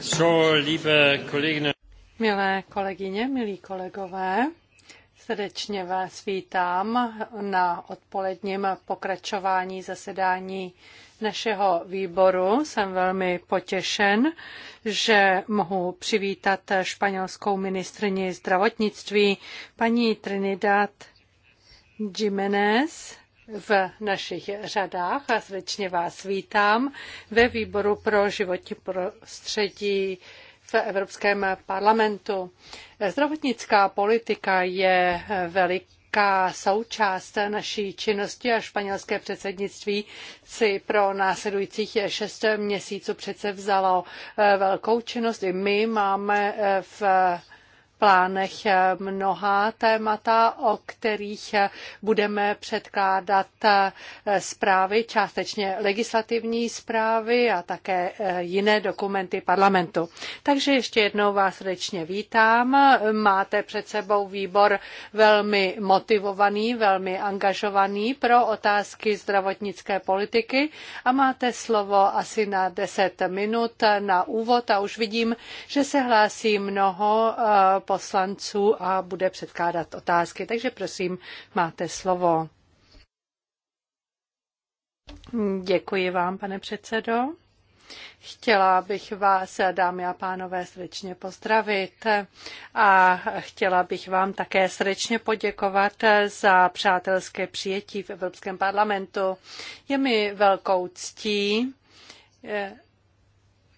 So, liebe Kolleginnen. Milé kolegyně, milí kolegové, srdečně vás vítám na odpoledním pokračování zasedání našeho výboru. Jsem velmi potěšen, že mohu přivítat španělskou ministrní zdravotnictví paní Trinidad Jiménez v našich řadách a srdečně vás vítám ve výboru pro životní prostředí v Evropském parlamentu. Zdravotnická politika je veliká velká součást naší činnosti a španělské předsednictví si pro následujících šest měsíců přece vzalo velkou činnost. I my máme v plánech mnoha témata, o kterých budeme předkládat zprávy, částečně legislativní zprávy a také eh, jiné dokumenty parlamentu. Takže ještě jednou vás srdečně vítám. Máte před sebou výbor velmi motivovaný, velmi angažovaný pro otázky zdravotnické politiky a máte slovo asi na 10 minut na úvod a už vidím, že se hlásí mnoho eh, poslanců a bude předkládat otázky. Takže prosím, máte slovo. Děkuji vám, pane předsedo. Chtěla bych vás, dámy a pánové, srdečně pozdravit a chtěla bych vám také srdečně poděkovat za přátelské přijetí v Evropském parlamentu. Je mi velkou ctí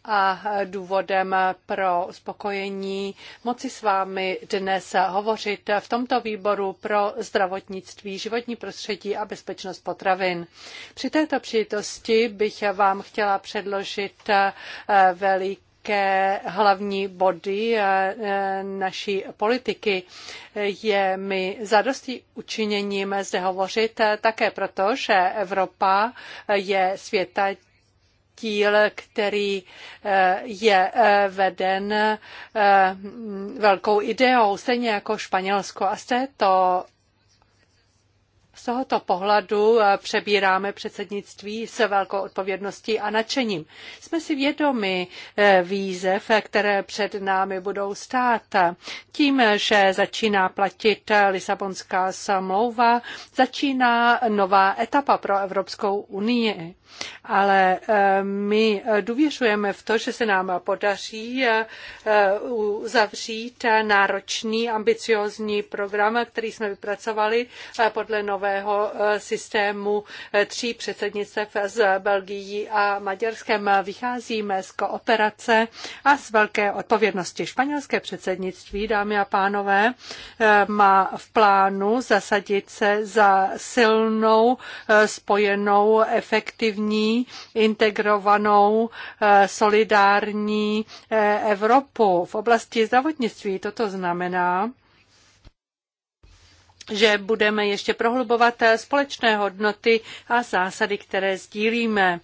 a důvodem pro uspokojení moci s vámi dnes hovořit v tomto výboru pro zdravotnictví, životní prostředí a bezpečnost potravin. Při této příležitosti bych vám chtěla předložit eh, velik hlavní body eh, naší politiky je mi zadostí učiněním zde hovořit eh, také proto, že Evropa je světa díl, který eh, je eh, veden eh, velkou ideou, stejně jako Španělsko. A z této z tohoto pohledu eh, přebíráme předsednictví s velkou odpovědností a nadšením. Jsme si vědomi eh, výzev, eh, které před námi budou stát. Tím, že začíná platit Lisabonská smlouva, začíná nová etapa pro Evropskou unii. Ale my důvěřujeme v to, že se nám podaří uzavřít náročný, ambiciózní program, který jsme vypracovali podle nové nového eh, systému eh, tří předsednictev s Belgií a Maďarskem. Vycházíme z kooperace a z velké odpovědnosti. Španělské předsednictví, dámy a pánové, eh, má v plánu zasadit se za silnou, spojenou, efektivní, integrovanou, solidární Evropu. V oblasti zdravotnictví toto znamená, že budeme ještě prohlubovat společné hodnoty a zásady, které sdílíme.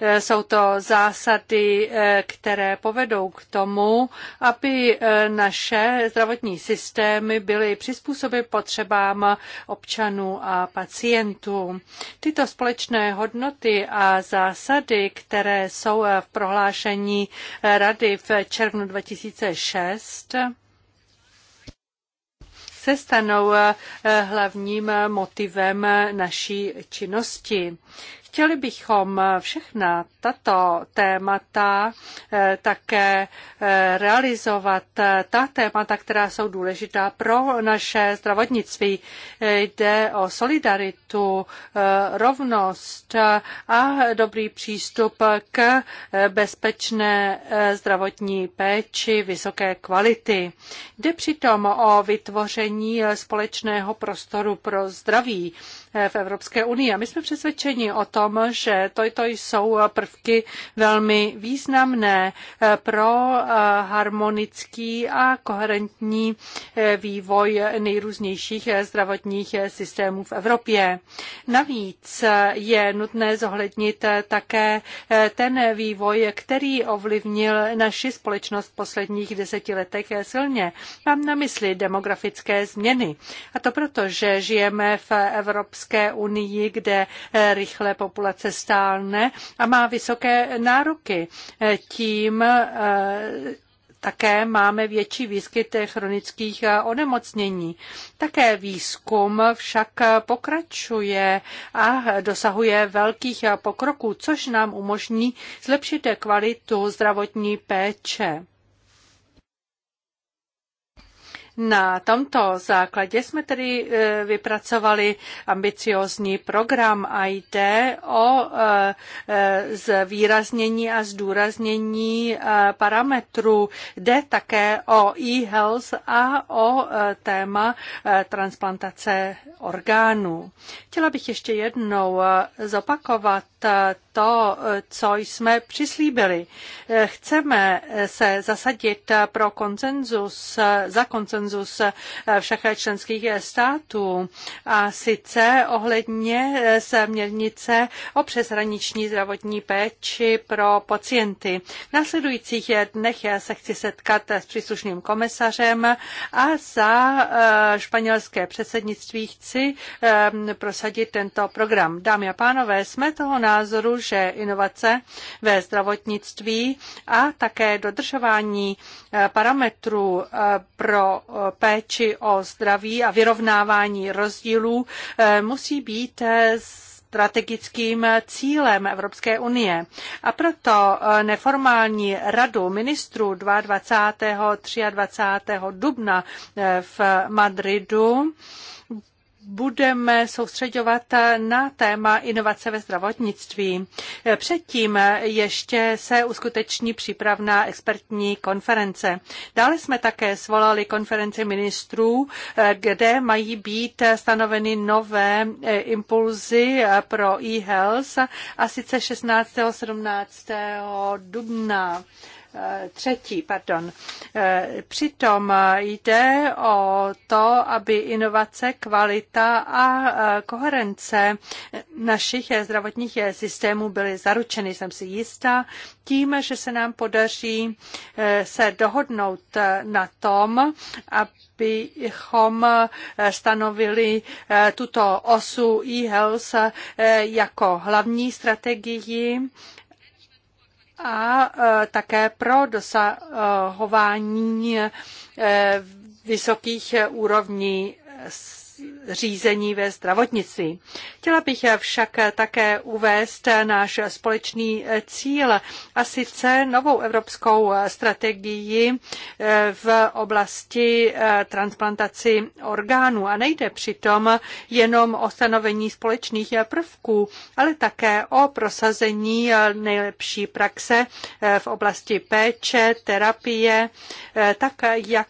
Eh, jsou to zásady, eh, které povedou k tomu, aby eh, naše zdravotní systémy byly přizpůsoby potřebám občanů a pacientů. Tyto společné hodnoty a zásady, které jsou v prohlášení Rady v červnu 2006, se stanou eh, hlavním eh, motivem naší činnosti. Chtěli bychom eh, všechna tato témata eh, také eh, realizovat eh, ta témata, která jsou důležitá pro naše zdravotnictví. Jde o solidaritu, rovnost a dobrý přístup k bezpečné zdravotní péči vysoké kvality. Jde přitom o vytvoření společného prostoru pro zdraví v Evropské unii. A my jsme přesvědčeni o tom, že toto jsou prvky prvky velmi významné eh, pro eh, harmonický a koherentní eh, vývoj nejrůznějších zdravotních systémů v Evropě. Navíc je nutné zohlednit také ten vývoj, který ovlivnil naši společnost v posledních deseti letech silně. Mám na mysli demografické změny. A to proto, že žijeme v Evropské unii, kde rychle populace stálne a má vysoké nároky. Eh, Tím eh, také máme větší výskyt chronických eh, onemocnění. Také výzkum však pokračuje a dosahuje velkých pokroků, což nám umožní zlepšit kvalitu zdravotní péče. Na tomto základě jsme tedy e, vypracovali ambiciózní program a jde o e, e, zvýraznění a zdůraznění parametrů. Jde také o e-health a o téma transplantace orgánů. Chtěla bych ještě jednou zopakovat to, co jsme přislíbili. Chceme se zasadit pro konsenzus, za konsenzus konsenzus všech členských států a sice ohledně směrnice o přeshraniční zdravotní péči pro pacienty. V následujících dnech se chci setkat s příslušným komisařem a za eh, španělské předsednictví chci eh, prosadit tento program. Dámy a pánové, jsme toho názoru, že inovace ve zdravotnictví a také dodržování eh, parametrů pro péči o zdraví a vyrovnávání rozdílů eh, musí být eh, strategickým cílem Evropské unie. A proto eh, neformální radu ministrů 22. 23. dubna v Madridu budeme soustředovat na téma inovace ve zdravotnictví. Předtím ještě se uskuteční přípravná expertní konference. Dále jsme také svolali konferenci ministrů, kde mají být stanoveny nové eh, impulzy eh, pro e-health a sice 16. a 17. dubna. Eh, třetí, pardon. Eh, přitom jde o to, aby inovace, kvalita a eh, koherence našich zdravotních systémů byly zaručeny. Jsem si jistá tím, že se nám podaří se dohodnout na tom, abychom stanovili tuto osu e-health jako hlavní strategii a e, také pro dosahování e, vysokých e, úrovní řízení ve zdravotnictví. Chtěla bych však také uvést náš společný cíl a sice novou evropskou strategii v oblasti eh, transplantaci orgánů. A nejde přitom jenom o stanovení společných prvků, ale také o prosazení nejlepší praxe eh, v oblasti péče, terapie, eh, tak jak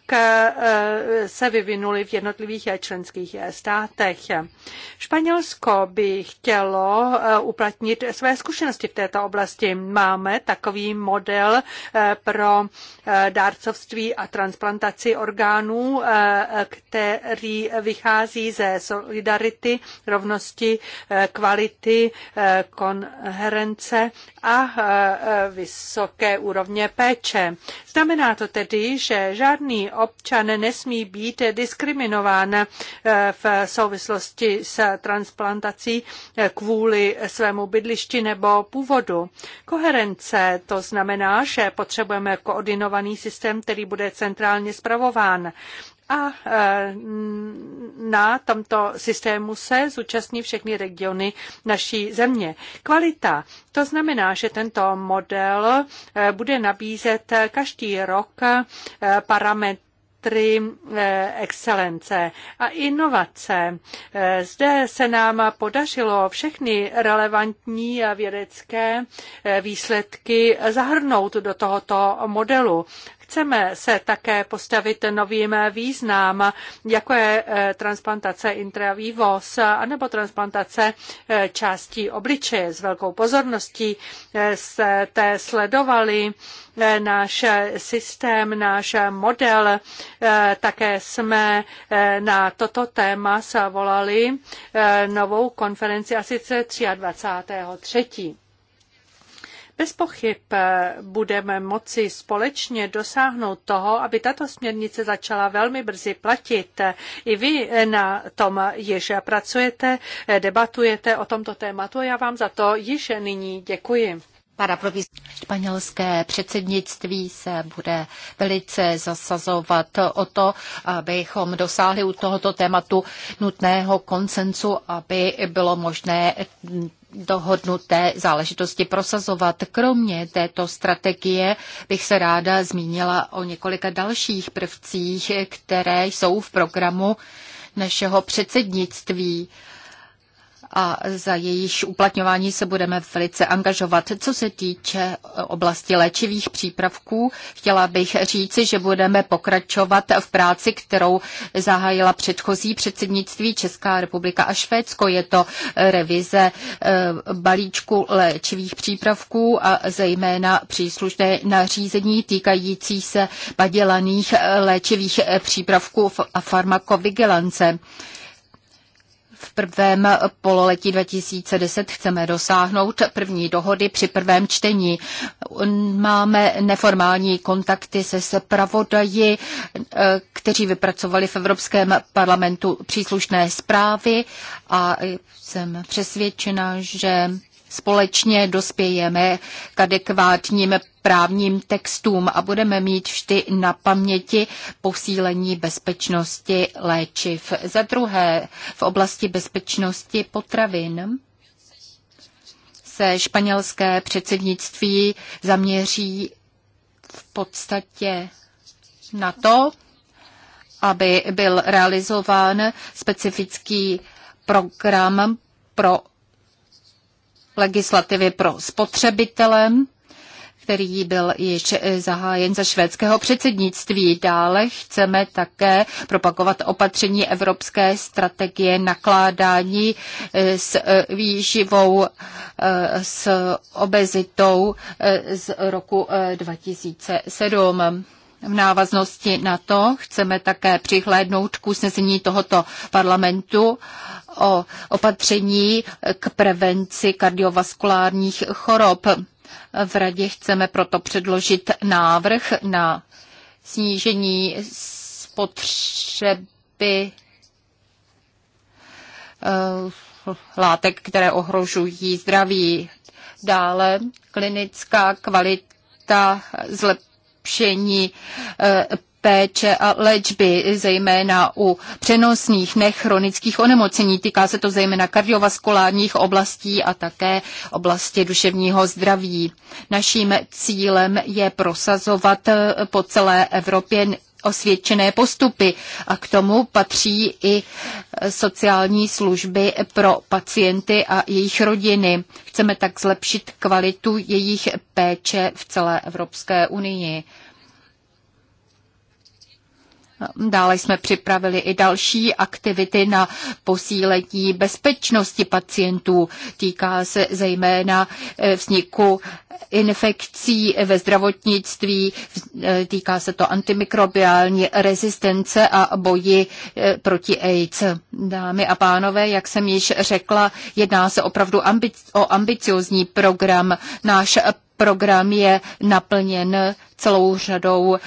se vyvinuly v jednotlivých členských státech. Španělsko by chtělo eh, uplatnit své zkušenosti v této oblasti. Máme takový model eh, pro eh, dárcovství a transplantaci orgánů, který vychází ze solidarity, rovnosti, kvality, konherence a vysoké úrovně péče. Znamená to tedy, že žádný občan nesmí být diskriminován v souvislosti s transplantací kvůli svému bydlišti nebo původu. Koherence to znamená, že potřebujeme koordinovaný systém, který bude centrálně zpravován a e, na tomto systému se zúčastní všechny regiony naší země. Kvalita. To znamená, že tento model e, bude nabízet každý rok e, parametry centry eh, excelence a inovace. Eh, zde se nám podařilo všechny relevantní vědecké eh, výsledky zahrnout do tohoto modelu. Chceme se také postavit novým význam, jako je eh, transplantace intravivos anebo transplantace eh, částí obličeje. S velkou pozorností eh, jste sledovali náš systém, náš model. Také jsme na toto téma zavolali novou konferenci asi 23. 3. Bez pochyb eh, budeme moci společně dosáhnout toho, aby tato směrnice začala velmi brzy platit. I vy na tom již pracujete, eh, debatujete o tomto tématu a já vám za to již nyní děkuji. Španělské předsednictví se bude velice zasazovat o to, abychom dosáhli u tohoto tématu nutného koncensu, aby bylo možné dohodnuté záležitosti prosazovat. Kromě této strategie bych se ráda zmínila o několika dalších prvcích, které jsou v programu našeho předsednictví a za jejich uplatňování se budeme velice angažovat. Co se týče oblasti léčivých přípravků, chtěla bych říci, že budeme pokračovat v práci, kterou zahájila předchozí předsednictví Česká republika a Švédsko. Je to revize eh, balíčku léčivých přípravků a zejména příslušné nařízení týkající se padělaných eh, léčivých eh, přípravků a farmakovigilance v prvém pololetí 2010 chceme dosáhnout první dohody při prvém čtení. Máme neformální kontakty se zpravodaji, eh, kteří vypracovali v Evropském parlamentu příslušné zprávy a jsem přesvědčena, že společně dospějeme k adekvátním právním textům a budeme mít vždy na paměti posílení bezpečnosti léčiv. Za druhé, v oblasti bezpečnosti potravin se španělské předsednictví zaměří v podstatě na to, aby byl realizován specifický program pro legislativy pro spotřebitele, který byl již eh, zahájen za švédského předsednictví. Dále chceme také propagovat opatření Evropské strategie nakládání eh, s eh, výživou, s obezitou z roku 2007. V návaznosti na to chceme také přihlédnout k usnesení tohoto parlamentu o opatření k prevenci kardiovaskulárních chorob. V radě chceme proto předložit návrh na snížení spotřeby eh, látek, které ohrožují zdraví. Dále klinická kvalita zlepšení zlepšení eh, péče a léčby, zejména u přenosných nechronických onemocnění. Týká se to zejména kardiovaskulárních oblastí a také oblasti duševního zdraví. Naším cílem je prosazovat po celé Evropě osvědčené postupy a k tomu patří i sociální služby pro pacienty a jejich rodiny. Chceme tak zlepšit kvalitu jejich péče v celé Evropské unii. Dále jsme připravili i další aktivity na posílení bezpečnosti pacientů. Týká se zejména e, vzniku infekcí ve zdravotnictví, e, týká se to antimikrobiální rezistence a boji e, proti AIDS. Dámy a pánové, jak jsem již řekla, jedná se opravdu ambic- o ambiciozní program. Náš program je naplněn celou řadou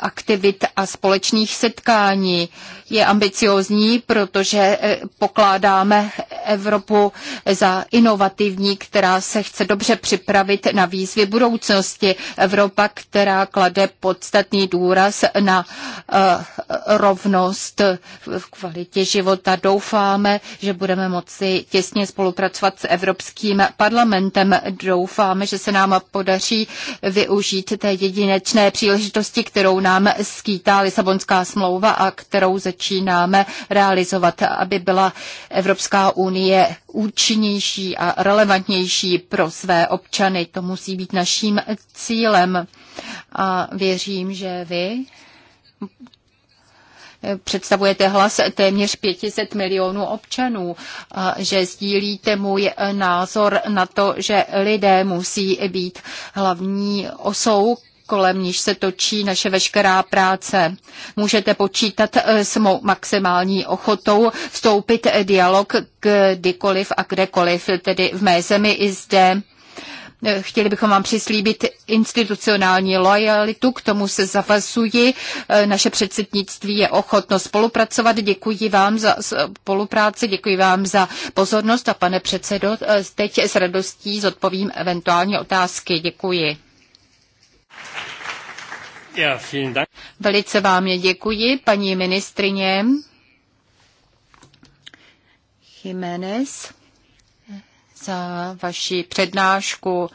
aktivit a společných setkání je ambiciozní, protože eh, pokládáme Evropu za inovativní, která se chce dobře připravit na výzvy budoucnosti. Evropa, která klade podstatný důraz na eh, rovnost v kvalitě života. Doufáme, že budeme moci těsně spolupracovat s Evropským parlamentem. Doufáme, že se nám podaří využít té jedinečné příležitosti, kterou nám skýtá Lisabonská smlouva a kterou začíná začínáme realizovat, aby byla Evropská unie účinnější a relevantnější pro své občany. To musí být naším cílem. A věřím, že vy představujete hlas téměř 500 milionů občanů, a že sdílíte můj názor na to, že lidé musí být hlavní osou kolem níž se točí naše veškerá práce. Můžete počítat eh, s mou maximální ochotou vstoupit eh, dialog kdykoliv a kdekoliv, tedy v mé zemi i zde. Eh, chtěli bychom vám přislíbit institucionální lojalitu, k tomu se zavazuji. Naše předsednictví je ochotno spolupracovat. Děkuji vám za spolupráci, děkuji vám za pozornost a pane předsedo, teď s radostí zodpovím eventuální otázky. Děkuji vielen Dank. Velice vám je děkuji, paní ministrině. Jiménez za vaši přednášku.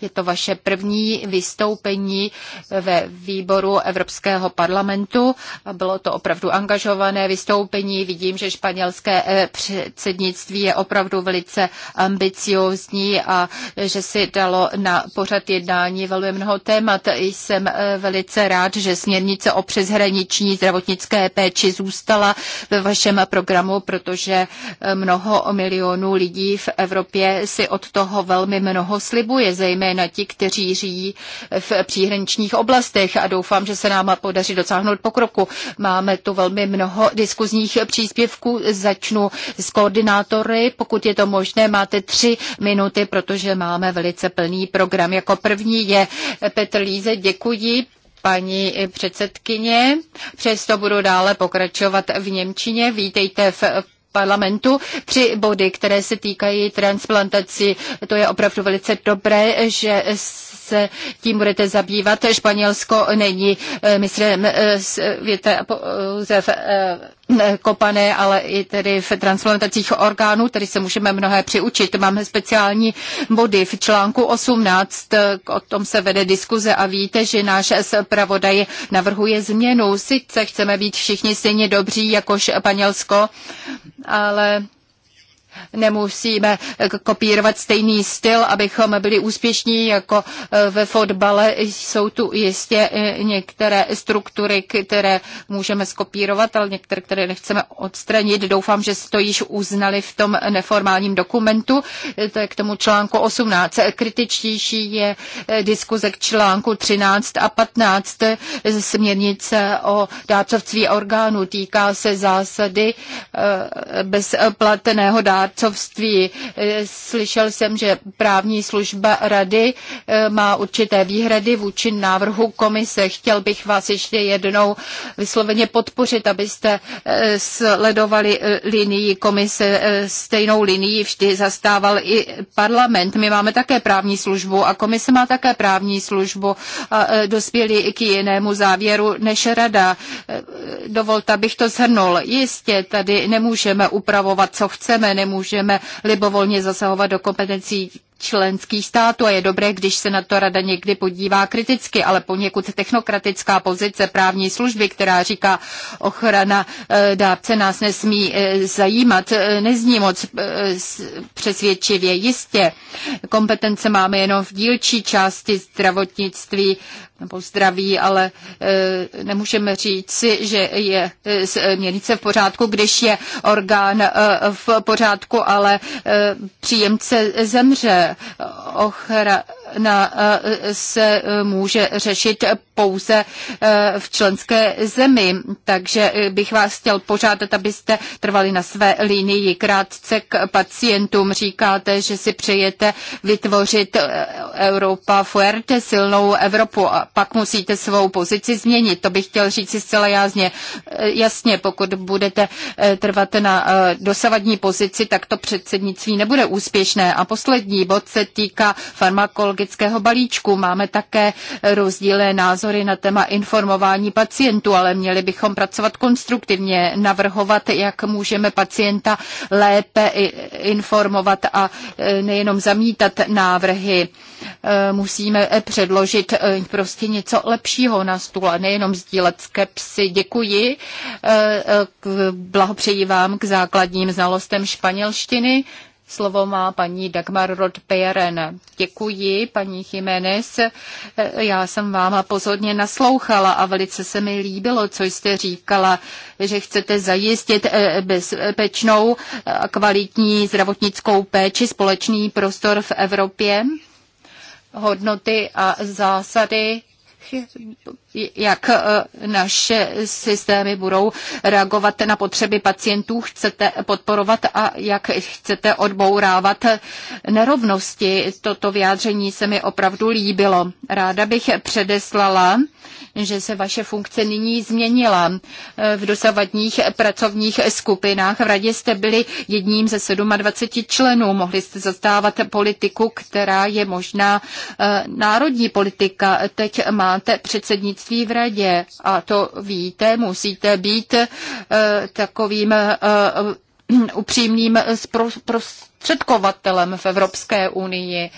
Je to vaše první vystoupení ve výboru Evropského parlamentu. Bylo to opravdu angažované vystoupení. Vidím, že španělské eh, předsednictví je opravdu velice ambiciózní a že si dalo na pořad jednání velmi mnoho témat. Jsem eh, velice rád, že směrnice o přeshraniční zdravotnické péči zůstala ve vašem programu, protože eh, mnoho milionů lidí v Evropě si od toho velmi mnoho slibuje, zejména zejména ti, kteří žijí v příhraničních oblastech a doufám, že se nám podaří dosáhnout pokroku. Máme tu velmi mnoho diskuzních příspěvků. Začnu s koordinátory. Pokud je to možné, máte tři minuty, protože máme velice plný program. Jako první je Petr Líze. Děkuji paní předsedkyně. Přesto budu dále pokračovat v Němčině. Vítejte v parlamentu. Tři body, které se týkají transplantací, to je opravdu velice dobré, že se tím budete zabývat. Španělsko není, eh, myslím, eh, víte, pouze v eh, kopané, ale i tedy v transplantacích orgánů, tedy se můžeme mnohé přiučit. Máme speciální body v článku 18, o tom se vede diskuze a víte, že náš zpravodaj navrhuje změnu. Sice chceme být všichni stejně dobří jako Španělsko, ale Nemusíme eh, kopírovat stejný styl, abychom byli úspěšní jako eh, ve fotbale. Jsou tu jistě eh, některé struktury, které můžeme skopírovat, ale některé, které nechceme odstranit. Doufám, že to již uznali v tom neformálním dokumentu. To je k tomu článku 18. Kritičtější je diskuze k článku 13 a 15 směrnice o dárcovství orgánů. Týká se zásady bezplatného dárcovství dárcovství. Eh, slyšel jsem, že právní služba rady eh, má určité výhrady vůči návrhu komise. Chtěl bych vás ještě jednou vysloveně podpořit, abyste eh, sledovali linii komise. Stejnou linii vždy zastával i parlament. My máme také právní službu a komise má také právní službu. A dospěli k jinému závěru než rada. Dovolte, abych to zhrnul. Jistě, tady nemůžeme upravovat, co chceme, nemůžeme nemůžeme libovolně zasahovat do kompetencí členských států a je dobré, když se na to rada někdy podívá kriticky, ale poněkud technokratická pozice právní služby, která říká ochrana eh, dárce nás nesmí eh, zajímat, eh, nezní moc přesvědčivě. Jistě kompetence máme jenom v dílčí části zdravotnictví nebo zdraví, ale e, nemůžeme si, že je e, směrnice e, v pořádku, když je orgán e, v pořádku, ale e, příjemce zemře. Ochra, E, se e, může řešit pouze e, v členské zemi. Takže bych vás chtěl požádat, abyste trvali na své linii krátce k pacientům. Říkáte, že si přejete vytvořit Europa fuerte, silnou Evropu a pak musíte svou pozici změnit. To bych chtěl říct si zcela jasně. jasně pokud budete trvat na dosavadní pozici, tak to předsednictví nebude úspěšné. A poslední bod se týká farmakologie farmakologického balíčku. Máme také rozdílné názory na téma informování pacientů, ale měli bychom pracovat konstruktivně, navrhovat, jak můžeme pacienta lépe informovat a e, nejenom zamítat návrhy. E, musíme e, předložit prostě něco lepšího na stůl a nejenom sdílet skepsy. Děkuji. Blahopřeji vám k základním znalostem španělštiny. Slovo má paní Dagmar Rodberen. Děkuji, paní Jiménez. Já jsem vám pozorně naslouchala a velice se mi líbilo, co jste říkala, že chcete zajistit eh, bezpečnou a kvalitní zdravotnickou péči, společný prostor v Evropě hodnoty a zásady jak eh, naše systémy budou reagovat na potřeby pacientů, chcete podporovat a jak chcete odbourávat nerovnosti. Toto vyjádření se mi opravdu líbilo. Ráda bych předeslala, že se vaše funkce nyní změnila. Eh, v dosavadních pracovních skupinách v radě jste byli jedním ze 27 členů. Mohli jste zastávat politiku, která je možná eh, národní politika. Teď má máte předsednictví v radě a to víte, musíte být eh, takovým eh, eh, upřímným zprost zprostředkovatelem v Evropské unii.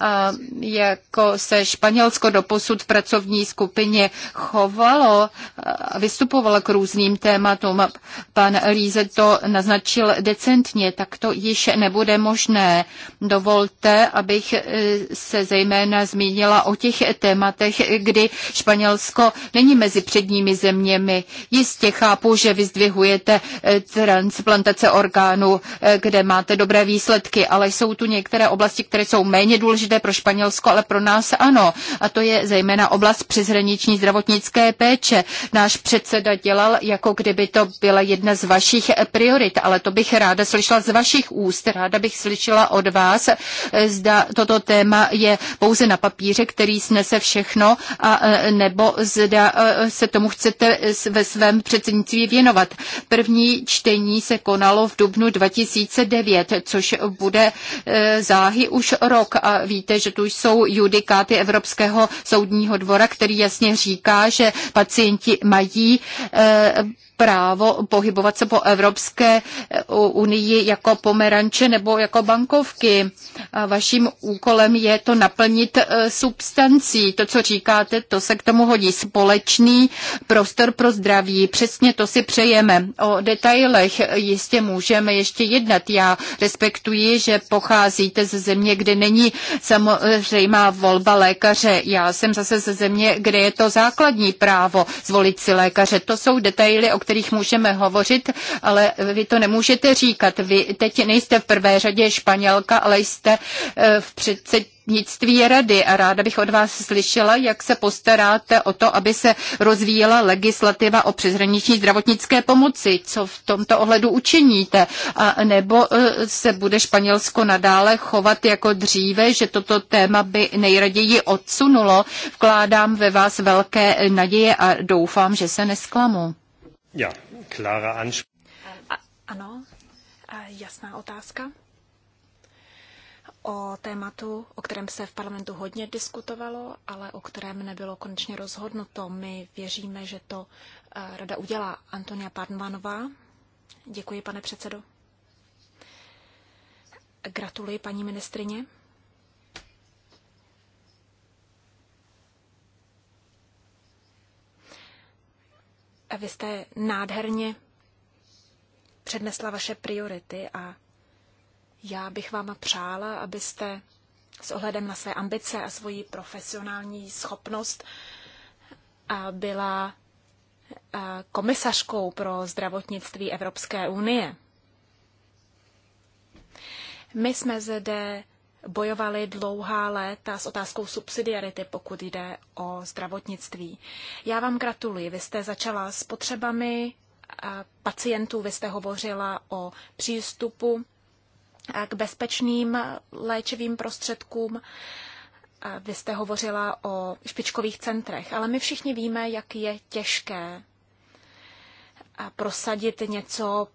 A jako se Španělsko doposud v pracovní skupině chovalo a vystupovalo k různým tématům, pan Líze to naznačil decentně, tak to již nebude možné. Dovolte, abych e, se zejména zmínila o těch tématech, kdy Španělsko není mezi předními zeměmi. Jistě chápu, že vyzdvihujete e, transplantace orgánů, e, kde máte dobré výsledky výsledky, ale jsou tu některé oblasti, které jsou méně důležité pro Španělsko, ale pro nás ano. A to je zejména oblast přeshraniční zdravotnické péče. Náš předseda dělal, jako kdyby to byla jedna z vašich priorit, ale to bych ráda slyšela z vašich úst. Ráda bych slyšela od vás, zda toto téma je pouze na papíře, který snese všechno, a, e, nebo zda e, se tomu chcete ve svém předsednictví věnovat. První čtení se konalo v dubnu 2009, což bude e, záhy už rok. A víte, že tu jsou judikáty Evropského soudního dvora, který jasně říká, že pacienti mají e, právo pohybovat se po Evropské eh, unii jako pomeranče nebo jako bankovky. A vaším úkolem je to naplnit eh, substancí. To, co říkáte, to se k tomu hodí. Společný prostor pro zdraví. Přesně to si přejeme. O detailech jistě můžeme ještě jednat. Já respektuji, že pocházíte ze země, kde není samozřejmá volba lékaře. Já jsem zase ze země, kde je to základní právo zvolit si lékaře. To jsou detaily, o kterých můžeme hovořit, ale vy to nemůžete říkat. Vy teď nejste v prvé řadě Španělka, ale jste eh, v předsednictví předsednictví rady a ráda bych od vás slyšela, jak se postaráte o to, aby se rozvíjela legislativa o přeshraniční zdravotnické pomoci. Co v tomto ohledu učiníte? A nebo eh, se bude Španělsko nadále chovat jako dříve, že toto téma by nejraději odsunulo? Vkládám ve vás velké naděje a doufám, že se nesklamu. Ja, klare Anspr- Ano, jasná otázka. O tématu, o kterém se v parlamentu hodně diskutovalo, ale o kterém nebylo konečně rozhodnuto. My věříme, že to eh, rada udělá. Antonia Parnvanová. Děkuji, pane předsedo. Gratuluji, paní ministrině. Vy jste nádherně přednesla vaše priority a já bych vám přála, abyste s ohledem na své ambice a svoji profesionální schopnost byla komisařkou pro zdravotnictví Evropské unie. My jsme zde bojovali dlouhá léta s otázkou subsidiarity, pokud jde o zdravotnictví. Já vám gratuluji. Vy jste začala s potřebami pacientů, vy jste hovořila o přístupu k bezpečným léčivým prostředkům. Vy jste hovořila o špičkových centrech, ale my všichni víme, jak je těžké prosadit něco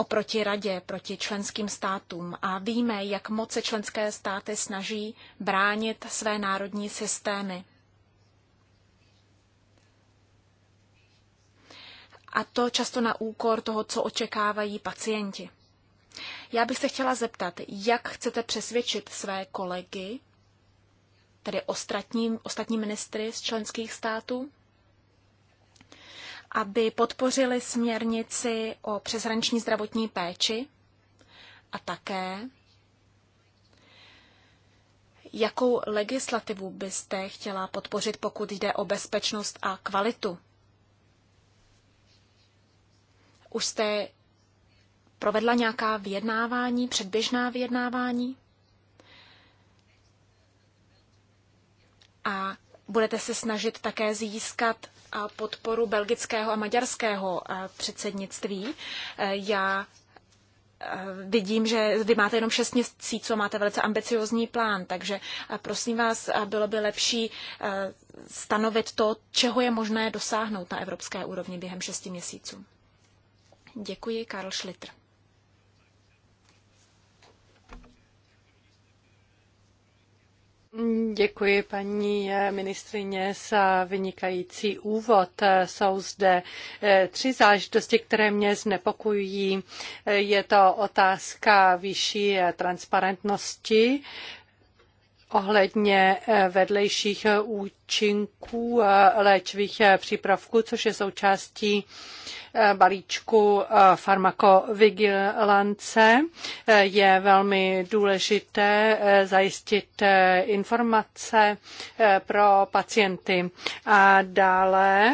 oproti radě, proti členským státům a víme, jak moc se členské státy snaží bránit své národní systémy. A to často na úkor toho, co očekávají pacienti. Já bych se chtěla zeptat, jak chcete přesvědčit své kolegy, tedy ostatní, ostatní ministry z členských států, aby podpořili směrnici o přeshraniční zdravotní péči a také Jakou legislativu byste chtěla podpořit, pokud jde o bezpečnost a kvalitu? Už jste provedla nějaká vyjednávání, předběžná vyjednávání? A budete se snažit také získat podporu belgického a maďarského eh, předsednictví. Eh, já eh, vidím, že vy máte jenom 6 měsíců, máte velice ambiciozní plán, takže prosím vás, bylo by lepší stanovit to, čeho je možné dosáhnout na evropské úrovni během 6 měsíců. Děkuji, Karl Schlitter. Děkuji paní ministrině za vynikající úvod. Jsou zde eh, tři záležitosti, které mě znepokojují. Eh, je to otázka vyšší eh, transparentnosti ohledně eh, vedlejších eh, účinků eh, léčivých přípravků, což je součástí balíčku farmakovigilance. Je velmi důležité zajistit informace pro pacienty. A dále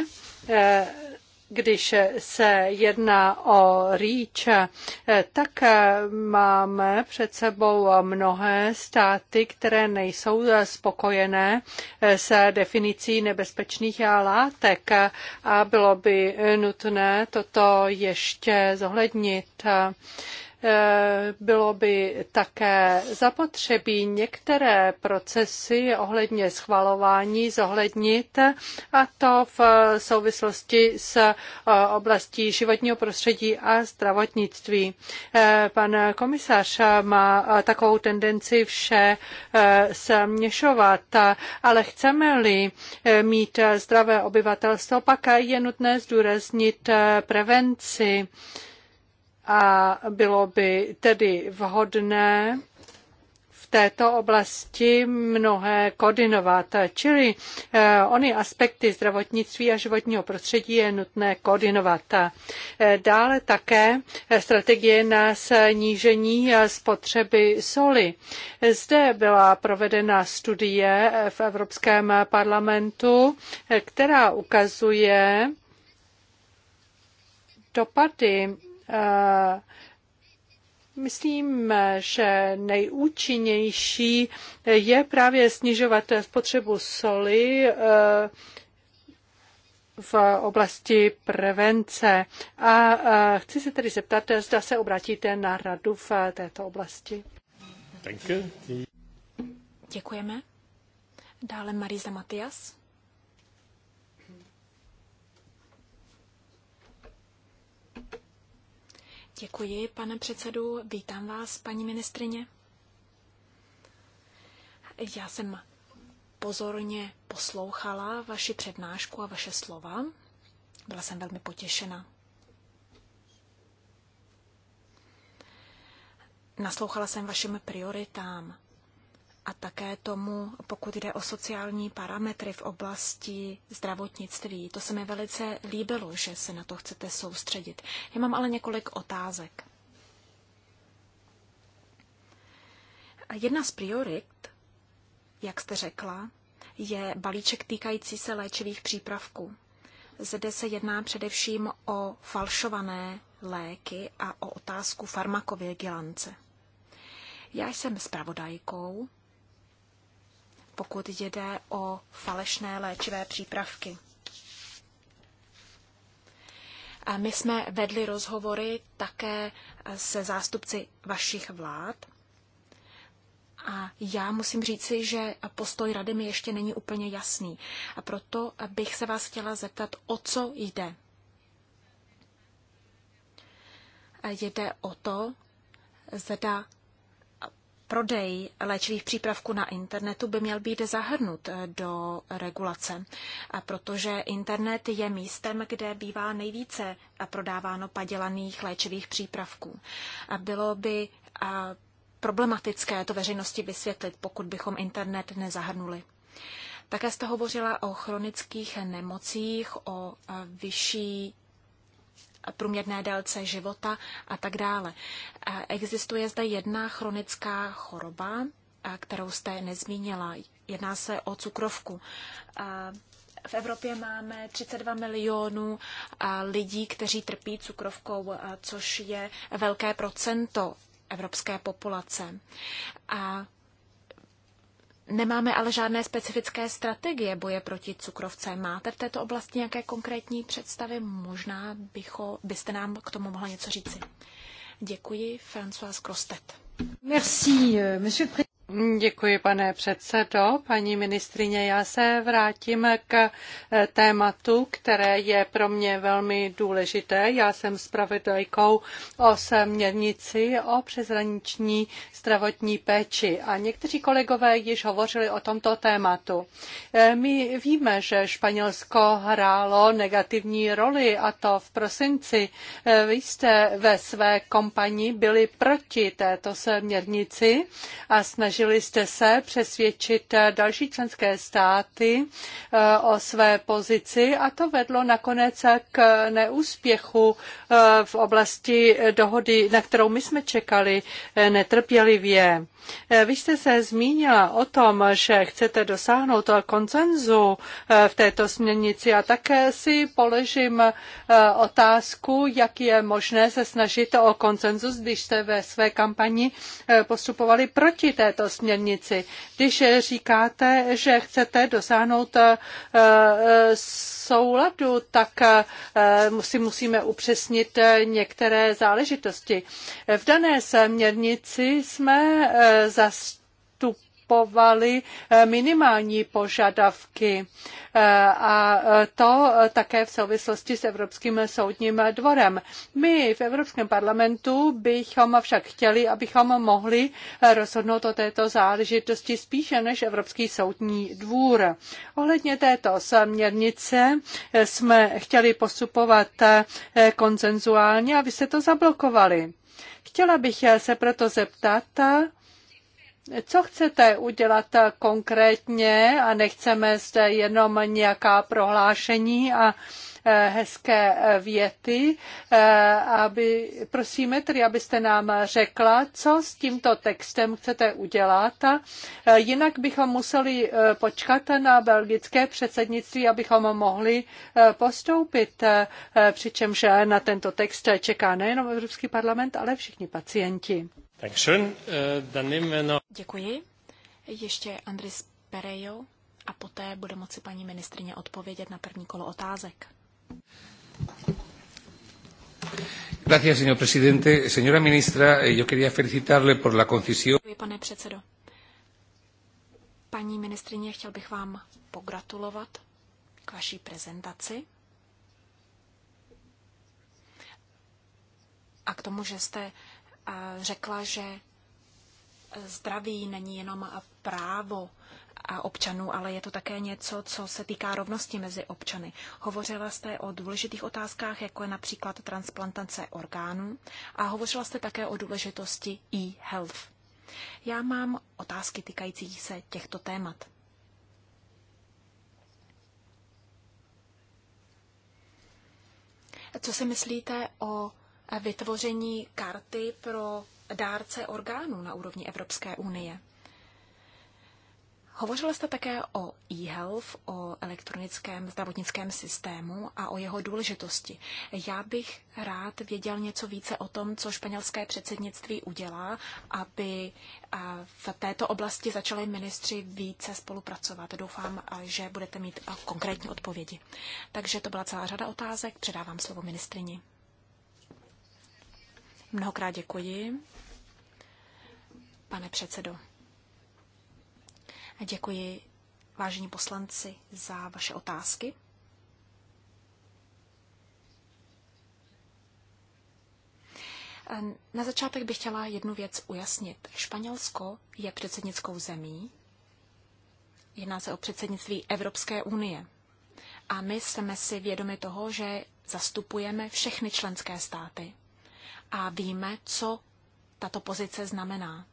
když se jedná o REACH, tak máme před sebou mnohé státy, které nejsou spokojené s definicí nebezpečných látek a bylo by nutné toto ještě zohlednit. Eh, bylo by také zapotřebí některé procesy ohledně schvalování zohlednit a to v souvislosti s eh, oblastí životního prostředí a zdravotnictví. Eh, pan komisař má takovou tendenci vše směšovat, ale chceme-li mít zdravé obyvatelstvo, pak je nutné zdůraznit prevenci a bylo by tedy vhodné v této oblasti mnohé koordinovat. Čili eh, ony aspekty zdravotnictví a životního prostředí je nutné koordinovat. Eh, dále také eh, strategie na snížení spotřeby soli. Zde byla provedena studie v Evropském parlamentu, která ukazuje dopady Eh, myslím, že nejúčinnější je právě snižovat spotřebu soli eh, v oblasti prevence. A eh, chci se tedy zeptat, zda se obrátíte na radu v této oblasti. Děkujeme. Dále Marisa Matias. Děkuji, pane předsedu. Vítám vás, paní ministrině. Já jsem pozorně poslouchala vaši přednášku a vaše slova. Byla jsem velmi potěšena. Naslouchala jsem vašim prioritám a také tomu, pokud jde o sociální parametry v oblasti zdravotnictví. To se mi velice líbilo, že se na to chcete soustředit. Já mám ale několik otázek. Jedna z priorit, jak jste řekla, je balíček týkající se léčivých přípravků. Zde se jedná především o falšované léky a o otázku farmakovigilance. Já jsem zpravodajkou pokud jde o falešné léčivé přípravky. A my jsme vedli rozhovory také se zástupci vašich vlád. A já musím říci, že postoj rady mi ještě není úplně jasný. A proto bych se vás chtěla zeptat, o co jde. Jde o to, zda Prodej léčivých přípravků na internetu by měl být zahrnut eh, do regulace, protože internet je místem, kde bývá nejvíce eh, prodáváno padělaných léčivých přípravků. Bylo by eh, problematické to veřejnosti vysvětlit, pokud bychom internet nezahrnuli. Také jste hovořila o chronických nemocích, o vyšší průměrné délce života a tak dále. Existuje zde jedna chronická choroba, kterou jste nezmínila. Jedná se o cukrovku. V Evropě máme 32 milionů lidí, kteří trpí cukrovkou, což je velké procento evropské populace. A Nemáme ale žádné specifické strategie boje proti cukrovce. Máte v této oblasti nějaké konkrétní představy? Možná bycho, byste nám k tomu mohla něco říci. Děkuji, François Krostet. Merci, euh, monsieur Děkuji, pane předsedo. Paní ministrině, já se vrátím k eh, tématu, které je pro mě velmi důležité. Já jsem zpravodajkou o směrnici o přeshraniční zdravotní péči a někteří kolegové již hovořili o tomto tématu. Eh, my víme, že Španělsko hrálo negativní roli a to v prosinci. Eh, vy jste ve své kompani byli proti této směrnici a snažili Snažili jste se přesvědčit další členské státy eh, o své pozici a to vedlo nakonec k neúspěchu eh, v oblasti dohody, na kterou my jsme čekali eh, netrpělivě. Eh, vy jste se zmínila o tom, že chcete dosáhnout koncenzu eh, v této směrnici a také si položím eh, otázku, jak je možné se snažit o koncenzus, když jste ve své kampani postupovali proti této směrnici. Když říkáte, že chcete dosáhnout souladu, tak si musíme upřesnit některé záležitosti. V dané směrnici jsme zastup zastupovaly eh, minimální požadavky eh, a eh, to také v souvislosti s Evropským soudním dvorem. My v Evropském parlamentu bychom však chtěli, abychom mohli rozhodnout o této záležitosti spíše než Evropský soudní dvůr. Ohledně této směrnice jsme chtěli postupovat konsenzuálně a vy jste to zablokovali. Chtěla bych se proto zeptat, co chcete udělat konkrétně a nechceme zde jenom nějaká prohlášení a eh, hezké eh, věty. Eh, aby, prosíme tedy, abyste nám řekla, co s tímto textem chcete udělat. Jinak bychom museli počkat na belgické předsednictví, abychom mohli postoupit, přičemž na tento text čeká nejenom Evropský parlament, ale všichni pacienti. Eh, Děkuji. Ještě Andris Perejo a poté bude moci paní ministrině odpovědět na první kolo otázek. Gracias, señor presidente. Señora ministra, eh, yo quería felicitarle por la concisión. Děkuji, pane předsedo. Paní ministrině, chtěl bych vám pogratulovat k vaší prezentaci a k tomu, že jste řekla, že zdraví není jenom právo a občanů, ale je to také něco, co se týká rovnosti mezi občany. Hovořila jste o důležitých otázkách, jako je například transplantace orgánů a hovořila jste také o důležitosti e-health. Já mám otázky týkající se těchto témat. Co si myslíte o vytvoření karty pro dárce orgánů na úrovni Evropské unie. Hovořila jste také o e-health, o elektronickém zdravotnickém systému a o jeho důležitosti. Já bych rád věděl něco více o tom, co španělské předsednictví udělá, aby v této oblasti začaly ministři více spolupracovat. Doufám, že budete mít konkrétní odpovědi. Takže to byla celá řada otázek. Předávám slovo ministrini. Mnohokrát děkuji, pane předsedo. A děkuji, vážení poslanci, za vaše otázky. Na začátek bych chtěla jednu věc ujasnit. Španělsko je předsednickou zemí. Jedná se o předsednictví Evropské unie. A my jsme si vědomi toho, že zastupujeme všechny členské státy a víme, co tato pozice znamená.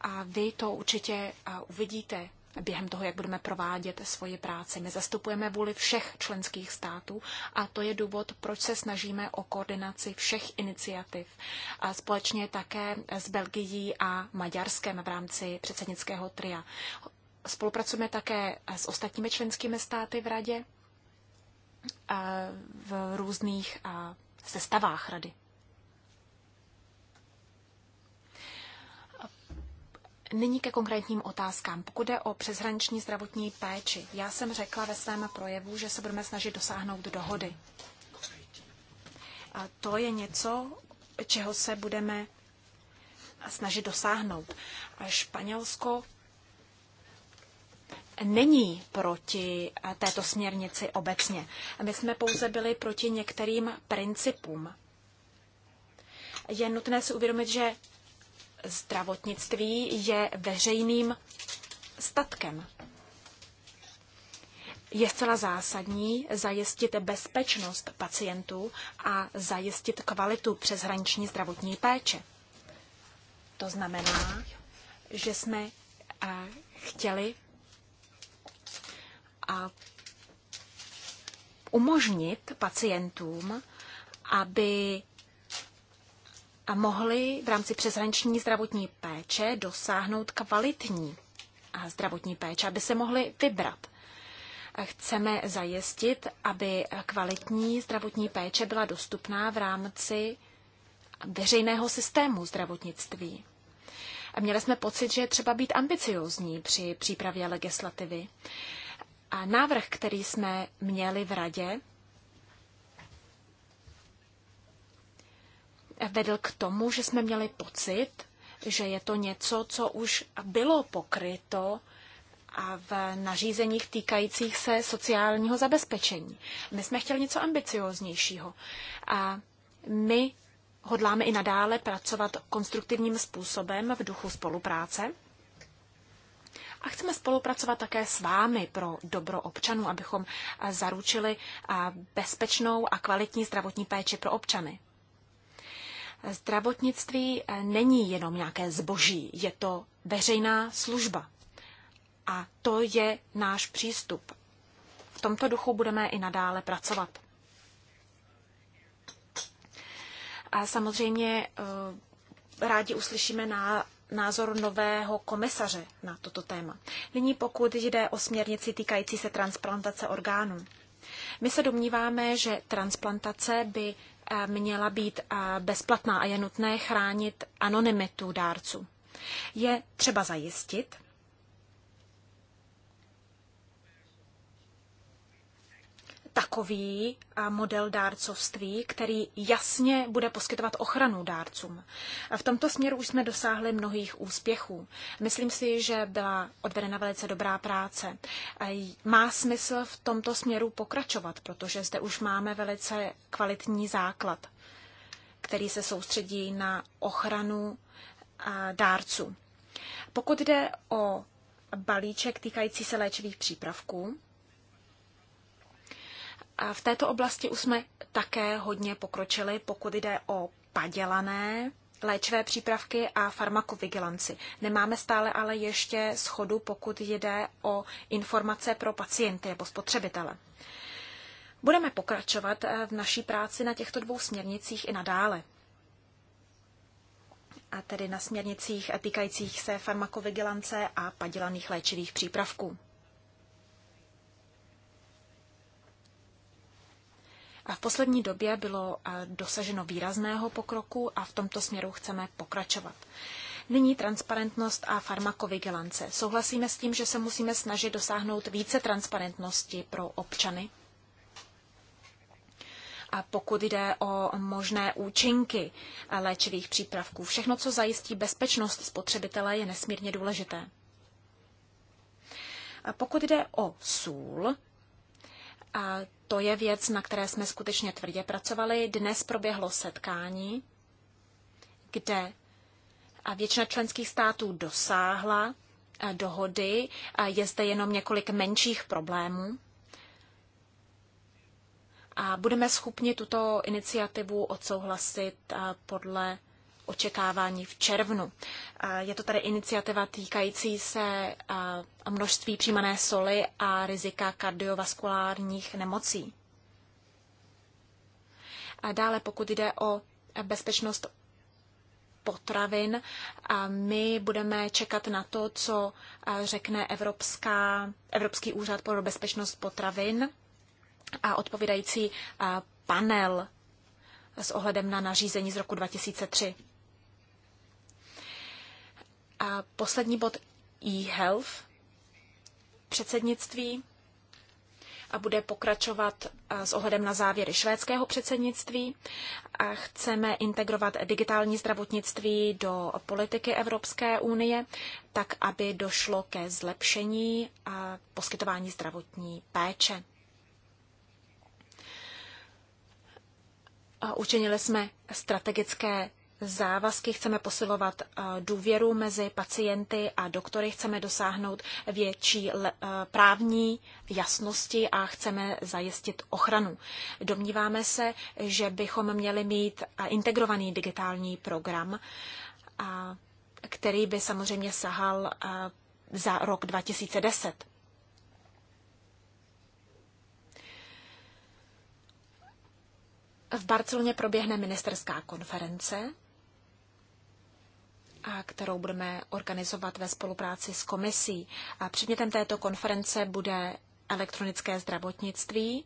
A vy to určitě uvidíte během toho, jak budeme provádět svoji práci. My zastupujeme vůli všech členských států a to je důvod, proč se snažíme o koordinaci všech iniciativ. A společně také s Belgií a Maďarskem v rámci předsednického tria. Spolupracujeme také s ostatními členskými státy v Radě v různých sestavách rady. Nyní ke konkrétním otázkám. Pokud jde o přeshraniční zdravotní péči, já jsem řekla ve svém projevu, že se budeme snažit dosáhnout dohody. A to je něco, čeho se budeme snažit dosáhnout. A Španělsko není proti eh, této směrnici obecně. My jsme pouze byli proti některým principům. Je nutné si uvědomit, že zdravotnictví je veřejným statkem. Je zcela zásadní zajistit bezpečnost pacientů a zajistit kvalitu přeshraniční zdravotní péče. To znamená, že jsme eh, chtěli a umožnit pacientům, aby a mohli v rámci přeshraniční zdravotní péče dosáhnout kvalitní zdravotní péče, aby se mohli vybrat. Chceme zajistit, aby kvalitní zdravotní péče byla dostupná v rámci veřejného systému zdravotnictví. A měli jsme pocit, že je třeba být ambiciozní při přípravě legislativy návrh, který jsme měli v radě, vedl k tomu, že jsme měli pocit, že je to něco, co už bylo pokryto a v nařízeních týkajících se sociálního zabezpečení. My jsme chtěli něco ambicioznějšího a my hodláme i nadále pracovat konstruktivním způsobem v duchu spolupráce. A chceme spolupracovat také s vámi pro dobro občanů, abychom zaručili bezpečnou a kvalitní zdravotní péči pro občany. Zdravotnictví e, není jenom nějaké zboží, je to veřejná služba. A to je náš přístup. V tomto duchu budeme i nadále pracovat. A samozřejmě e, rádi uslyšíme na názor nového komisaře na toto téma. Nyní pokud jde o směrnici týkající se transplantace orgánů. My se domníváme, že transplantace by eh, měla být eh, bezplatná a je nutné chránit anonymitu dárců. Je třeba zajistit, takový eh, model dárcovství, který jasně bude poskytovat ochranu dárcům. V tomto směru už jsme dosáhli mnohých úspěchů. Myslím si, že byla odvedena velice dobrá práce. Eh, má smysl v tomto směru pokračovat, protože zde už máme velice kvalitní základ, který se soustředí na ochranu eh, dárců. Pokud jde o balíček týkající se léčivých přípravků, a v této oblasti už jsme také hodně pokročili, pokud jde o padělané léčivé přípravky a farmakovigilanci. Nemáme stále ale ještě schodu, pokud jde o informace pro pacienty nebo spotřebitele. Budeme pokračovat eh, v naší práci na těchto dvou směrnicích i nadále. A tedy na směrnicích týkajících se farmakovigilance a padělaných léčivých přípravků. V poslední době bylo eh, dosaženo výrazného pokroku a v tomto směru chceme pokračovat. Nyní transparentnost a farmakovigilance. Souhlasíme s tím, že se musíme snažit dosáhnout více transparentnosti pro občany. A pokud jde o možné účinky eh, léčivých přípravků, všechno, co zajistí bezpečnost spotřebitele, je nesmírně důležité. A pokud jde o sůl, a to je věc, na které jsme skutečně tvrdě pracovali. Dnes proběhlo setkání, kde a většina členských států dosáhla dohody. Je zde jenom několik menších problémů. A budeme schopni tuto iniciativu odsouhlasit podle očekávání v červnu. Je to tady iniciativa týkající se množství přijímané soli a rizika kardiovaskulárních nemocí. A dále, pokud jde o bezpečnost potravin, a my budeme čekat na to, co řekne Evropská, Evropský úřad pro bezpečnost potravin a odpovídající panel s ohledem na nařízení z roku 2003. A poslední bod e-health, předsednictví, a bude pokračovat s ohledem na závěry švédského předsednictví. A chceme integrovat digitální zdravotnictví do politiky Evropské unie, tak aby došlo ke zlepšení a poskytování zdravotní péče. A učinili jsme strategické závazky, chceme posilovat eh, důvěru mezi pacienty a doktory, chceme dosáhnout větší eh, právní jasnosti a chceme zajistit ochranu. Domníváme se, že bychom měli mít eh, integrovaný digitální program, který by samozřejmě sahal za rok 2010. V Barceloně proběhne ministerská konference kterou budeme organizovat ve spolupráci s komisí. A předmětem této konference bude elektronické zdravotnictví.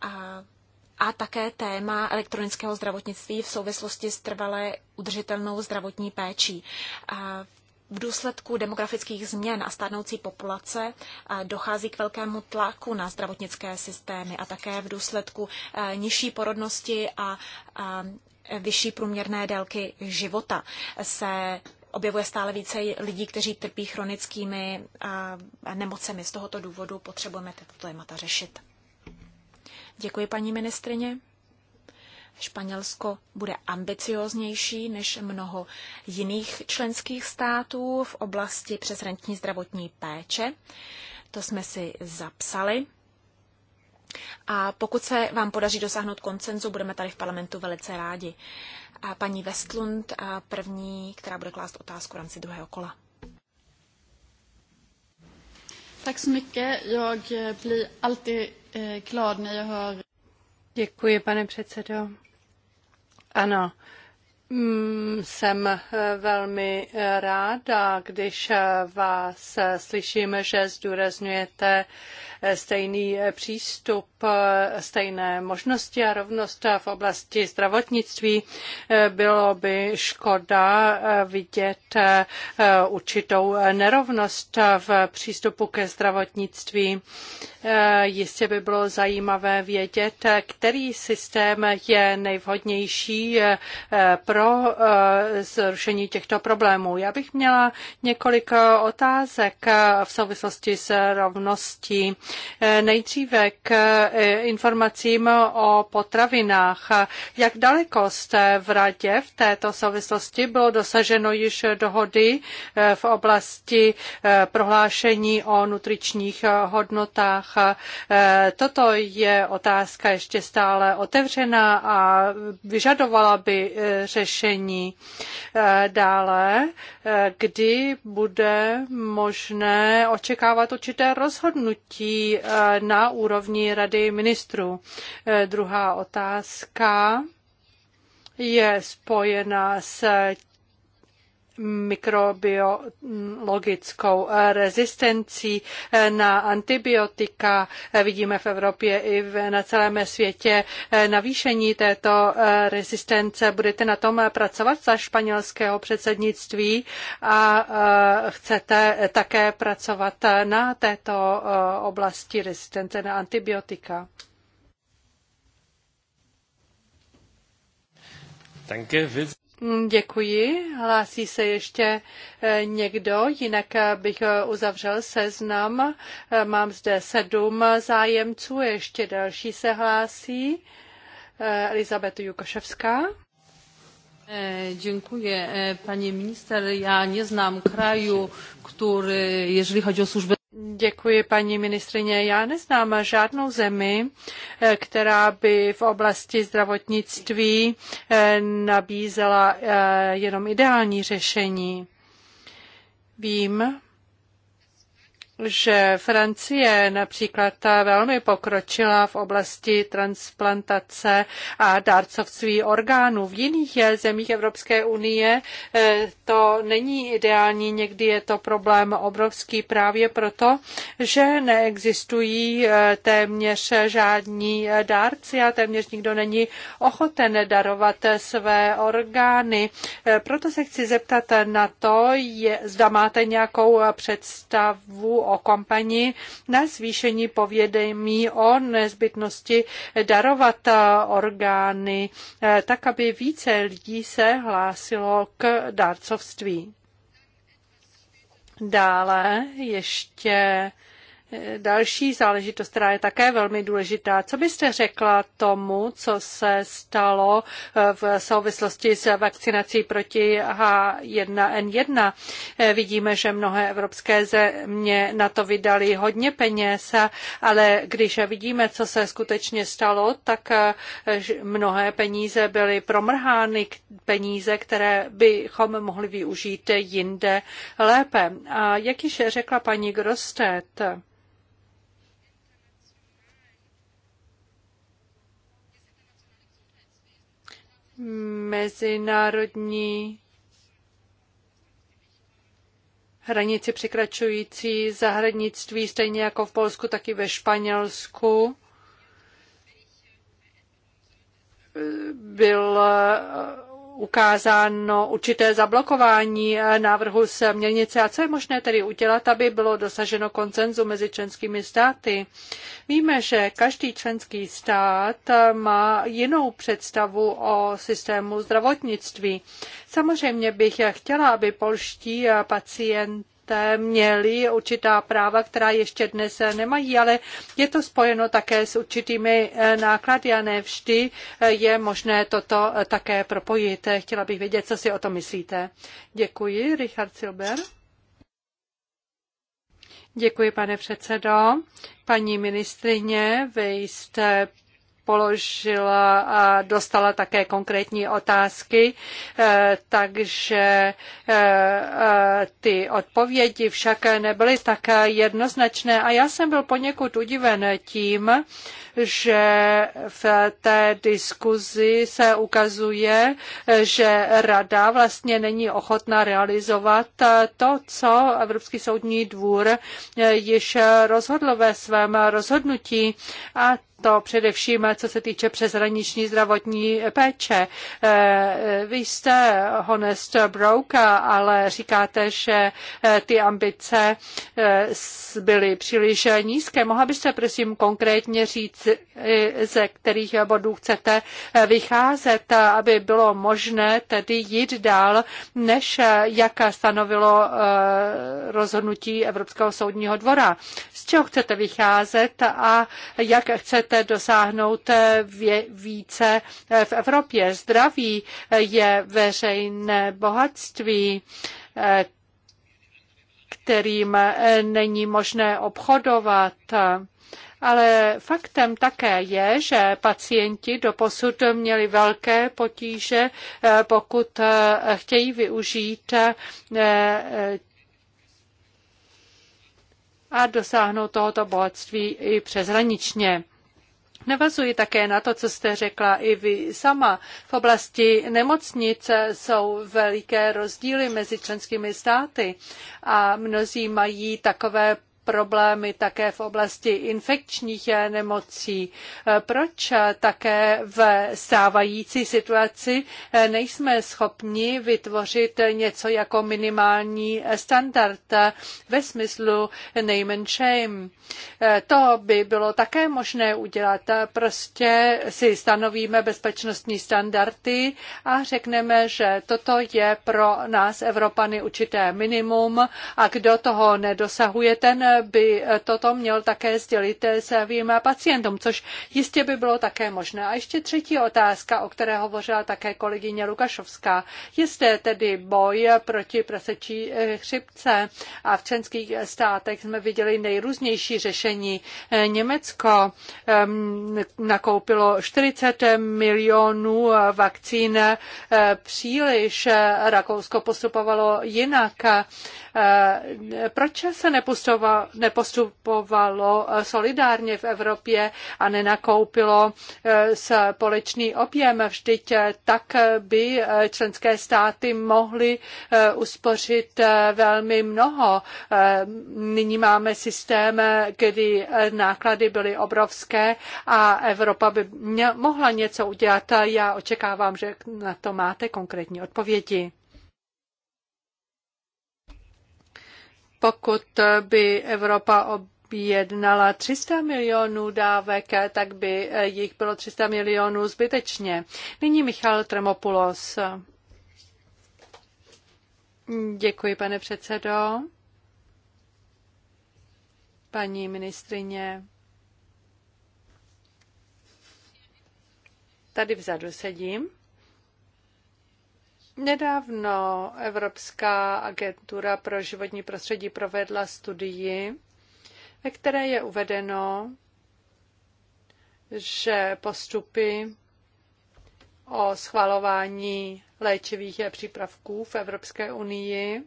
A a také téma elektronického zdravotnictví v souvislosti s trvalé udržitelnou zdravotní péčí. A v důsledku demografických změn a stárnoucí populace eh, dochází k velkému tlaku na zdravotnické systémy a také v důsledku eh, nižší porodnosti a eh, vyšší průměrné délky života se objevuje stále více lidí, kteří trpí chronickými nemocemi. Z tohoto důvodu potřebujeme tato témata řešit. Děkuji, paní ministrině. Španělsko bude ambicioznější než mnoho jiných členských států v oblasti přesrentní zdravotní péče. To jsme si zapsali. A pokud se vám podaří dosáhnout koncenzu, budeme tady v parlamentu velice rádi. A paní Westlund, a první, která bude klást otázku v rámci druhého kola. Tak så mycket. Jag blir alltid eh, glad när jag hör Děkuji, pane předsedo. Ano, mm, jsem eh, velmi eh, ráda, když eh, vás slyším, že zdůrazňujete Eh, stejný eh, přístup, eh, stejné možnosti a rovnost v oblasti zdravotnictví, bylo by škoda vidět určitou nerovnost v přístupu ke zdravotnictví. Jistě by bylo zajímavé vědět, který systém je nejvhodnější pro zrušení těchto problémů. Já bych měla několik otázek v souvislosti s rovností Eh, nejdříve k eh, informacím o potravinách. Jak daleko jste v radě v této souvislosti? Bylo dosaženo již dohody eh, v oblasti prohlášení o nutričních hodnotách. Toto je otázka ještě stále otevřená a vyžadovala by řešení dále, kdy bude možné očekávat určité rozhodnutí Eh, na úrovni Rady ministrů. Eh, druhá otázka je spojena s mikrobiologickou rezistencí eh, na antibiotika. Eh, vidíme v Evropě i na celém světě eh, navýšení této rezistence. Budete na tom pracovat za španělského předsednictví a chcete také pracovat na této oblasti rezistence na antibiotika. Danke. Mm, děkuji. Hlásí se ještě eh, někdo, jinak eh, bych eh, uzavřel seznam. Mám zde sedm zájemců, ještě další se hlásí. Elizabeta Jukoševská. Dziękuję, panie minister. Ja nie znam kraju, który, jeżeli chodzi o służbę... Děkuji, paní ministrině. Já neznám žádnou zemi, eh, která by v oblasti zdravotnictví eh, nabízela eh, jenom ideální řešení. Vím, že Francie například ta velmi pokročila v oblasti transplantace a dárcovství orgánů. V jiných zemích Evropské unie eh, to není ideální, někdy je to problém obrovský právě proto, že neexistují eh, téměř žádní dárci a téměř nikdo není ochoten darovat své orgány. Eh, proto se chci zeptat na to, je, zda máte nějakou představu o kampani na zvýšení povědomí o nezbytnosti darovat orgány, eh, tak aby více lidí se hlásilo k dárcovství. Dále ještě další záležitost, která je také velmi důležitá. Co byste řekla tomu, co se stalo eh, v souvislosti s vakcinací proti H1N1? Eh, vidíme, že mnohé evropské země na to vydali hodně peněz, ale když vidíme, co se skutečně stalo, tak eh, mnohé peníze byly promrhány, peníze, které bychom mohli využít jinde lépe. A jak již řekla paní Grostet, mezinárodní hranici překračující zahradnictví, stejně jako v Polsku, tak i ve Španělsku. Byl ukázáno určité zablokování eh, návrhu směrnice. A co je možné tedy udělat, aby bylo dosaženo koncenzu mezi členskými státy? Víme, že každý členský stát eh, má jinou představu o systému zdravotnictví. Samozřejmě bych chtěla, aby polští eh, pacienti té měli určitá práva, která ještě dnes nemají, ale je to spojeno také s určitými eh, náklady a ne vždy eh, je možné toto eh, také propojit. Chtěla bych vědět, co si o tom myslíte. Děkuji, Richard Silber. Děkuji, pane předsedo. Paní ministrině, vy jste položila a dostala také konkrétní otázky, e, takže e, e, ty odpovědi však nebyly tak jednoznačné a já jsem byl poněkud udiven tím, že v té diskuzi se ukazuje, že rada vlastně není ochotná realizovat to, co Evropský soudní dvůr již rozhodl ve svém rozhodnutí a to především, co se týče přeshraniční zdravotní péče. Eh, eh, vy jste honest broker, ale říkáte, že eh, ty ambice byly příliš nízké. Mohla byste prosím konkrétně říct, ze kterých bodů chcete vycházet, aby bylo možné tedy jít dál, než jak stanovilo rozhodnutí Evropského soudního dvora. Z čeho chcete vycházet a jak chcete dosáhnout eh, více eh, v Evropě. Zdraví eh, je veřejné bohatství kterým není možné obchodovat. Ale faktem také je, že pacienti doposud měli velké potíže, pokud chtějí využít a dosáhnout tohoto bohatství i přeshraničně. Navazuji také na to, co jste řekla i vy sama. V oblasti nemocnic jsou veliké rozdíly mezi členskými státy a mnozí mají takové problémy také v oblasti infekčních nemocí. Proč také v stávající situaci nejsme schopni vytvořit něco jako minimální standard ve smyslu name and shame? To by bylo také možné udělat. Prostě si stanovíme bezpečnostní standardy a řekneme, že toto je pro nás Evropany určité minimum a kdo toho nedosahuje, ten by toto měl také sdělit svým pacientům, což jistě by bylo také možné. A ještě třetí otázka, o které hovořila také kolegyně Lukašovská. Je tedy boj proti prasečí chřipce a v členských státech jsme viděli nejrůznější řešení. Německo nakoupilo 40 milionů vakcín příliš, Rakousko postupovalo jinak. Proč se nepostupovalo nepostupovalo eh, solidárně v Evropě a nenakoupilo eh, společný objem. Vždyť eh, tak by členské státy mohly uspořit velmi mnoho. Nyní máme systém, kdy náklady byly obrovské a Evropa by mohla něco udělat. Já očekávám, že na to máte konkrétní odpovědi. Pokud by Evropa objednala 300 milionů dávek, tak by jich bylo 300 milionů zbytečně. Nyní Michal Tremopulos. Děkuji, pane předsedo. Paní ministrině. Tady vzadu sedím. Nedávno Evropská agentura pro životní prostředí provedla studii, ve které je uvedeno, že postupy o schvalování léčivých přípravků v Evropské unii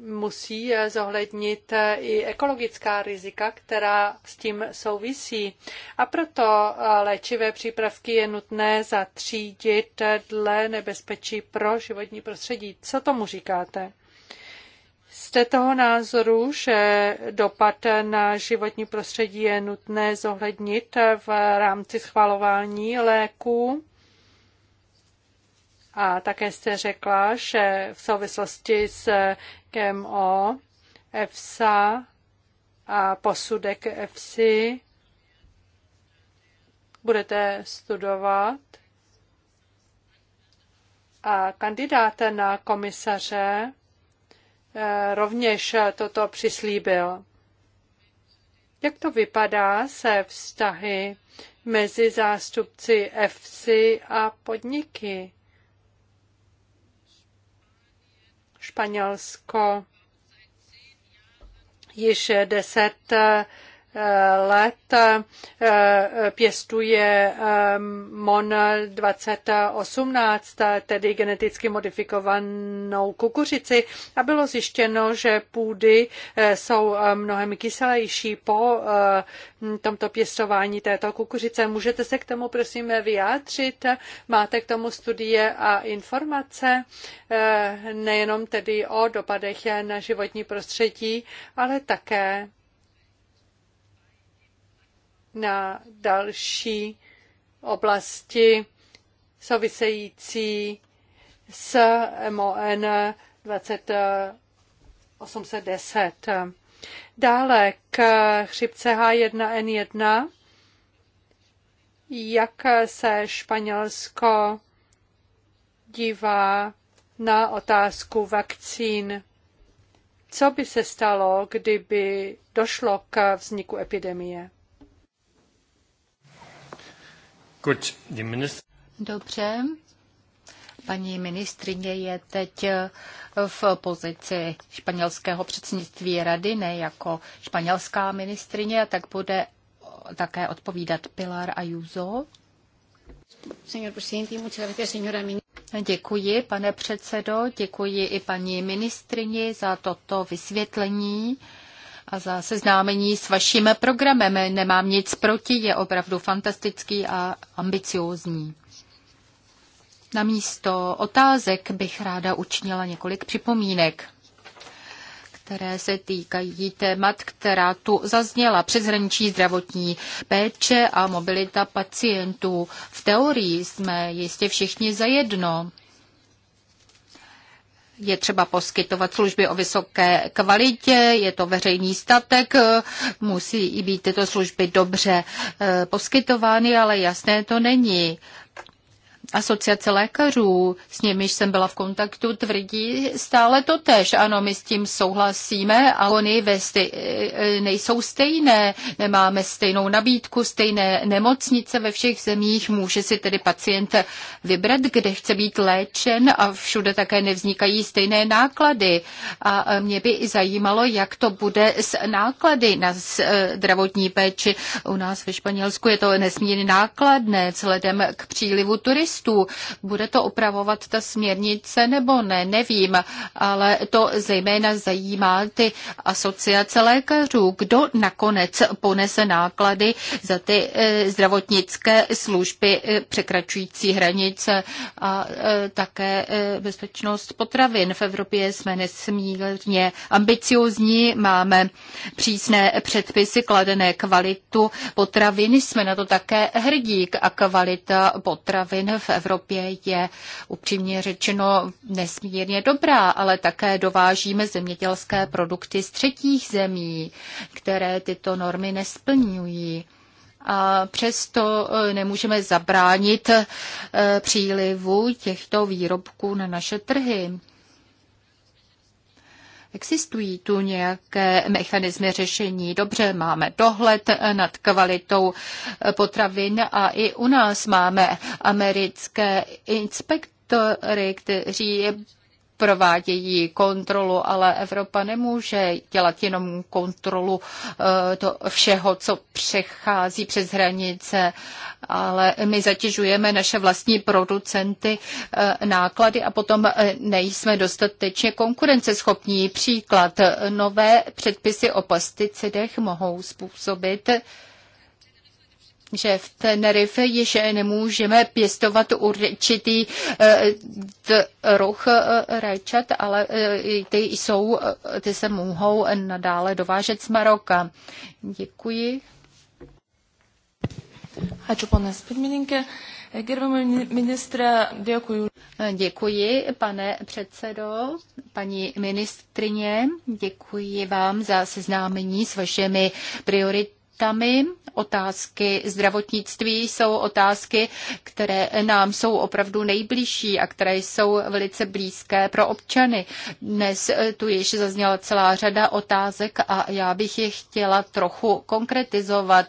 musí zohlednit i ekologická rizika, která s tím souvisí. A proto léčivé přípravky je nutné zatřídit dle nebezpečí pro životní prostředí. Co tomu říkáte? Jste toho názoru, že dopad na životní prostředí je nutné zohlednit v rámci schvalování léků? A také jste řekla, že v souvislosti s GMO, EFSA a posudek EFSI budete studovat a kandidát na komisaře eh, rovněž toto přislíbil. Jak to vypadá se vztahy mezi zástupci EFSI a podniky? Španělsko již deset Eh, let eh, pěstuje eh, MON 2018, tedy geneticky modifikovanou kukuřici a bylo zjištěno, že půdy jsou mnohem kyselější po tomto pěstování této kukuřice. Můžete se k tomu prosím vyjádřit? Máte k tomu studie a informace nejenom tedy o dopadech na životní prostředí, ale také na další oblasti související s MON 2810. Dále k chřipce H1N1, jak se Španělsko dívá na otázku vakcín. Co by se stalo, kdyby došlo k vzniku epidemie? Dobře. Paní ministrině je teď v pozici španělského předsednictví rady, ne jako španělská ministrině, tak bude také odpovídat Pilar Ayuso. Děkuji, pane předsedo, děkuji i paní ministrině za toto vysvětlení a za seznámení s vaším programem. Nemám nic proti, je opravdu fantastický a ambiciózní. Na místo otázek bych ráda učinila několik připomínek které se týkají témat, která tu zazněla. Přeshraniční zdravotní péče a mobilita pacientů. V teorii jsme jistě všichni zajedno je třeba poskytovat služby o vysoké kvalitě, je to veřejný statek, musí i být tyto služby dobře eh, poskytovány, ale jasné to není. Asociace lékařů, s nimiž jsem byla v kontaktu, tvrdí stále to tež. Ano, my s tím souhlasíme, ale oni ve nejsou stejné. Nemáme stejnou nabídku, stejné nemocnice ve všech zemích. Může si tedy pacient vybrat, kde chce být léčen a všude také nevznikají stejné náklady. A mě by i zajímalo, jak to bude s náklady na eh, zdravotní péči. U nás ve Španělsku je to nesmírně nákladné vzhledem k přílivu turistů listů. Bude to opravovat ta směrnice nebo ne, nevím, ale to zejména zajímá ty asociace lékařů, kdo nakonec ponese náklady za ty eh, zdravotnické služby eh, překračující hranice a eh, také bezpečnost potravin. V Evropě jsme nesmírně ambiciozní, máme přísné předpisy kladené kvalitu potravin, jsme na to také hrdík a kvalita potravin v Evropě je upřímně řečeno nesmírně dobrá, ale také dovážíme zemědělské produkty z třetích zemí, které tyto normy nesplňují. A přesto e, nemůžeme zabránit e, přílivu těchto výrobků na naše trhy. Existují tu nějaké mechanismy řešení? Dobře, máme dohled nad kvalitou potravin a i u nás máme americké inspektory, kteří provádějí kontrolu, ale Evropa nemůže dělat jenom kontrolu eh, to všeho, co přechází přes hranice, ale my zatěžujeme naše vlastní producenty eh, náklady a potom eh, nejsme dostatečně konkurenceschopní. Příklad, nové předpisy o pesticidech mohou způsobit, že v Tenerife již nemůžeme pěstovat určitý eh, druh eh, rajčat, ale eh, ty jsou, ty se mohou nadále dovážet z Maroka. Děkuji. Ačo, pane pirmininkė. Gerbiamą ministra, děkuji. Děkuji, pane předsedo, paní ministrině. Děkuji vám za seznámení s vašimi prioritami tématami. Otázky zdravotnictví jsou otázky, které nám jsou opravdu nejbližší a které jsou velice blízké pro občany. Dnes tu již zazněla celá řada otázek a já bych je chtěla trochu konkretizovat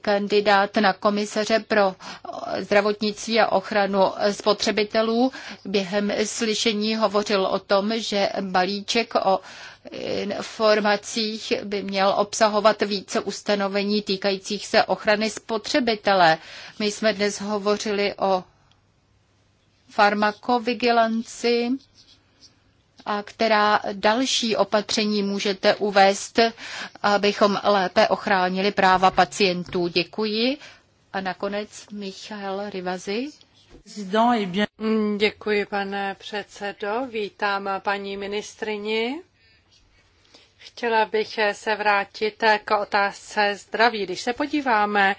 kandidát na komisaře pro zdravotnictví a ochranu spotřebitelů během slyšení hovořil o tom, že balíček o informacích by měl obsahovat více ustanovení týkajících se ochrany spotřebitele. My jsme dnes hovořili o farmakovigilanci, a která další opatření můžete uvést, abychom lépe ochránili práva pacientů. Děkuji. A nakonec Michal Rivazi. Děkuji, pane předsedo. Vítám paní ministrini. Chtěla bych se vrátit k otázce zdraví. Když se podíváme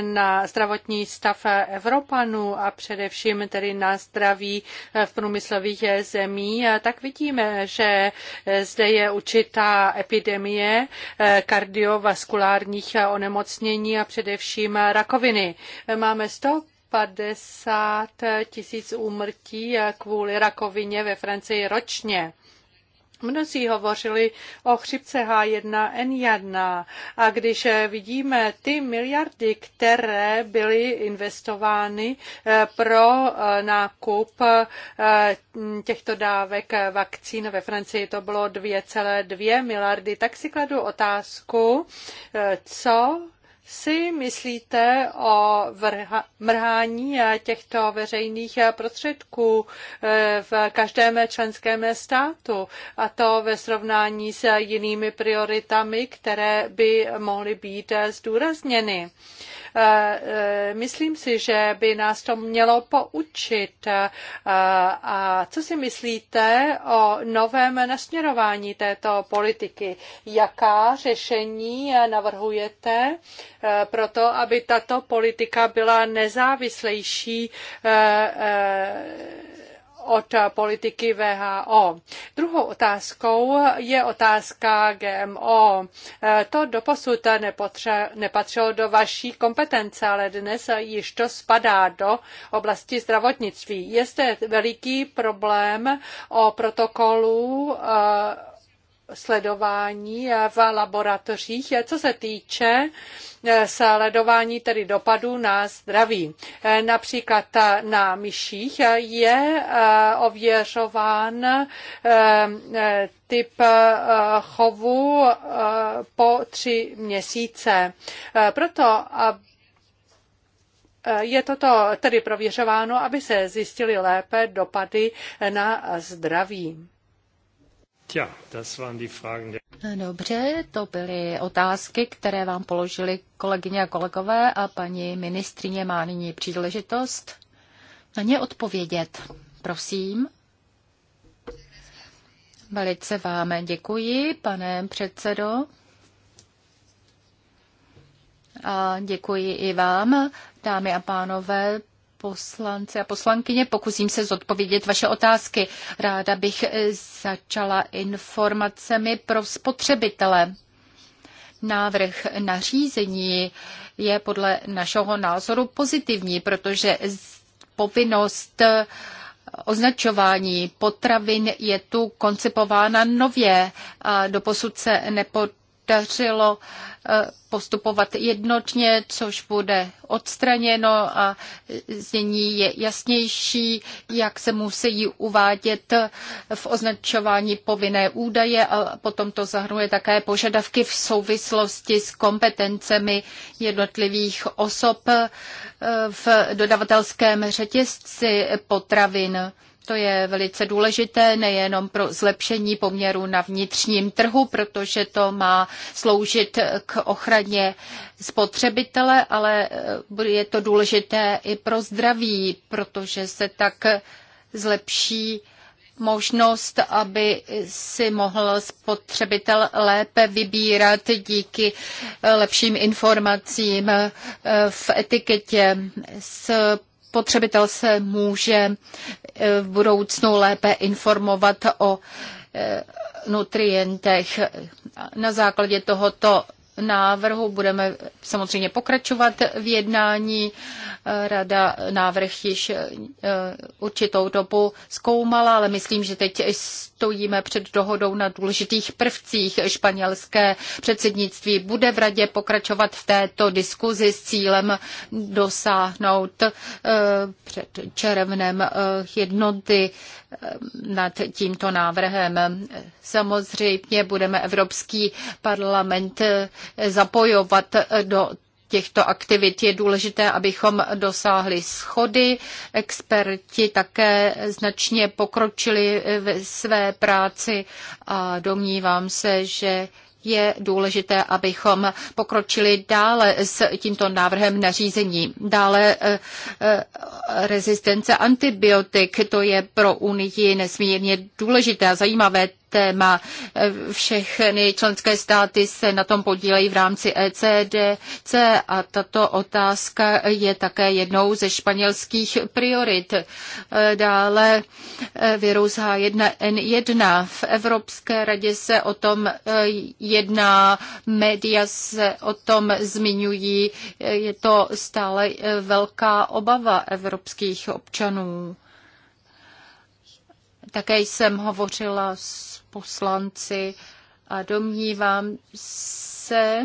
na zdravotní stav Evropanů a především tedy na zdraví v průmyslových zemí, tak vidíme, že zde je určitá epidemie kardiovaskulárních onemocnění a především rakoviny. Máme 100 50 tisíc úmrtí kvůli rakovině ve Francii ročně. Mnozí hovořili o chřipce H1N1 a když vidíme ty miliardy, které byly investovány eh, pro eh, nákup eh, těchto dávek vakcín ve Francii, to bylo 2,2 miliardy, tak si kladu otázku, co si myslíte o vrha, mrhání těchto veřejných prostředků eh, v každém členském státu a to ve srovnání s jinými prioritami, které by mohly být zdůrazněny. Eh, eh, myslím si, že by nás to mělo poučit. A co si myslíte o novém nasměrování této politiky? Jaká řešení navrhujete? Eh, proto, aby tato politika byla nezávislejší eh, eh, od politiky VHO. Druhou otázkou je otázka GMO. To doposud nepatřilo do vaší kompetence, ale dnes již to spadá do oblasti zdravotnictví. Je zde veliký problém o protokolu sledování v laboratořích, co se týče eh, sledování tedy dopadů na zdraví. Eh, například na myších je eh, ověřován typ chovu po tři měsíce. Proto, je toto tedy prověřováno, aby se zjistily lépe dopady na zdraví. Tja, das waren die Fragen der Dobře, to byly otázky, které vám položili kolegyně a kolegové a paní ministrině má nyní příležitost na ně odpovědět. Prosím. Velice vám děkuji, pane předsedo. A děkuji i vám, dámy a pánové, poslance a poslankyně. Pokusím se zodpovědět vaše otázky. Ráda bych eh, začala informacemi pro spotřebitele. Návrh nařízení je podle našeho názoru pozitivní, protože povinnost eh, označování potravin je tu koncipována nově a doposud se nepo dařilo eh, postupovat jednotně, což bude odstraněno a znění je jasnější, jak se musí uvádět v označování povinné údaje a potom to zahrnuje také požadavky v souvislosti s kompetencemi jednotlivých osob eh, v dodavatelském řetězci potravin. To je velice důležité nejenom pro zlepšení poměru na vnitřním trhu, protože to má sloužit k ochraně spotřebitele, ale eh, je to důležité i pro zdraví, protože se tak zlepší možnost, aby si mohl spotřebitel lépe vybírat díky eh, lepším informacím eh, v etiketě s spotřebitel se může e, v budoucnu lépe informovat o e, nutrientech. Na základě tohoto návrhu budeme samozřejmě pokračovat v jednání Rada návrh již eh, určitou dobu zkoumala, ale myslím, že teď stojíme před dohodou na důležitých prvcích. Španělské předsednictví bude v Radě pokračovat v této diskuzi s cílem dosáhnout eh, před červnem eh, jednoty nad tímto návrhem. Samozřejmě budeme Evropský parlament zapojovat do těchto aktivit. Je důležité, abychom dosáhli schody. Experti také značně pokročili ve své práci a domnívám se, že je důležité, abychom pokročili dále s tímto návrhem nařízení. Dále eh, eh, rezistence antibiotik, to je pro Unii nesmírně důležité a zajímavé téma. Všechny členské státy se na tom podílejí v rámci ECDC a tato otázka je také jednou ze španělských priorit. Dále eh, virus H1N1. V Evropské radě se o tom eh, jedná, média se o tom zmiňují. Je to stále eh, velká obava evropských občanů. Také jsem hovořila s poslanci a domnívám se,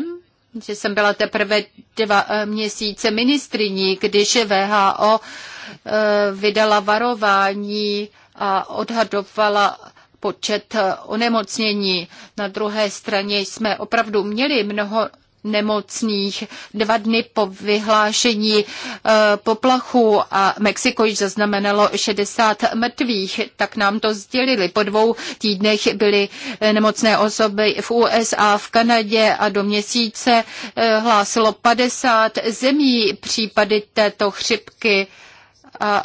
že jsem byla teprve dva eh, měsíce ministriní, když VHO eh, vydala varování a odhadovala počet eh, onemocnění. Na druhé straně jsme opravdu měli mnoho nemocných dva dny po vyhlášení eh, poplachu a Mexiko již zaznamenalo 60 mrtvých, tak nám to sdělili. Po dvou týdnech byly eh, nemocné osoby v USA, v Kanadě a do měsíce eh, hlásilo 50 zemí případy této chřipky. A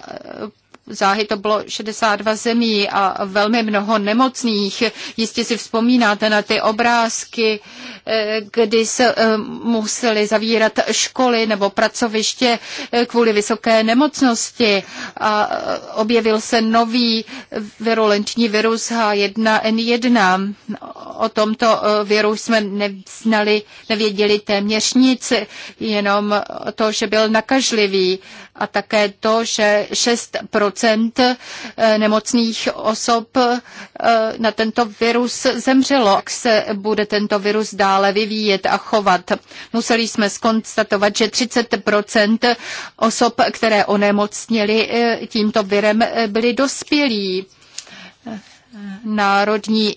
záhy to bylo 62 zemí a velmi mnoho nemocných. Jistě si vzpomínáte na ty obrázky, eh, kdy se eh, museli zavírat školy nebo pracoviště eh, kvůli vysoké nemocnosti a objevil se nový virulentní virus H1N1. O tomto viru jsme neznali, nevěděli téměř nic, jenom to, že byl nakažlivý a také to, že 6 Eh, nemocných osob eh, na tento virus zemřelo. Jak se bude tento virus dále vyvíjet a chovat? Museli jsme skonstatovat, že 30 osob, které onemocněly eh, tímto virem, byly dospělí. Národní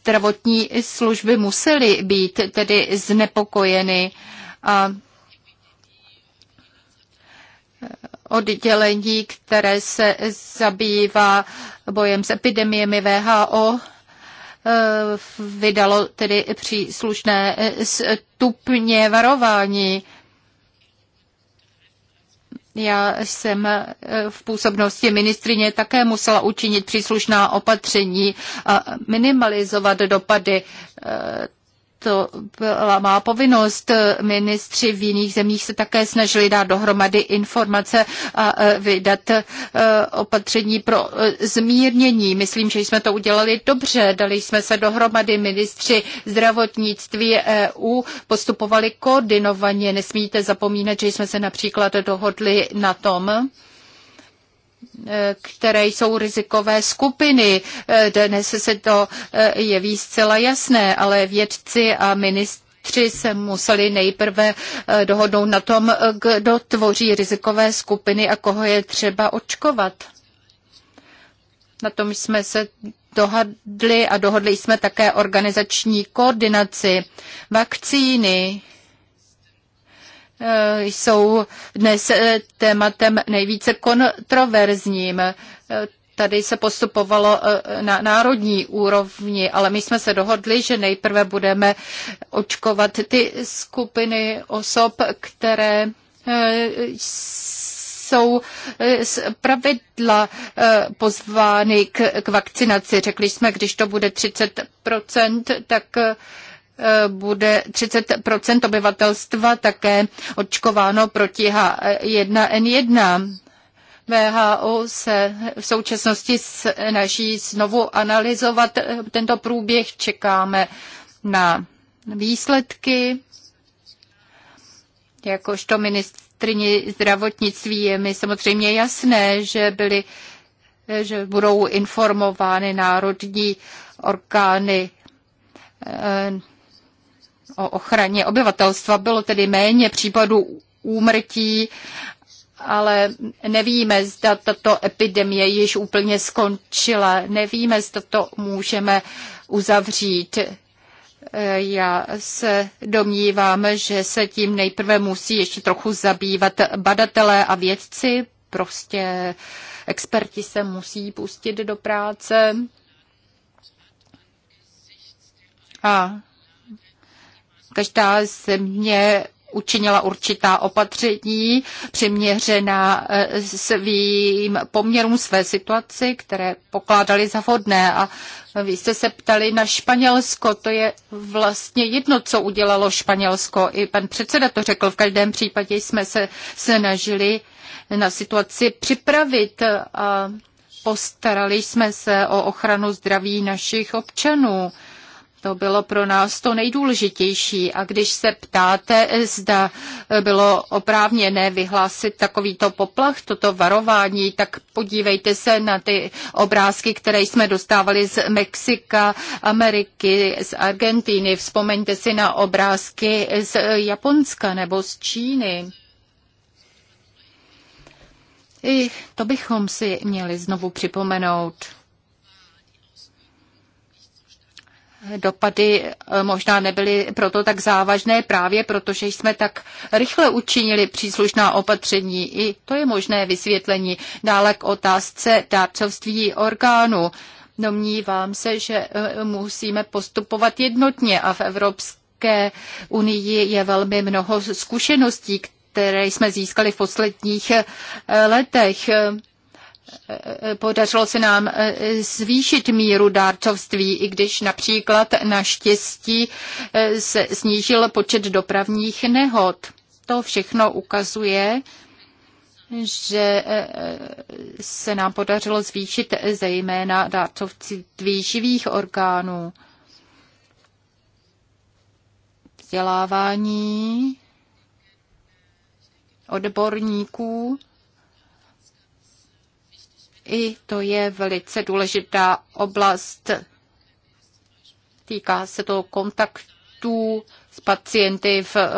zdravotní služby musely být tedy znepokojeny a oddělení, které se zabývá bojem s epidemiemi VHO, eh, vydalo tedy příslušné eh, stupně varování. Já jsem eh, v působnosti ministrině také musela učinit příslušná opatření a minimalizovat dopady to byla má povinnost. Ministři v jiných zemích se také snažili dát dohromady informace a e, vydat e, opatření pro e, zmírnění. Myslím, že jsme to udělali dobře. Dali jsme se dohromady ministři zdravotnictví EU, postupovali koordinovaně. Nesmíte zapomínat, že jsme se například dohodli na tom, které jsou rizikové skupiny. Dnes se to eh, jeví zcela jasné, ale vědci a ministři tři se museli nejprve eh, dohodnout na tom, eh, kdo tvoří rizikové skupiny a koho je třeba očkovat. Na tom jsme se dohodli a dohodli jsme také organizační koordinaci vakcíny Eh, jsou dnes eh, tématem nejvíce kontroverzním. Eh, tady se postupovalo na národní úrovni, ale my jsme se dohodli, že nejprve budeme očkovat ty skupiny osob, které jsou z pravidla pozvány k, vakcinaci. Řekli jsme, když to bude 30%, tak bude 30 obyvatelstva také očkováno proti H1N1. VHO se v současnosti snaží znovu analyzovat tento průběh. Čekáme na výsledky. Jakožto ministrní zdravotnictví je mi samozřejmě jasné, že byly že budou informovány národní orgány o ochraně obyvatelstva. Bylo tedy méně případů úmrtí, ale nevíme, zda tato epidemie již úplně skončila. Nevíme, zda to můžeme uzavřít. Já se domnívám, že se tím nejprve musí ještě trochu zabývat badatelé a vědci, prostě experti se musí pustit do práce. A Každá země učinila určitá opatření přiměřená eh, svým poměrům své situaci, které pokládali za vhodné. A vy jste se ptali na Španělsko, to je vlastně jedno, co udělalo Španělsko. I pan předseda to řekl, v každém případě jsme se snažili na situaci připravit a postarali jsme se o ochranu zdraví našich občanů. To bylo pro nás to nejdůležitější. A když se ptáte, eh, zda eh, bylo oprávněné vyhlásit takovýto poplach, toto varování, tak podívejte se na ty obrázky, které jsme dostávali z Mexika, Ameriky, z Argentíny. Vzpomeňte si na obrázky z eh, Japonska nebo z Číny. I to bychom si měli znovu připomenout. dopady eh, možná nebyly proto tak závažné právě protože jsme tak rychle učinili příslušná opatření. I to je možné vysvětlení. Dále k otázce dárcovství orgánů. Domnívám se, že eh, musíme postupovat jednotně a v Evropské unii je velmi mnoho zkušeností, které jsme získali v posledních eh, letech. Podařilo se nám e, zvýšit míru dárcovství, i když například naštěstí e, se snížil počet dopravních nehod. To všechno ukazuje, že e, se nám podařilo zvýšit zejména dárcovství živých orgánů. Vzdělávání odborníků i to je velice důležitá oblast. Týká se to kontaktů s pacienty v eh,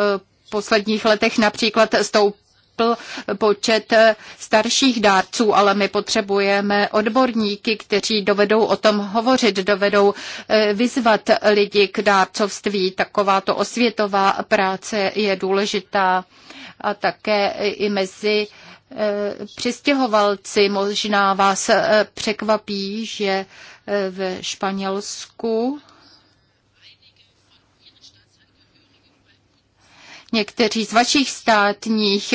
posledních letech například stoupl počet eh, starších dárců, ale my potřebujeme odborníky, kteří dovedou o tom hovořit, dovedou eh, vyzvat lidi k dárcovství. Takováto osvětová práce je důležitá a také i mezi přistěhovalci. Možná vás eh, překvapí, že eh, v Španělsku Někteří z vašich státních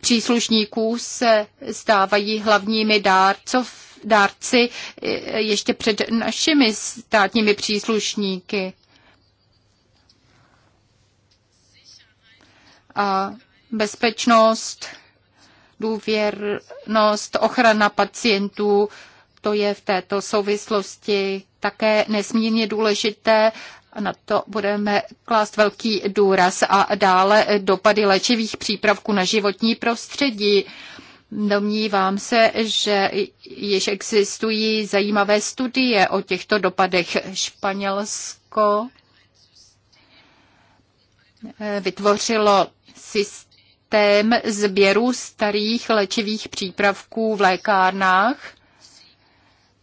příslušníků se stávají hlavními dárcov, dárci eh, ještě před našimi státními příslušníky. A bezpečnost důvěrnost, ochrana pacientů, to je v této souvislosti také nesmírně důležité. Na to budeme klást velký důraz a dále dopady léčivých přípravků na životní prostředí. Domnívám se, že již existují zajímavé studie o těchto dopadech. Španělsko vytvořilo systém, systém sběru starých léčivých přípravků v lékárnách.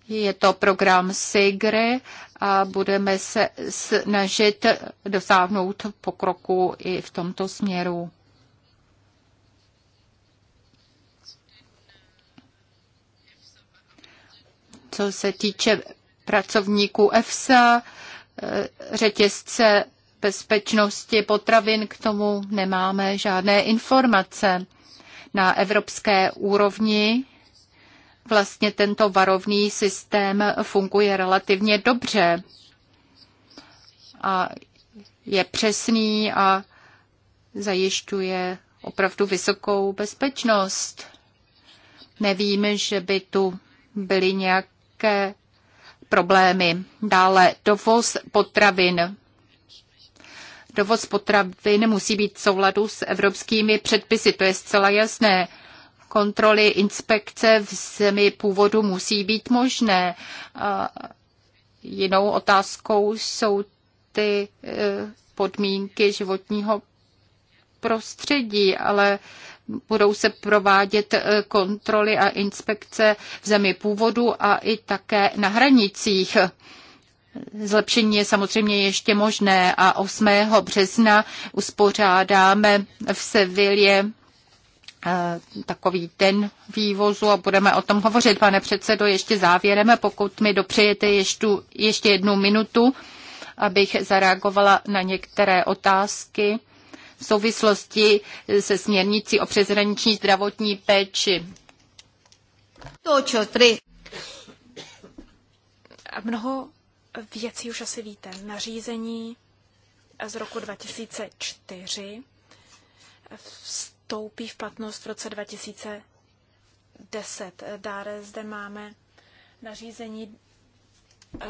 Je to program SIGRE a budeme se snažit dosáhnout pokroku i v tomto směru. Co se týče pracovníků EFSA, eh, řetězce bezpečnosti potravin k tomu nemáme žádné informace. Na evropské úrovni vlastně tento varovný systém funguje relativně dobře a je přesný a zajišťuje opravdu vysokou bezpečnost. Nevím, že by tu byly nějaké problémy. Dále dovoz potravin dovoz potravin musí být v souladu s evropskými předpisy, to je zcela jasné. Kontroly inspekce v zemi původu musí být možné. jinou otázkou jsou ty e, podmínky životního prostředí, ale budou se provádět e, kontroly a inspekce v zemi původu a i také na hranicích. Zlepšení je samozřejmě ještě možné a 8. března uspořádáme v Sevilě eh, takový den vývozu a budeme o tom hovořit. Pane předsedo, ještě závěrem, pokud mi dopřejete ještě, ještě jednu minutu, abych zareagovala na některé otázky v souvislosti se směrnicí o přezraniční zdravotní péči. To, čo, tři. A mnoho věcí už asi víte. Nařízení z roku 2004 vstoupí v platnost v roce 2010. Dále zde máme nařízení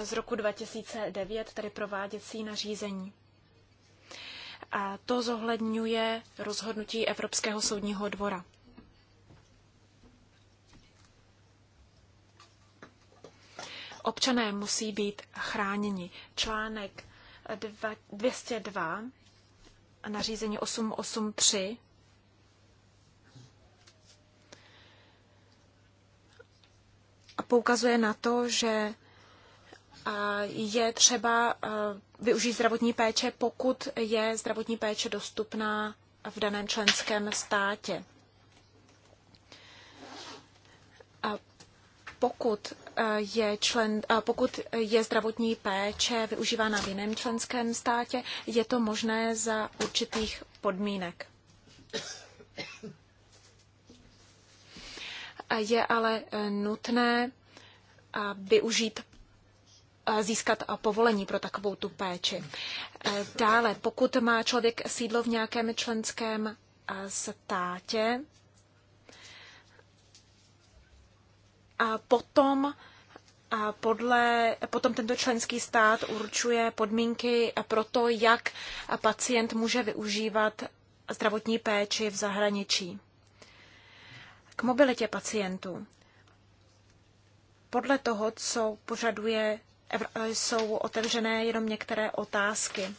z roku 2009, tedy prováděcí nařízení. A to zohledňuje rozhodnutí Evropského soudního dvora. občané musí být chráněni. Článek 202 nařízení 883 poukazuje na to, že je třeba využít zdravotní péče, pokud je zdravotní péče dostupná v daném členském státě. A pokud je člen, pokud je zdravotní péče využívána v jiném členském státě, je to možné za určitých podmínek. Je ale e, nutné využít získat povolení pro takovou tu péči. E, dále, pokud má člověk sídlo v nějakém členském státě, a potom a podle, potom tento členský stát určuje podmínky pro to, jak pacient může využívat zdravotní péči v zahraničí. K mobilitě pacientů. Podle toho, co požaduje, jsou otevřené jenom některé otázky.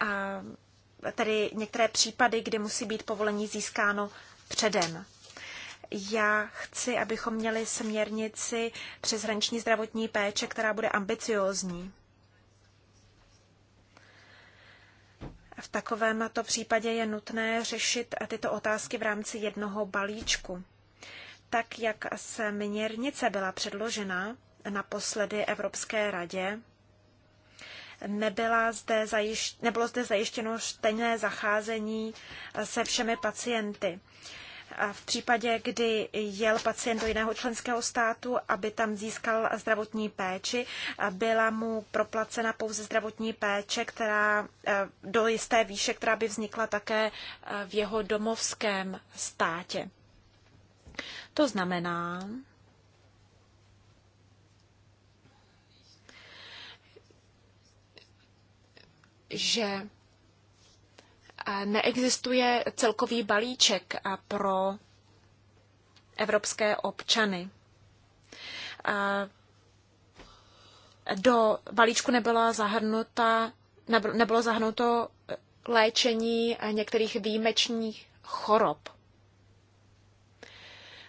A tedy některé případy, kdy musí být povolení získáno předem. Já chci, abychom měli směrnici přeshraniční zdravotní péče, která bude ambiciózní. V takovém to případě je nutné řešit tyto otázky v rámci jednoho balíčku. Tak, jak směrnice byla předložena naposledy Evropské radě, nebyla zde zajiš- nebylo zde zajištěno stejné zacházení se všemi pacienty v případě, kdy jel pacient do jiného členského státu, aby tam získal zdravotní péči, byla mu proplacena pouze zdravotní péče, která e, do jisté výše, která by vznikla také e, v jeho domovském státě. To znamená, že neexistuje celkový balíček pro evropské občany. Do balíčku nebylo, zahrnuta, nebylo zahrnuto léčení některých výjimečných chorob,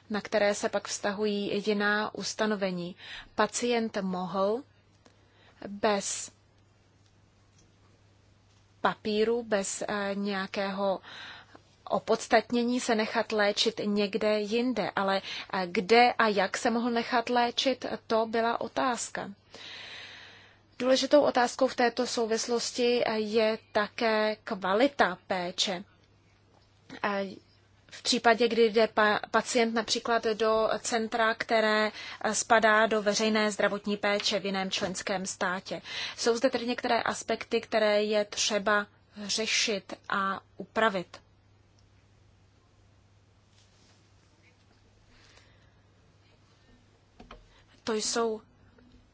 na které se pak vztahují jediná ustanovení. Pacient mohl bez papíru, bez eh, nějakého opodstatnění se nechat léčit někde jinde, ale eh, kde a jak se mohl nechat léčit, to byla otázka. Důležitou otázkou v této souvislosti eh, je také kvalita péče v případě, kdy jde pacient například do centra, které eh, spadá do veřejné zdravotní péče v jiném členském státě. Jsou zde tedy některé aspekty, které je třeba řešit a upravit. To jsou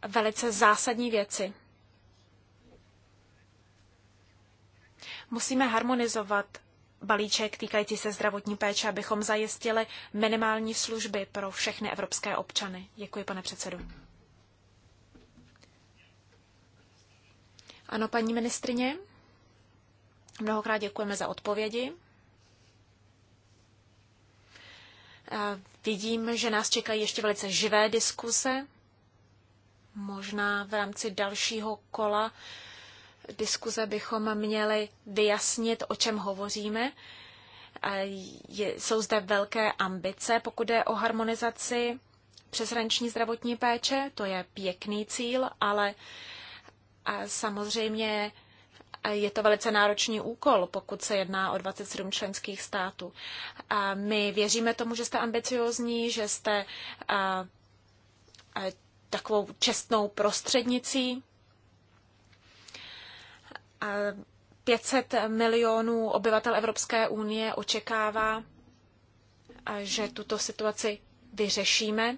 velice zásadní věci. Musíme harmonizovat balíček týkající se zdravotní péče, abychom zajistili minimální služby pro všechny evropské občany. Děkuji, pane předsedu. Ano, paní ministrině, mnohokrát děkujeme za odpovědi. Vidím, že nás čekají ještě velice živé diskuse, možná v rámci dalšího kola diskuze bychom měli vyjasnit, o čem hovoříme. Je, jsou zde velké ambice, pokud je o harmonizaci přeshraniční zdravotní péče. To je pěkný cíl, ale samozřejmě je to velice náročný úkol, pokud se jedná o 27 členských států. A my věříme tomu, že jste ambiciozní, že jste a, a, takovou čestnou prostřednicí 500 milionů obyvatel Evropské unie očekává, že tuto situaci vyřešíme.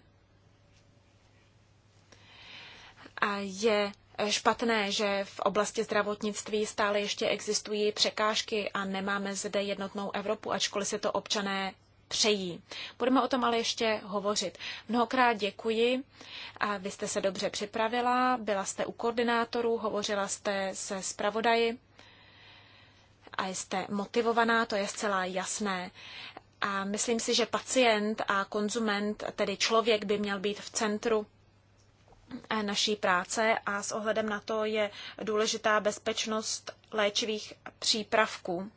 A je špatné, že v oblasti zdravotnictví stále ještě existují překážky a nemáme zde jednotnou Evropu, ačkoliv se to občané přejí. Budeme o tom ale ještě hovořit. Mnohokrát děkuji. A vy jste se dobře připravila, byla jste u koordinátorů, hovořila jste se zpravodaji a jste motivovaná, to je zcela jasné. A myslím si, že pacient a konzument, tedy člověk, by měl být v centru naší práce a s ohledem na to je důležitá bezpečnost léčivých přípravků.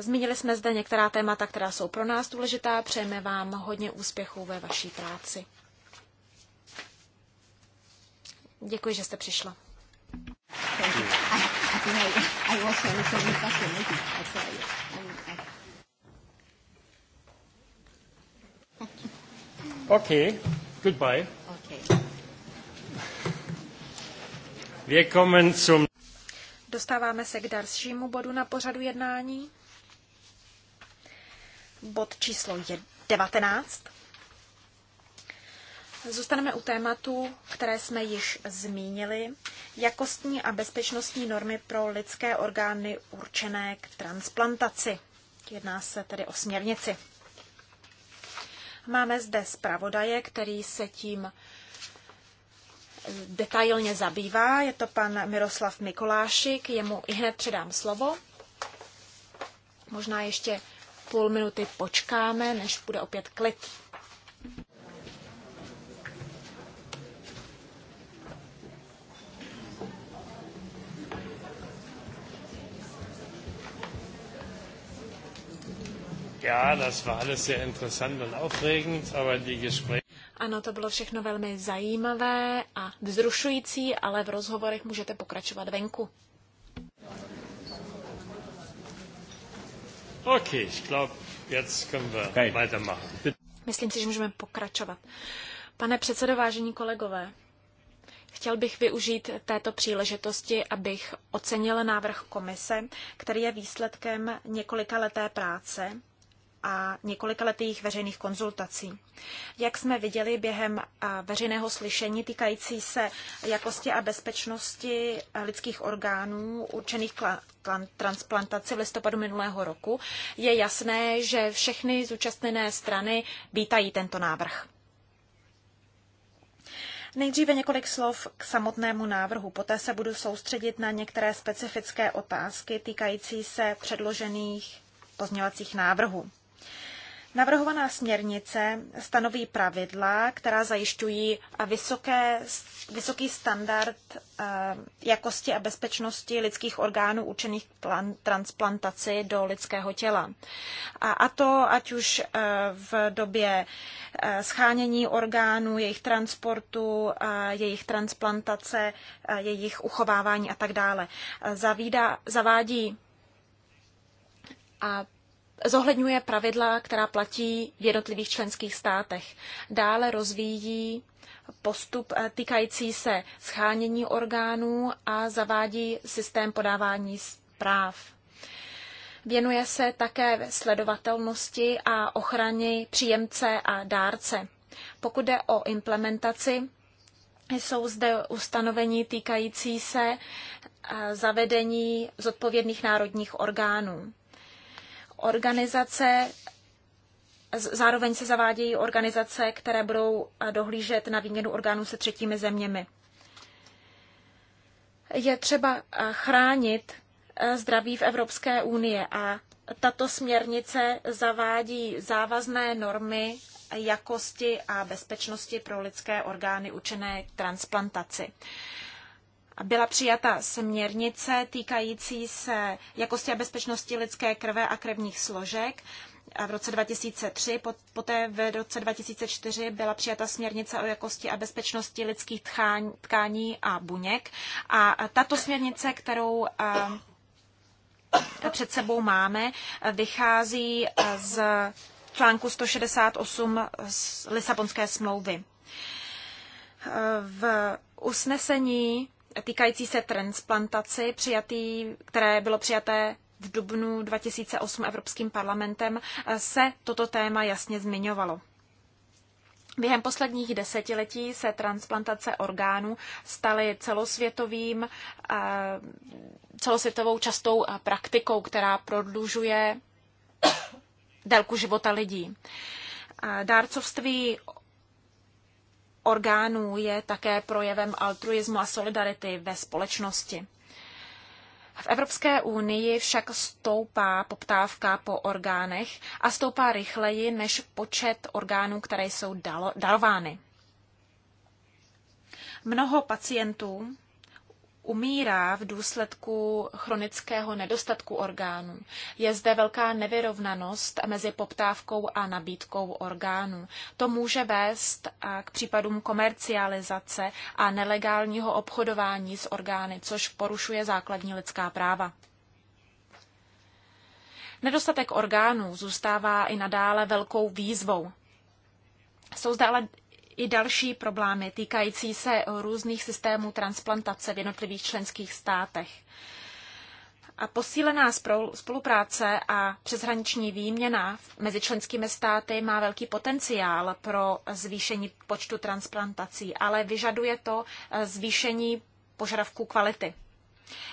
Zmínili jsme zde některá témata, která jsou pro nás důležitá. Přejeme vám hodně úspěchů ve vaší práci. Děkuji, že jste přišla. OK, goodbye. Okay. zum Dostáváme se k dalšímu bodu na pořadu jednání bod číslo 19. Zůstaneme u tématu, které jsme již zmínili, jakostní a bezpečnostní normy pro lidské orgány určené k transplantaci. Jedná se tedy o směrnici. Máme zde zpravodaje, který se tím detailně zabývá. Je to pan Miroslav Mikolášik, jemu i hned předám slovo. Možná ještě půl minuty počkáme, než bude opět klid. Ja, das war alles sehr interessant und aufregend, aber die Gespräche... Ano, to bylo všechno velmi zajímavé a vzrušující, ale v rozhovorech můžete pokračovat venku. Okay, ich glaub, jetzt können wir okay. weitermachen. Myslím si, že můžeme pokračovat. Pane předsedo, vážení kolegové, chtěl bych využít této příležitosti, abych ocenil návrh komise, který je výsledkem několika leté práce a několikaletých veřejných konzultací. Jak jsme viděli během veřejného slyšení týkající se jakosti a bezpečnosti lidských orgánů určených k transplantaci v listopadu minulého roku, je jasné, že všechny zúčastněné strany vítají tento návrh. Nejdříve několik slov k samotnému návrhu, poté se budu soustředit na některé specifické otázky týkající se předložených pozměňovacích návrhů. Navrhovaná směrnice stanoví pravidla, která zajišťují vysoké, vysoký standard eh, jakosti a bezpečnosti lidských orgánů určených k transplantaci do lidského těla. A, a to ať už eh, v době eh, schánění orgánů, jejich transportu, jejich transplantace, jejich uchovávání a tak dále. Zavádí a zohledňuje pravidla, která platí v jednotlivých členských státech. Dále rozvíjí postup eh, týkající se schánění orgánů a zavádí systém podávání zpráv. Věnuje se také sledovatelnosti a ochraně příjemce a dárce. Pokud jde o implementaci, jsou zde ustanovení týkající se eh, zavedení zodpovědných národních orgánů organizace, zároveň se zavádějí organizace, které budou eh, dohlížet na výměnu orgánů se třetími zeměmi. Je třeba eh, chránit eh, zdraví v Evropské unii a tato směrnice zavádí závazné normy jakosti a bezpečnosti pro lidské orgány učené k transplantaci byla přijata směrnice týkající se jakosti a bezpečnosti lidské krve a krevních složek v roce 2003, poté v roce 2004 byla přijata směrnice o jakosti a bezpečnosti lidských tkání, tkání a buněk. A tato směrnice, kterou před sebou máme, vychází z článku 168 z Lisabonské smlouvy. V usnesení týkající se transplantaci, přijatý, které bylo přijaté v dubnu 2008 Evropským parlamentem, eh, se toto téma jasně zmiňovalo. Během posledních desetiletí se transplantace orgánů staly celosvětovým, eh, celosvětovou častou eh, praktikou, která prodlužuje délku života lidí. Dárcovství orgánů je také projevem altruismu a solidarity ve společnosti. V Evropské unii však stoupá poptávka po orgánech a stoupá rychleji než počet orgánů, které jsou darovány. Mnoho pacientů umírá v důsledku chronického nedostatku orgánů. Je zde velká nevyrovnanost mezi poptávkou a nabídkou orgánů. To může vést k případům komercializace a nelegálního obchodování s orgány, což porušuje základní lidská práva. Nedostatek orgánů zůstává i nadále velkou výzvou. Jsou zde ale i další problémy týkající se různých systémů transplantace v jednotlivých členských státech. A posílená spolupráce a přeshraniční výměna mezi členskými státy má velký potenciál pro zvýšení počtu transplantací, ale vyžaduje to eh, zvýšení požadavků kvality.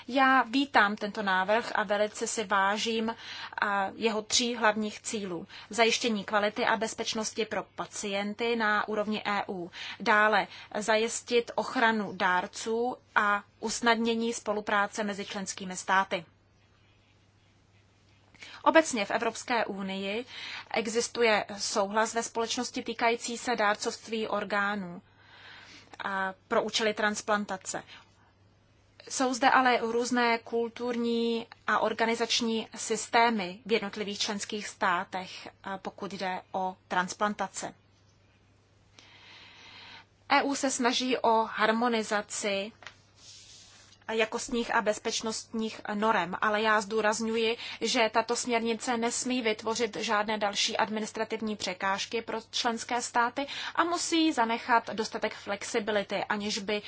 Já vítám tento návrh a velice si vážím jeho tří hlavních cílů. Zajištění kvality a bezpečnosti pro pacienty na úrovni EU. Dále zajistit ochranu dárců a usnadnění spolupráce mezi členskými státy. Obecně v Evropské unii existuje souhlas ve společnosti týkající se dárcovství orgánů pro účely transplantace. Jsou zde ale různé kulturní a organizační systémy v jednotlivých členských státech, pokud jde o transplantace. EU se snaží o harmonizaci jakostních a bezpečnostních norem, ale já zdůrazňuji, že tato směrnice nesmí vytvořit žádné další administrativní překážky pro členské státy a musí zanechat dostatek flexibility, aniž by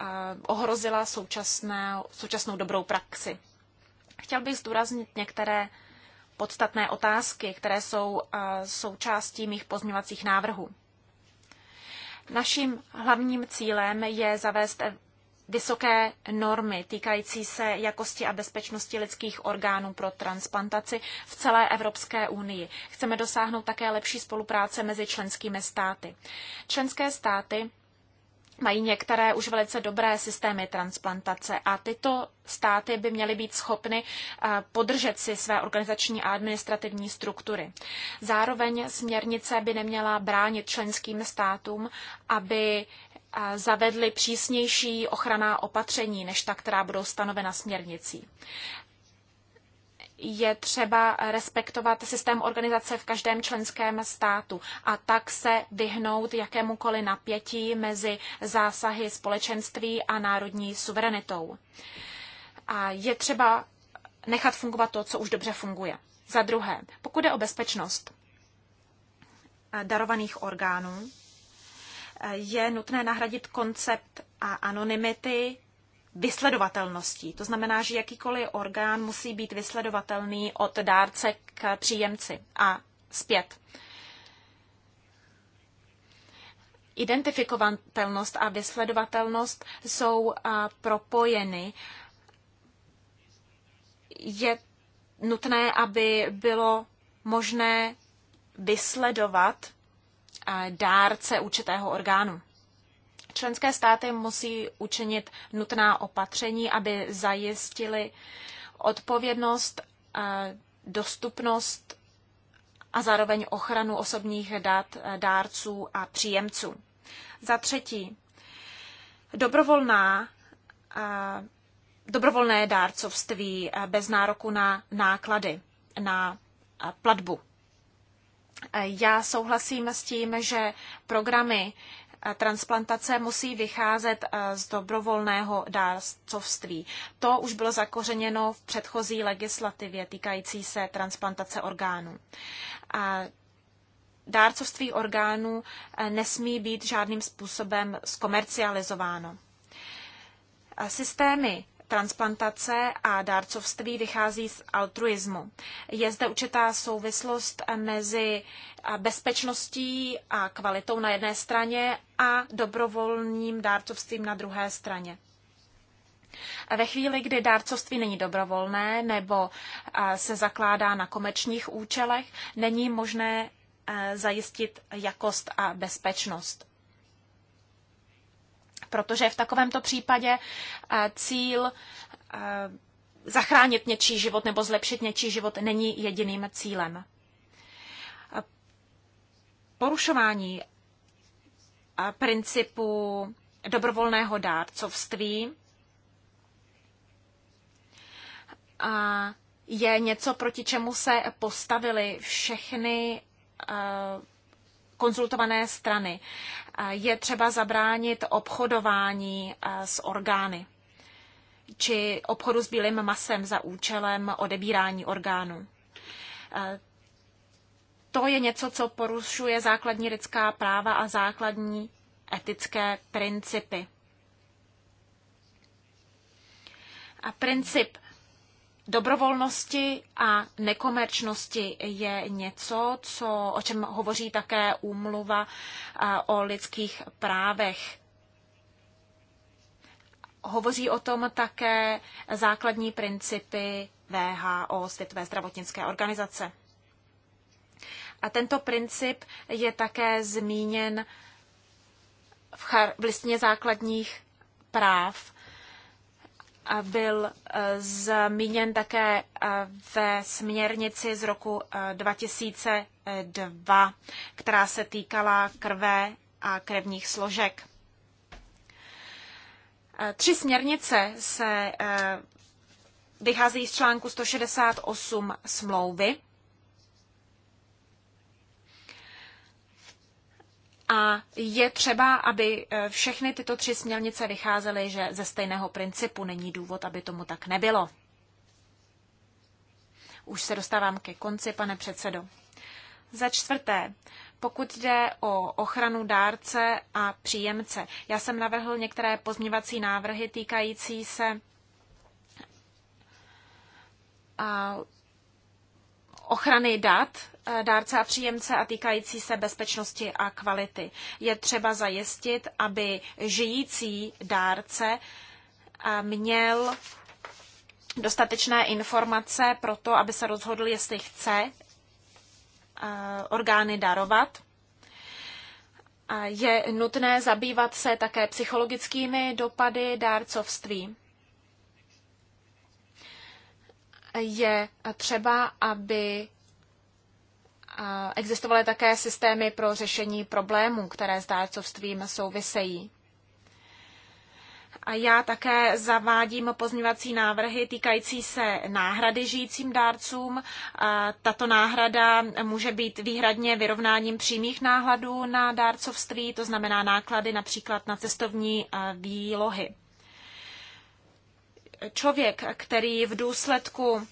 eh, ohrozila současné, současnou dobrou praxi. Chtěl bych zdůraznit některé podstatné otázky, které jsou eh, součástí mých pozměňovacích návrhů. Naším hlavním cílem je zavést vysoké normy týkající se jakosti a bezpečnosti lidských orgánů pro transplantaci v celé Evropské unii. Chceme dosáhnout také lepší spolupráce mezi členskými státy. Členské státy mají některé už velice dobré systémy transplantace a tyto státy by měly být schopny eh, podržet si své organizační a administrativní struktury. Zároveň směrnice by neměla bránit členským státům, aby zavedly přísnější ochranná opatření než ta, která budou stanovena směrnicí. Je třeba respektovat systém organizace v každém členském státu a tak se vyhnout jakémukoliv napětí mezi zásahy společenství a národní suverenitou. A je třeba nechat fungovat to, co už dobře funguje. Za druhé, pokud je o bezpečnost darovaných orgánů, je nutné nahradit koncept a anonymity vysledovatelností. To znamená, že jakýkoliv orgán musí být vysledovatelný od dárce k příjemci a zpět. Identifikovatelnost a vysledovatelnost jsou propojeny. Je nutné, aby bylo možné vysledovat dárce určitého orgánu. Členské státy musí učinit nutná opatření, aby zajistili odpovědnost, eh, dostupnost a zároveň ochranu osobních dat eh, dárců a příjemců. Za třetí, dobrovolná, eh, dobrovolné dárcovství bez nároku na náklady, na platbu. Já souhlasím s tím, že programy eh, transplantace musí vycházet eh, z dobrovolného dárcovství. To už bylo zakořeněno v předchozí legislativě týkající se transplantace orgánů. A dárcovství orgánů eh, nesmí být žádným způsobem zkomercializováno. A systémy Transplantace a dárcovství vychází z altruismu. Je zde určitá souvislost mezi bezpečností a kvalitou na jedné straně a dobrovolným dárcovstvím na druhé straně. Ve chvíli, kdy dárcovství není dobrovolné nebo se zakládá na komerčních účelech, není možné zajistit jakost a bezpečnost protože v takovémto případě eh, cíl eh, zachránit něčí život nebo zlepšit něčí život není jediným cílem. Porušování eh, principu dobrovolného dárcovství je něco, proti čemu se postavili všechny konzultované strany. Je třeba zabránit obchodování s orgány či obchodu s bílým masem za účelem odebírání orgánů. To je něco, co porušuje základní lidská práva a základní etické principy. A princip dobrovolnosti a nekomerčnosti je něco, co, o čem hovoří také úmluva o lidských právech. Hovoří o tom také základní principy VHO, Světové zdravotnické organizace. A tento princip je také zmíněn v, char- v listině základních práv byl e, zmíněn také e, ve směrnici z roku 2002, e, která se týkala krve a krevních složek. Tři směrnice se vychází z článku 168 smlouvy a je třeba, aby eh, všechny tyto tři směrnice vycházely, že ze stejného principu není důvod, aby tomu tak nebylo. Už se dostávám ke konci, pane předsedo. Za čtvrté, pokud jde o ochranu dárce a příjemce, já jsem navrhl některé pozměvací návrhy týkající se ochrany dat dárce a příjemce a týkající se bezpečnosti a kvality. Je třeba zajistit, aby žijící dárce eh, měl dostatečné informace pro to, aby se rozhodl, jestli chce eh, orgány darovat. Je nutné zabývat se také psychologickými dopady dárcovství. Je třeba, aby existovaly také systémy pro řešení problémů, které s dárcovstvím souvisejí. A já také zavádím pozměňovací návrhy týkající se náhrady žijícím dárcům. Tato náhrada může být výhradně vyrovnáním přímých náhladů na dárcovství, to znamená náklady například na cestovní výlohy. Člověk, který v důsledku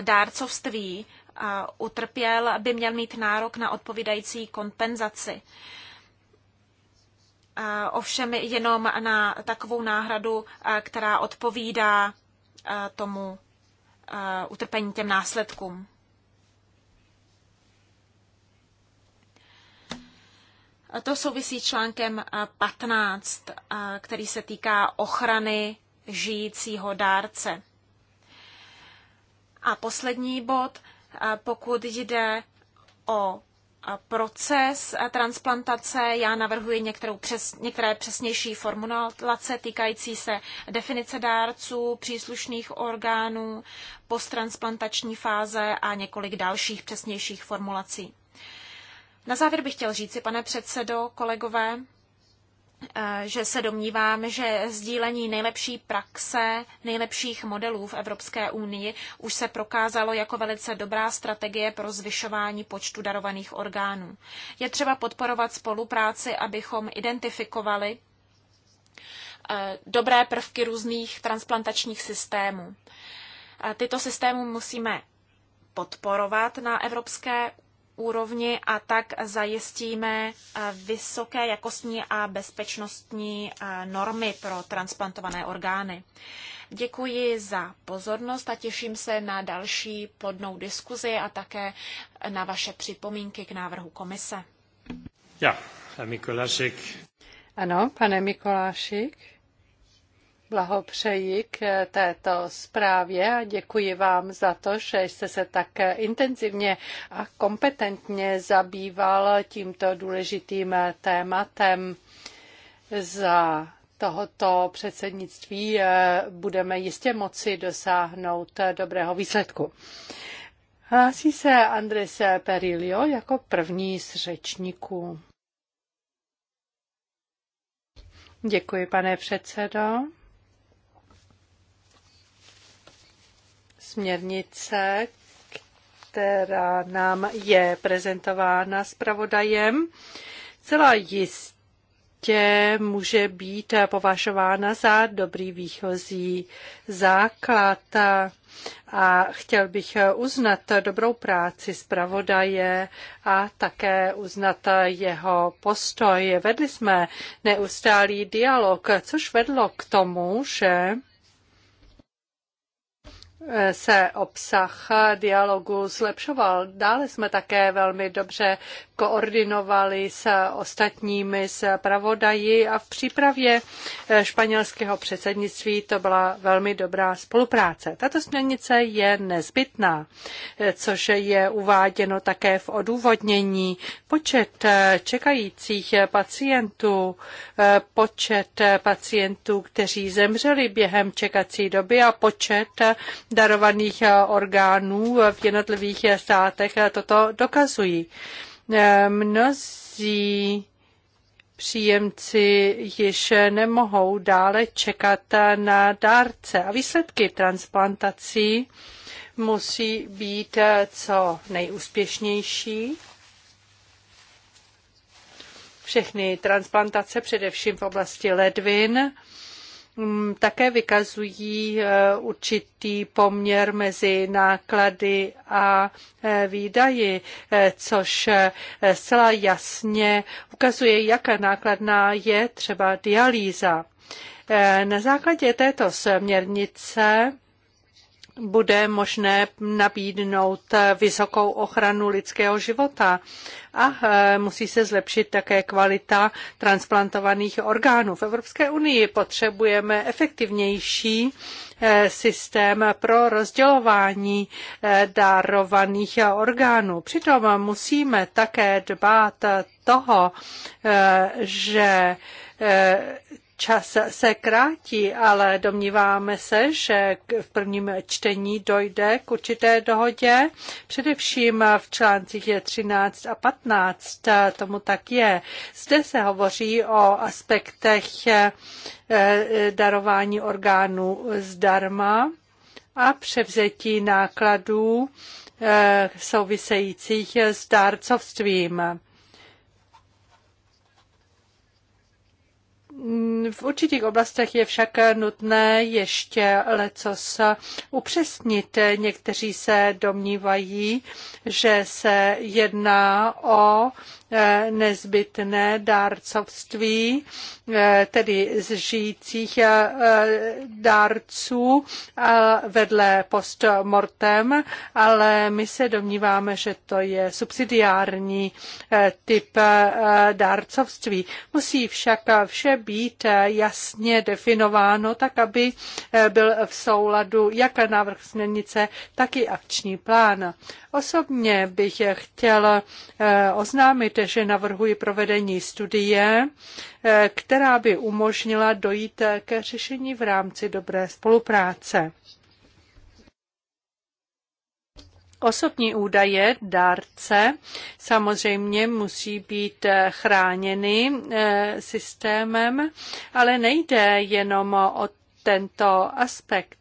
dárcovství utrpěl, by měl mít nárok na odpovídající kompenzaci. Ovšem jenom na takovou náhradu, která odpovídá tomu utrpení těm následkům. To souvisí článkem 15, který se týká ochrany žijícího dárce. A poslední bod pokud jde o proces transplantace. Já navrhuji některou přes, některé přesnější formulace týkající se definice dárců, příslušných orgánů, posttransplantační fáze a několik dalších přesnějších formulací. Na závěr bych chtěl říci, pane předsedo, kolegové, Eh, že se domnívám, že sdílení nejlepší praxe, nejlepších modelů v Evropské unii už se prokázalo jako velice dobrá strategie pro zvyšování počtu darovaných orgánů. Je třeba podporovat spolupráci, abychom identifikovali eh, dobré prvky různých transplantačních systémů. Tyto systémy musíme podporovat na evropské úrovni a tak zajistíme eh, vysoké jakostní a bezpečnostní eh, normy pro transplantované orgány. Děkuji za pozornost a těším se na další plodnou diskuzi a také na vaše připomínky k návrhu komise. Ja, Mikulášek. Ano, pane Mikulášik. Blahopřeji k eh, této zprávě a děkuji vám za to, že jste se tak eh, intenzivně a kompetentně zabýval tímto důležitým eh, tématem. Za tohoto předsednictví budeme jistě moci dosáhnout dobrého výsledku. Hlásí se Andres Perilio jako první z řečníků. Děkuji, pane předsedo. směrnice, která nám je prezentována zpravodajem, celá jistě může být považována za dobrý výchozí základ. A chtěl bych uznat dobrou práci zpravodaje a také uznat jeho postoj. Vedli jsme neustálý dialog, což vedlo k tomu, že se obsah dialogu zlepšoval. Dále jsme také velmi dobře koordinovali s ostatními zpravodaji a v přípravě eh, španělského předsednictví to byla velmi dobrá spolupráce. Tato směrnice je nezbytná, eh, což je uváděno také v odůvodnění. Počet eh, čekajících pacientů, počet pacientů, kteří zemřeli během čekací doby a počet darovaných orgánů v jednotlivých státech toto dokazují. E, mnozí příjemci již nemohou dále čekat na dárce a výsledky transplantací musí být co nejúspěšnější. Všechny transplantace, především v oblasti ledvin, Mm, také vykazují eh, určitý poměr mezi náklady a eh, výdaji, eh, což zcela jasně ukazuje, jak nákladná je třeba dialýza. Na základě této směrnice bude možné nabídnout vysokou ochranu lidského života a e, musí se zlepšit také kvalita transplantovaných orgánů. V Evropské unii potřebujeme efektivnější e, systém pro rozdělování e, darovaných orgánů. Přitom musíme také dbát toho, že Čas se krátí, ale domníváme se, že v prvním čtení dojde k určité dohodě, především v článcích je 13 a 15, tomu tak je. Zde se hovoří o aspektech eh, eh, darování orgánů zdarma a převzetí nákladů eh, souvisejících s dárcovstvím. V určitých oblastech je však nutné ještě lecos upřesnit. Někteří se domnívají, že se jedná o E, nezbytné dárcovství, e, tedy z žijících e, dárců vedle postmortem, ale my se domníváme, že to je subsidiární typ dárcovství. Musí však vše být jasně definováno, tak aby byl v souladu jak návrh směrnice, tak i akční plán. Osobně bych chtěl eh, oznámit, že navrhuji provedení studie, eh, která by umožnila dojít eh, ke řešení v rámci dobré spolupráce. Osobní údaje dárce samozřejmě musí být chráněny systémem, ale nejde jenom o tento aspekt.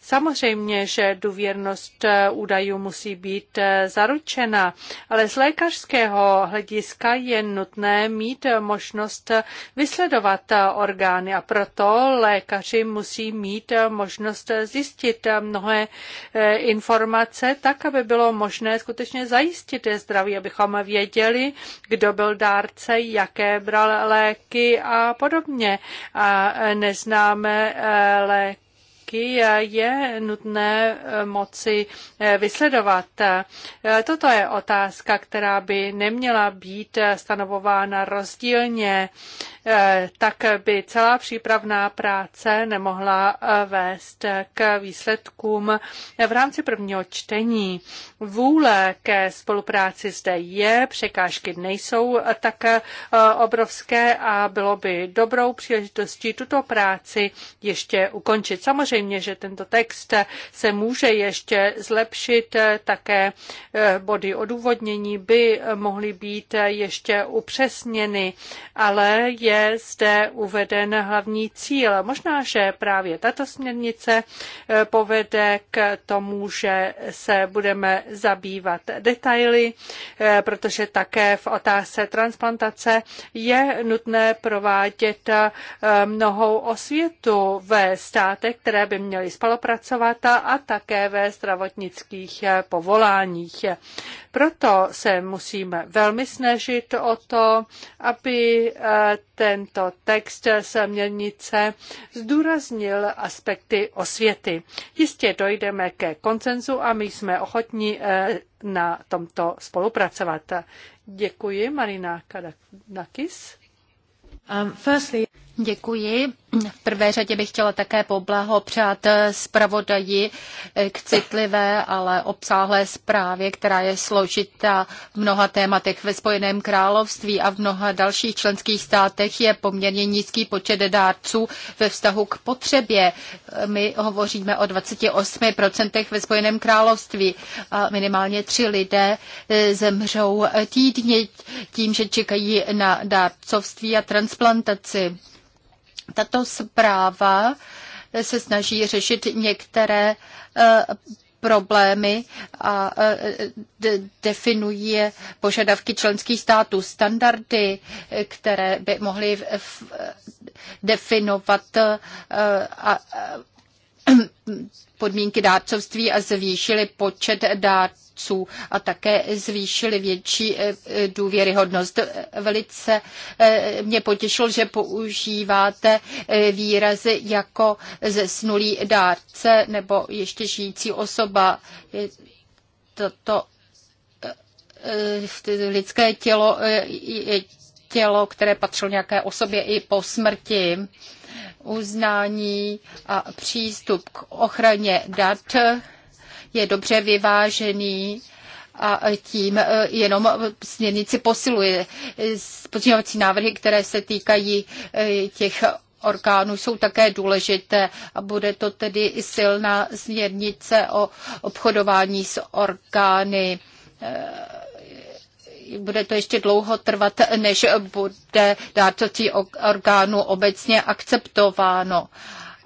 Samozřejmě, že důvěrnost údajů musí být zaručena, ale z lékařského hlediska je nutné mít možnost vysledovat orgány a proto lékaři musí mít možnost zjistit mnohé eh, informace tak, aby bylo možné skutečně zajistit je zdraví, abychom věděli, kdo byl dárce, jaké bral léky a podobně. A eh, neznáme eh, léky prvky je nutné eh, moci eh, vysledovat. Eh, toto je otázka, která by neměla být stanovována rozdílně. Eh, tak by celá přípravná práce nemohla eh, vést eh, k výsledkům v rámci prvního čtení. Vůle ke spolupráci zde je, překážky nejsou tak obrovské a bylo by dobrou příležitostí tuto práci ještě ukončit. Samozřejmě, že tento text se může ještě zlepšit, také body odůvodnění by mohly být ještě upřesněny, ale je je zde uveden hlavní cíl. Možná, že právě tato směrnice eh, povede k tomu, že se budeme zabývat detaily, eh, protože také v otázce transplantace je nutné provádět eh, mnohou osvětu ve státech, které by měly spolupracovat a také ve zdravotnických povoláních. Proto se musíme velmi snažit o to, aby te tento text směrnice zdůraznil aspekty osvěty. Jistě dojdeme ke koncenzu a my jsme ochotní eh, na tomto spolupracovat. Děkuji, Marina Kadakis. Um, firstly... Děkuji. V prvé řadě bych chtěla také poblahopřát eh, zpravodaji eh, k citlivé, ale obsáhlé zprávě, která je složitá v mnoha tématech. Ve Spojeném království a v mnoha dalších členských státech je poměrně nízký počet dárců ve vztahu k potřebě. My hovoříme o 28% ve Spojeném království a minimálně tři lidé eh, zemřou týdně tím, že čekají na dárcovství a transplantaci tato zpráva se snaží řešit některé eh, problémy a eh, de, definuje požadavky členských států, standardy, eh, které by mohly definovat a podmínky dárcovství a zvýšili počet dárců a také zvýšili větší eh, eh, důvěryhodnost. Velice eh, mě potěšilo, že používáte výrazy jako zesnulý dárce nebo ještě žijící osoba. Toto lidské tělo je tělo, které patřilo nějaké osobě i po smrti uznání a přístup k ochraně dat je dobře vyvážený a tím e, jenom směrnici posiluje. Pozměňovací návrhy, které se týkají e, těch orgánů jsou také důležité a bude to tedy i silná směrnice o obchodování s orgány e, bude to ještě dlouho trvat, než bude dárcovství orgánu obecně akceptováno.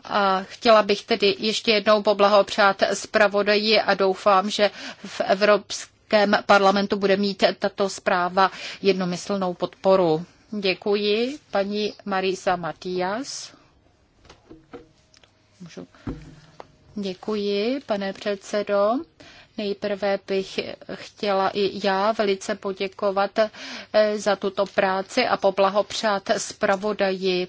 A chtěla bych tedy ještě jednou poblahopřát zpravodaji a doufám, že v Evropském parlamentu bude mít tato zpráva jednomyslnou podporu. Děkuji, paní Marisa Matias. Děkuji, pane předsedo. Nejprve bych chtěla i já velice poděkovat eh, za tuto práci a poblahopřát zpravodaji.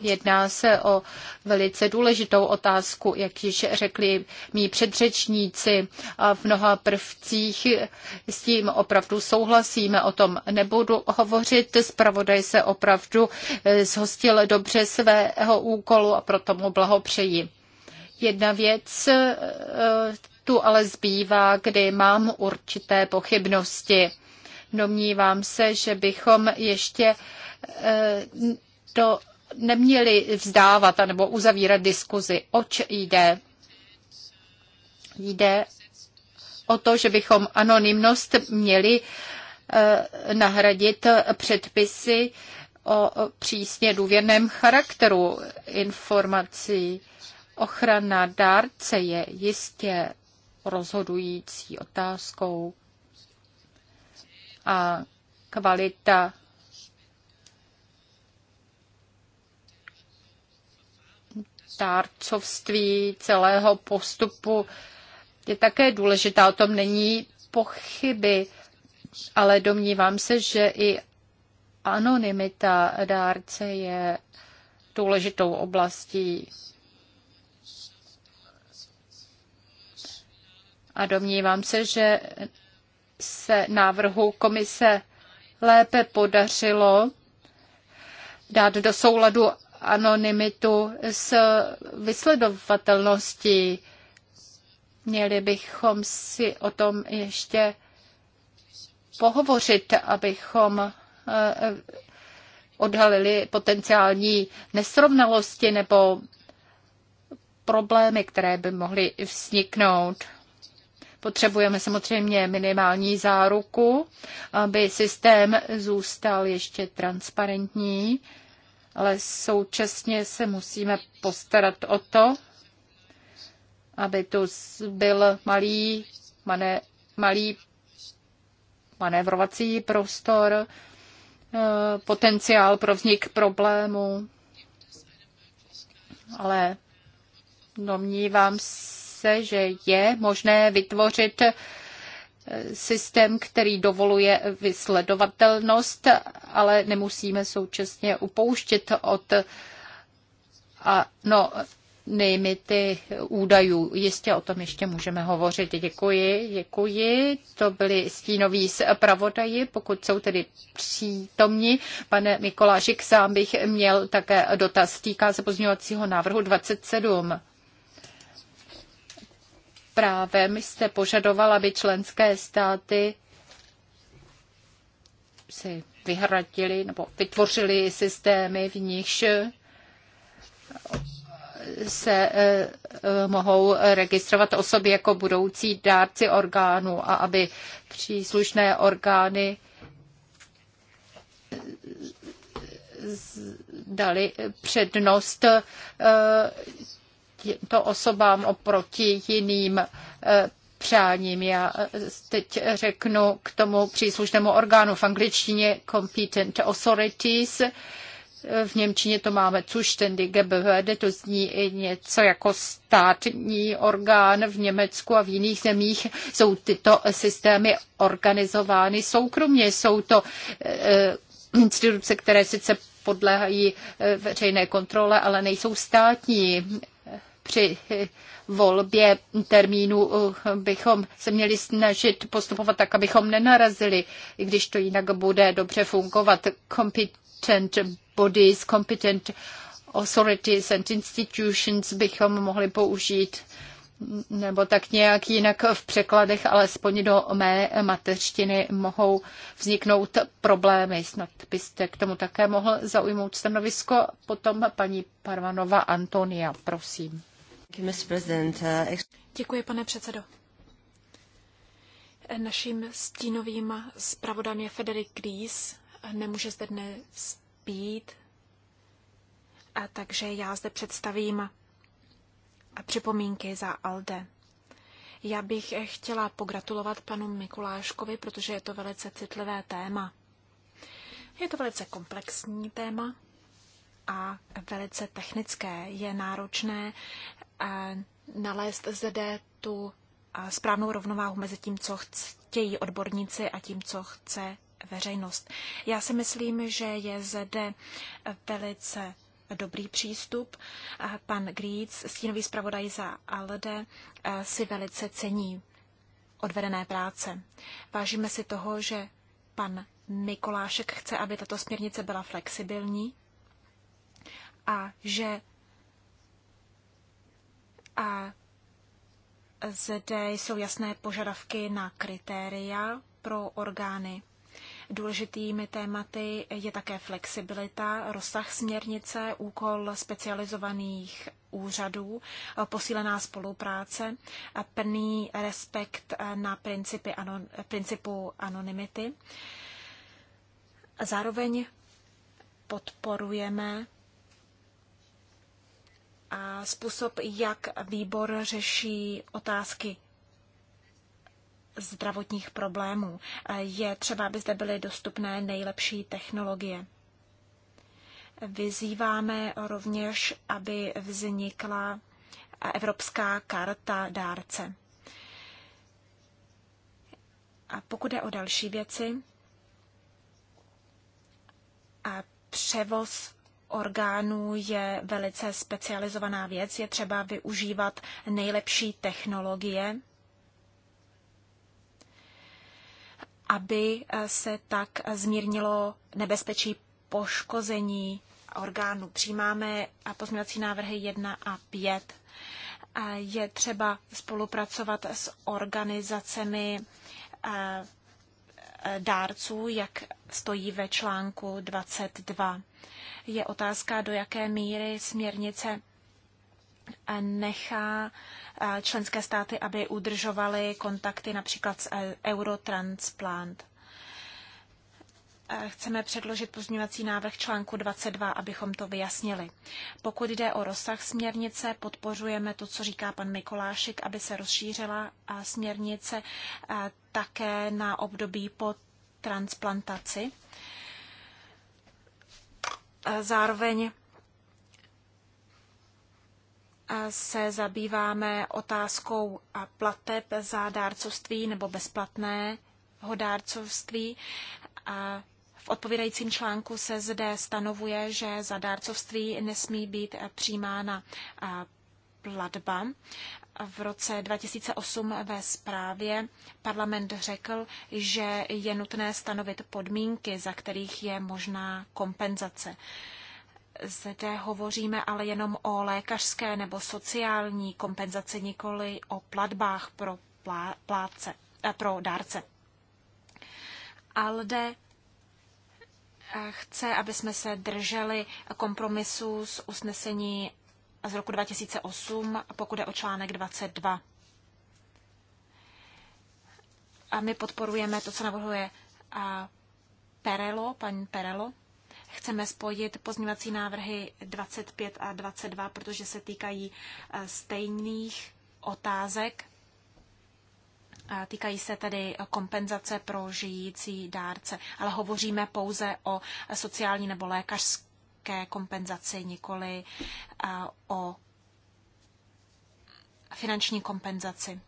Jedná se o velice důležitou otázku, jak již řekli mý předřečníci. A v mnoha prvcích s tím opravdu souhlasíme. O tom nebudu hovořit. Spravodaj se opravdu eh, zhostil dobře svého úkolu a proto mu blahopřeji. Jedna věc, eh, tu ale zbývá, kdy mám určité pochybnosti. Domnívám se, že bychom ještě to eh, neměli vzdávat nebo uzavírat diskuzi. Oč jde? Jde o to, že bychom anonymnost měli eh, nahradit předpisy o přísně důvěrném charakteru informací. Ochrana dárce je jistě rozhodující otázkou a kvalita dárcovství celého postupu je také důležitá. O tom není pochyby, ale domnívám se, že i anonymita dárce je důležitou oblastí a domnívám se, že se návrhu komise lépe podařilo dát do souladu anonymitu s vysledovatelností. Měli bychom si o tom ještě pohovořit, abychom eh, odhalili potenciální nesrovnalosti nebo problémy, které by mohly vzniknout. Potřebujeme samozřejmě minimální záruku, aby systém zůstal ještě transparentní, ale současně se musíme postarat o to, aby tu byl malý, mané, malý manévrovací prostor, eh, potenciál pro vznik problému. Ale domnívám se, že je možné vytvořit eh, systém, který dovoluje vysledovatelnost, ale nemusíme současně upouštět od a no, limity údajů. Jistě o tom ještě můžeme hovořit. Děkuji, děkuji. To byli stínoví zpravodaji, pokud jsou tedy přítomní. Pane Mikolášik, sám bych měl také dotaz. Týká se pozměňovacího návrhu 27 právem jste požadoval, aby členské státy si vyhradili nebo vytvořili systémy, v nichž se eh, eh, mohou registrovat osoby jako budoucí dárci orgánů a aby příslušné orgány dali přednost eh, těmto osobám oproti jiným eh, přáním. Já eh, teď řeknu k tomu příslušnému orgánu v angličtině competent authorities, v Němčině to máme Zuständy GBWD, to zní i něco jako státní orgán v Německu a v jiných zemích jsou tyto systémy organizovány soukromně. Jsou to eh, instituce, které sice podléhají veřejné kontrole, ale nejsou státní při volbě termínu uh, bychom se měli snažit postupovat tak, abychom nenarazili, i když to jinak bude dobře fungovat. Competent bodies, competent authorities and institutions bychom mohli použít nebo tak nějak jinak v překladech, alespoň do mé mateřtiny mohou vzniknout problémy. Snad byste k tomu také mohl zaujmout stanovisko. Potom paní Parvanova Antonia, prosím. Uh, Děkuji, pane předsedo. Naším stínovým zpravodám je Federik Gries. Nemůže zde dnes být, a takže já zde představím připomínky za ALDE. Já bych chtěla pogratulovat panu Mikuláškovi, protože je to velice citlivé téma. Je to velice komplexní téma a velice technické. Je náročné nalézt zde tu správnou rovnováhu mezi tím, co chtějí odborníci a tím, co chce veřejnost. Já si myslím, že je zde velice dobrý přístup. Pan Gríc, stínový zpravodaj za ALDE, si velice cení odvedené práce. Vážíme si toho, že pan Mikolášek chce, aby tato směrnice byla flexibilní a že a zde jsou jasné požadavky na kritéria pro orgány. Důležitými tématy je také flexibilita, rozsah směrnice, úkol specializovaných úřadů, posílená spolupráce, plný respekt na principy, principu anonymity. Zároveň podporujeme a způsob, jak výbor řeší otázky zdravotních problémů. Je třeba, aby zde byly dostupné nejlepší technologie. Vyzýváme rovněž, aby vznikla Evropská karta dárce. A pokud je o další věci, a převoz orgánů je velice specializovaná věc. Je třeba využívat nejlepší technologie, aby eh, se tak zmírnilo nebezpečí poškození orgánů. Přijímáme eh, pozměňovací návrhy 1 a 5. Eh, je třeba spolupracovat s organizacemi dárců, jak stojí ve článku 22. Je otázka, do jaké míry směrnice nechá eh, členské státy, aby udržovaly kontakty například s e, Eurotransplant. Eh, chceme předložit pozměňovací návrh článku 22, abychom to vyjasnili. Pokud jde o rozsah směrnice, podpořujeme to, co říká pan Mikolášik, aby se rozšířila eh, směrnice také na období po transplantaci. Zároveň se zabýváme otázkou plateb za dárcovství nebo bezplatného dárcovství. V odpovídajícím článku se zde stanovuje, že za dárcovství nesmí být přijímána platba v roce 2008 ve zprávě parlament řekl, že je nutné stanovit podmínky, za kterých je možná kompenzace. Zde hovoříme ale jenom o lékařské nebo sociální kompenzaci, nikoli o platbách pro, pláce, eh, pro dárce. ALDE eh, chce, aby jsme se drželi kompromisu s usnesení z roku 2008, pokud je o článek 22. A my podporujeme to, co navrhuje Perelo, paní Perelo. Chceme spojit pozměňovací návrhy 25 a 22, protože se týkají e, stejných otázek. Týkají se tedy kompenzace pro žijící dárce, ale hovoříme pouze o sociální nebo lékařské také kompenzaci, nikoli o finanční kompenzaci.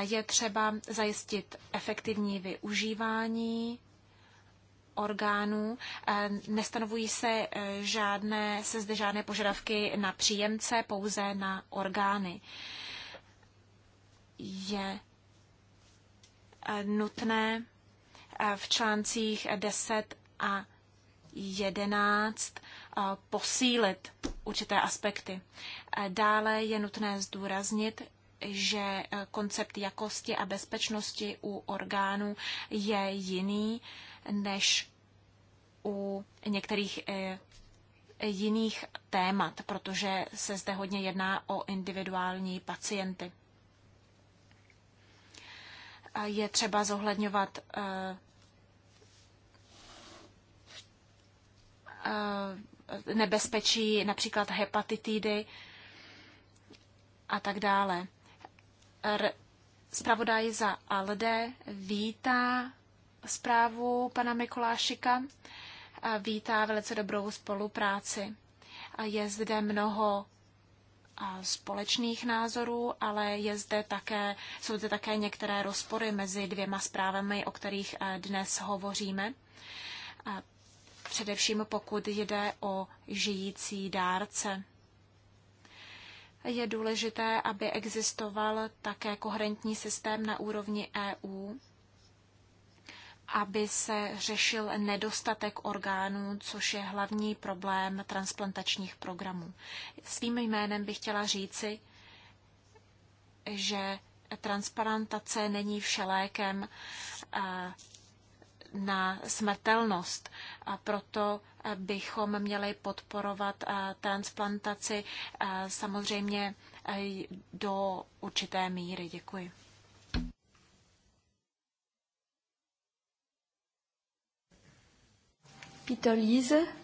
Je třeba zajistit efektivní využívání orgánů. Nestanovují se e, žádné, se zde žádné požadavky na příjemce, pouze na orgány. Je e, nutné e, v článcích 10 a 11 posílit určité aspekty. Dále je nutné zdůraznit, že koncept jakosti a bezpečnosti u orgánů je jiný než u některých eh, jiných témat, protože se zde hodně jedná o individuální pacienty. Je třeba zohledňovat eh, eh, nebezpečí, například hepatitidy a tak dále. R- Spravodaj za ALDE vítá zprávu pana Mikulášika a vítá velice dobrou spolupráci. A je zde mnoho společných názorů, ale je zde také, jsou zde také některé rozpory mezi dvěma zprávami, o kterých dnes hovoříme především pokud jde o žijící dárce. Je důležité, aby existoval také koherentní systém na úrovni EU, aby se řešil nedostatek orgánů, což je hlavní problém transplantačních programů. Svým jménem bych chtěla říci, že transplantace není všelékem na smrtelnost. A proto eh, bychom měli podporovat eh, transplantaci eh, samozřejmě do určité míry. Děkuji. Peter Liese.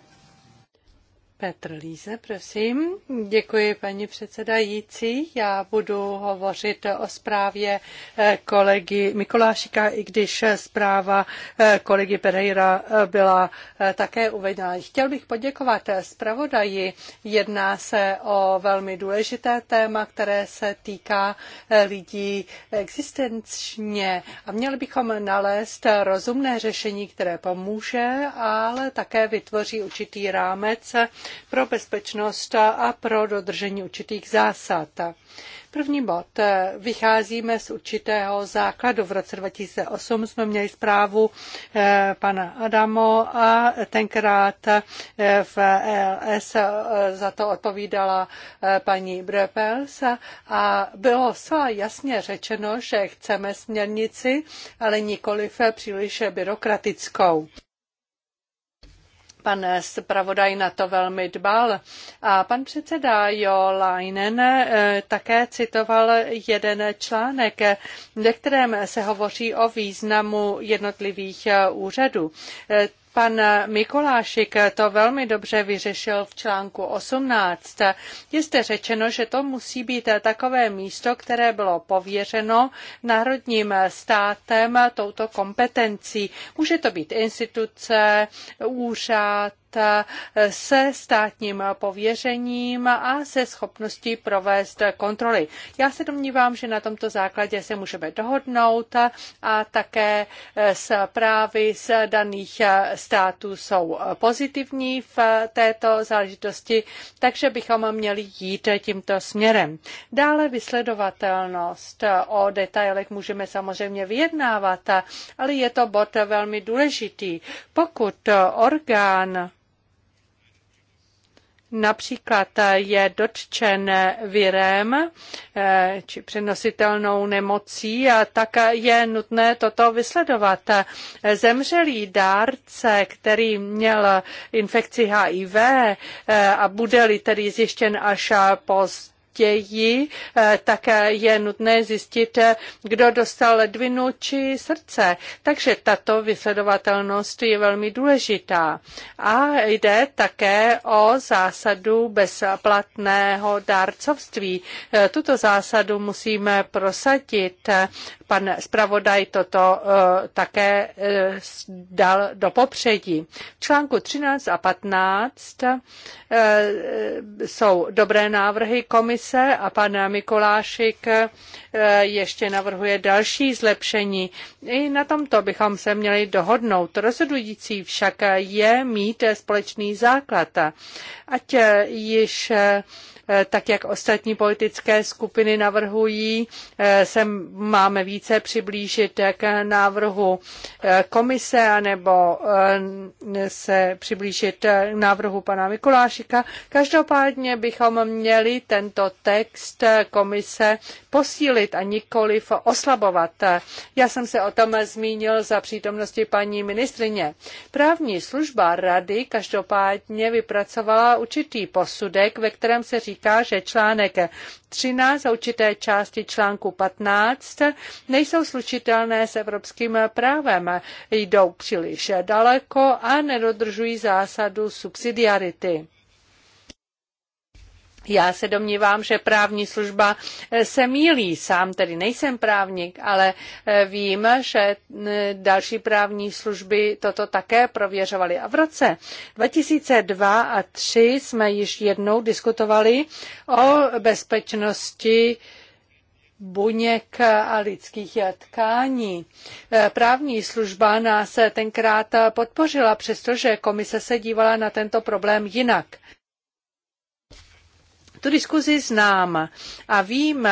Petr Líze, prosím. Děkuji, paní předsedající. Já budu hovořit o zprávě eh, kolegy Mikolášika, i když eh, zpráva eh, kolegy Pereira byla také uvedena. Chtěl bych poděkovat zpravodaji. Jedná se o velmi důležité téma, které se týká lidí existenčně a měli bychom nalézt rozumné řešení, které pomůže, ale také vytvoří určitý rámec, pro bezpečnost a pro dodržení určitých zásad. První bod. Vycházíme z určitého základu. V roce 2008 jsme měli zprávu eh, pana Adamo a tenkrát eh, v ELS eh, za to odpovídala paní Brepels a bylo zcela jasně řečeno, že chceme směrnici, ale nikoliv příliš byrokratickou. Pan zpravodaj na to velmi dbal. A pan předseda Jo Leinen eh, také citoval jeden článek, eh, ve kterém se hovoří o významu jednotlivých eh, úřadů. Pan Mikolášik to velmi dobře vyřešil v článku 18. Je zde řečeno, že to musí být takové místo, které bylo pověřeno národním státem touto kompetencí. Může to být instituce, úřad, Eh, se státním pověřením a se schopností provést kontroly. Já se domnívám, že na tomto základě se můžeme dohodnout a také eh, zprávy z daných eh, států jsou pozitivní v této záležitosti, takže bychom měli jít tímto směrem. Dále vysledovatelnost. O detailech můžeme samozřejmě vyjednávat, ale je to bod velmi důležitý. Pokud orgán Například eh, je dotčen eh, virem eh, či přenositelnou nemocí, tak je nutné toto vysledovat. Zemřelý dárce, který měl infekci HIV a bude-li tedy zjištěn až po chtějí, eh, také je nutné zjistit, eh, kdo dostal ledvinu či srdce. Takže tato vysledovatelnost je velmi důležitá. A jde také o zásadu bezplatného dárcovství. Eh, tuto zásadu musíme prosadit. Pan zpravodaj toto také dal do popředí. V článku 13 a 15 jsou dobré návrhy komise komise a pan Mikolášik eh, ještě navrhuje další zlepšení. I na tomto bychom se měli dohodnout. Rozhodující však je mít společný základ. Ať již eh, Eh, tak jak ostatní politické skupiny navrhují, eh, se máme více přiblížit k návrhu eh, komise nebo se přiblížit k návrhu pana Mikulášika. Každopádně bychom měli tento text komise posílit a nikoliv oslabovat. Já jsem se o tom zmínil za přítomnosti paní ministrině. Právní služba rady každopádně vypracovala určitý posudek, ve kterém se říká, říká, že článek 13 a určité části článku 15 nejsou slučitelné s evropským právem, jdou příliš daleko a nedodržují zásadu subsidiarity. Já se domnívám, že právní služba eh, se mílí. Sám tedy nejsem právník, ale eh, vím, že další právní služby toto také prověřovaly. A v roce 2002 a 3 jsme již jednou diskutovali o bezpečnosti buněk a lidských tkání. Eh, právní služba nás tenkrát podpořila, přestože komise se dívala na tento problém jinak. Tu diskuzi znám a vím,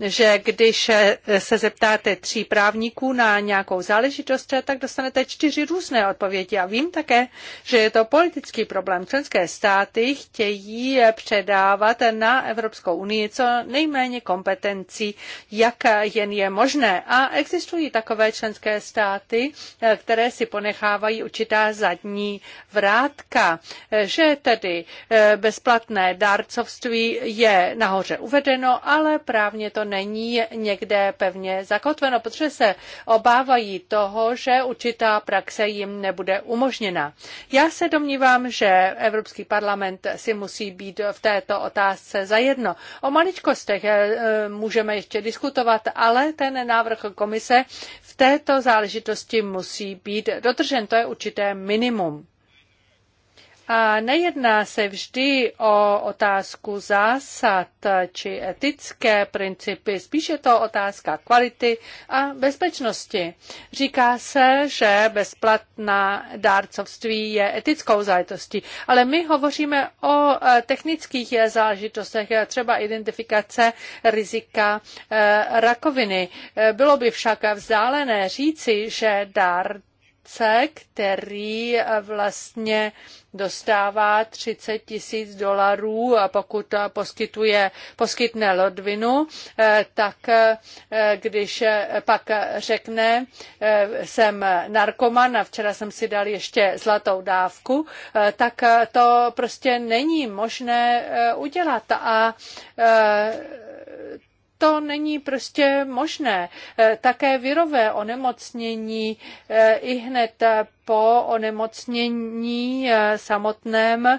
že když eh, se zeptáte tří právníků na nějakou záležitost, eh, tak dostanete čtyři různé odpovědi. A vím také, že je to politický problém. Členské státy chtějí eh, předávat na Evropskou unii co nejméně kompetencí, jak jen je možné. A existují takové členské státy, které si ponechávají určitá zadní vrátka, že tedy bezplatné dárcovství je nahoře uvedeno, ale právně to není někde pevně zakotveno, protože se obávají toho, že určitá praxe jim nebude umožněna. Já se domnívám, že Evropský parlament si musí být v této otázce zajedno. O maličkostech eh, můžeme ještě diskutovat, ale ten návrh komise v této záležitosti musí být dodržen. To je určité minimum. A nejedná se vždy o otázku zásad či etické principy, spíše to otázka kvality a bezpečnosti. Říká se, že bezplatná dárcovství je etickou záležitostí, ale my hovoříme o e, technických záležitostech, třeba identifikace rizika e, rakoviny. E, bylo by však vzdálené říci, že dár prodejce, který eh, vlastně dostává 30 tisíc dolarů a pokud eh, poskytuje, poskytne lodvinu, eh, tak když pak řekne, jsem narkoman a včera jsem si dal ještě zlatou dávku, tak to prostě není možné udělat a to není prostě možné. E, také virové onemocnění e, i hned po onemocnění e, samotném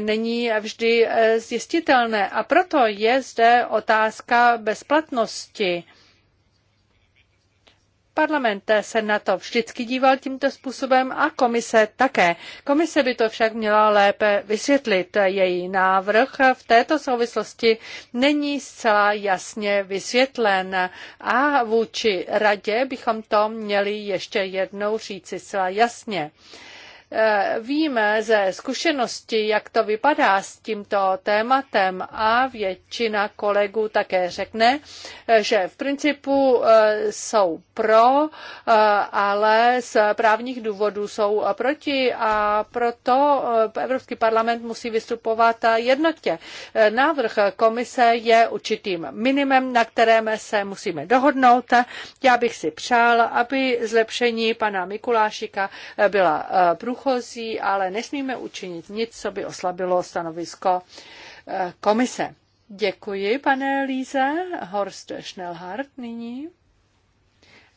není vždy zjistitelné. A proto je zde otázka bezplatnosti. Parlament se na to vždycky díval tímto způsobem a komise také. Komise by to však měla lépe vysvětlit. Její návrh v této souvislosti není zcela jasně vysvětlen a vůči radě bychom to měli ještě jednou říci zcela jasně. Eh, víme ze zkušenosti, jak to vypadá s tímto tématem a většina kolegů také řekne, eh, že v principu eh, jsou pro, ale z právních důvodů jsou proti a proto Evropský parlament musí vystupovat jednotě. Návrh komise je určitým minimem, na kterém se musíme dohodnout. Já bych si přál, aby zlepšení pana Mikulášika byla průchodná průchozí, ale nesmíme učinit nic, co by oslabilo stanovisko eh, komise. Děkuji, pane Líze. Horst Schnellhardt nyní.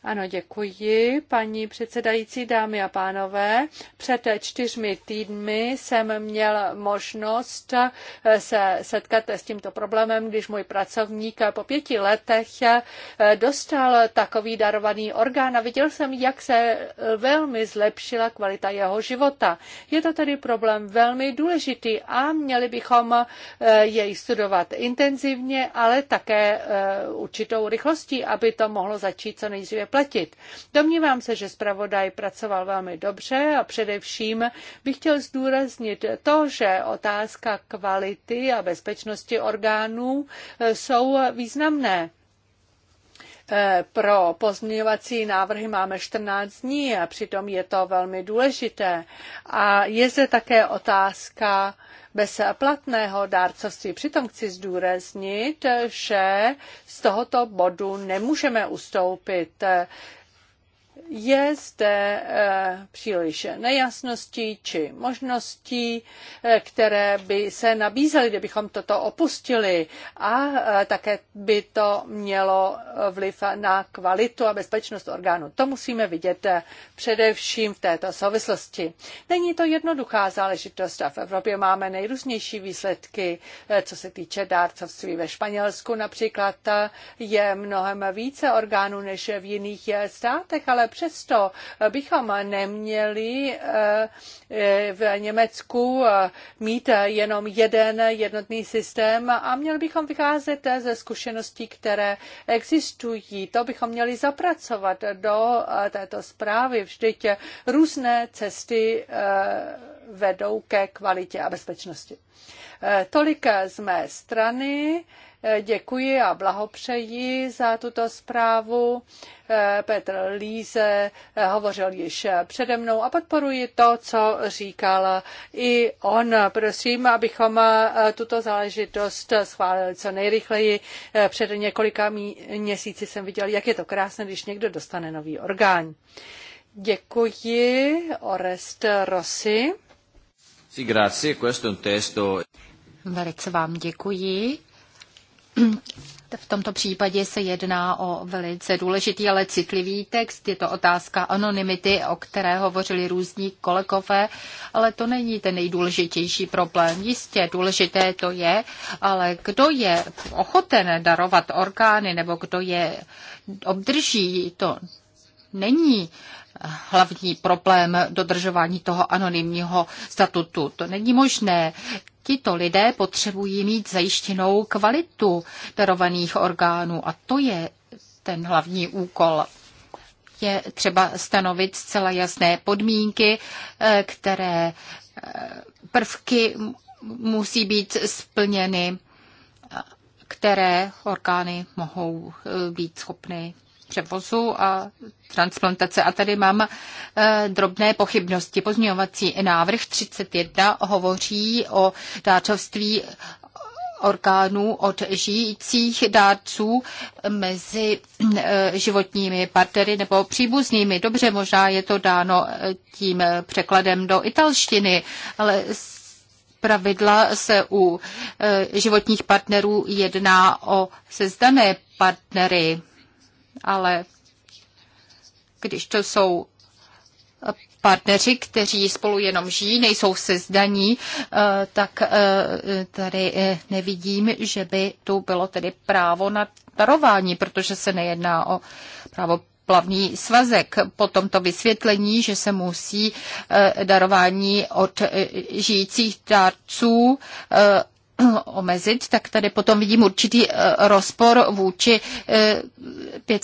Ano, děkuji, paní předsedající, dámy a pánové. Před čtyřmi týdny jsem měl možnost eh, se setkat s tímto problémem, když můj pracovník po pěti letech eh, dostal takový darovaný orgán a viděl jsem, jak se velmi zlepšila kvalita jeho života. Je to tedy problém velmi důležitý a měli bychom eh, jej studovat intenzivně, ale také určitou rychlostí, aby to mohlo začít co nejdříve platit. Domnívám se, že zpravodaj pracoval velmi dobře a především bych chtěl zdůraznit to, že otázka kvality a bezpečnosti orgánů e, jsou významné. E, pro pozměňovací návrhy máme 14 dní a přitom je to velmi důležité. A je zde také otázka bez platného dárcovství. Přitom chci zdůraznit, že z tohoto bodu nemůžeme ustoupit je zde eh, příliš nejasností či možností, eh, které by se nabízely, kdybychom toto opustili a eh, také by to mělo vliv na kvalitu a bezpečnost orgánu. To musíme vidět především v této souvislosti. Není to jednoduchá záležitost a v Evropě máme nejrůznější výsledky, co se týče dárcovství ve Španělsku například je mnohem více orgánů než v jiných státech, ale přesto bychom neměli eh, v Německu eh, mít jenom jeden jednotný systém a měli bychom vycházet ze zkušeností, které existují. To bychom měli zapracovat do eh, této zprávy. Vždyť různé cesty vedou ke kvalitě a bezpečnosti. E, tolik z mé strany. E, děkuji a blahopřeji za tuto zprávu. E, Petr Líze hovořil již přede mnou a podporuji to, co říkal i on. Prosím, abychom tuto záležitost schválili co nejrychleji. Před několika měsíci jsem viděl, jak je to krásné, když někdo dostane nový orgán. Děkuji, Orest Rossi. Velice vám děkuji. V tomto případě se jedná o velice důležitý, ale citlivý text. Je to otázka anonymity, o které hovořili různí kolegové, ale to není ten nejdůležitější problém. Jistě důležité to je, ale kdo je ochoten darovat orgány nebo kdo je obdrží, to není hlavní problém dodržování toho anonymního statutu. To není možné. Tito lidé potřebují mít zajištěnou kvalitu darovaných orgánů a to je ten hlavní úkol. Je třeba stanovit zcela jasné podmínky, eh, které eh, prvky musí být splněny, eh, které orgány mohou být schopny převozu a transplantace. A tady mám eh, drobné pochybnosti. Pozměňovací návrh 31 hovoří o dárcovství orgánů od žijících dárců mezi eh, životními partnery nebo příbuznými. Dobře, možná je to dáno eh, tím překladem do italštiny, ale pravidla se u životních partnerů jedná o sezdané partnery ale když to jsou partneři, kteří spolu jenom žijí, nejsou se zdaní, eh, tak eh, tady eh, nevidím, že by tu bylo tedy právo na darování, protože se nejedná o právo plavný svazek. Po tomto vysvětlení, že se musí darování od žijících dárců Eh, omezit, tak tady potom vidím určitý eh, rozpor vůči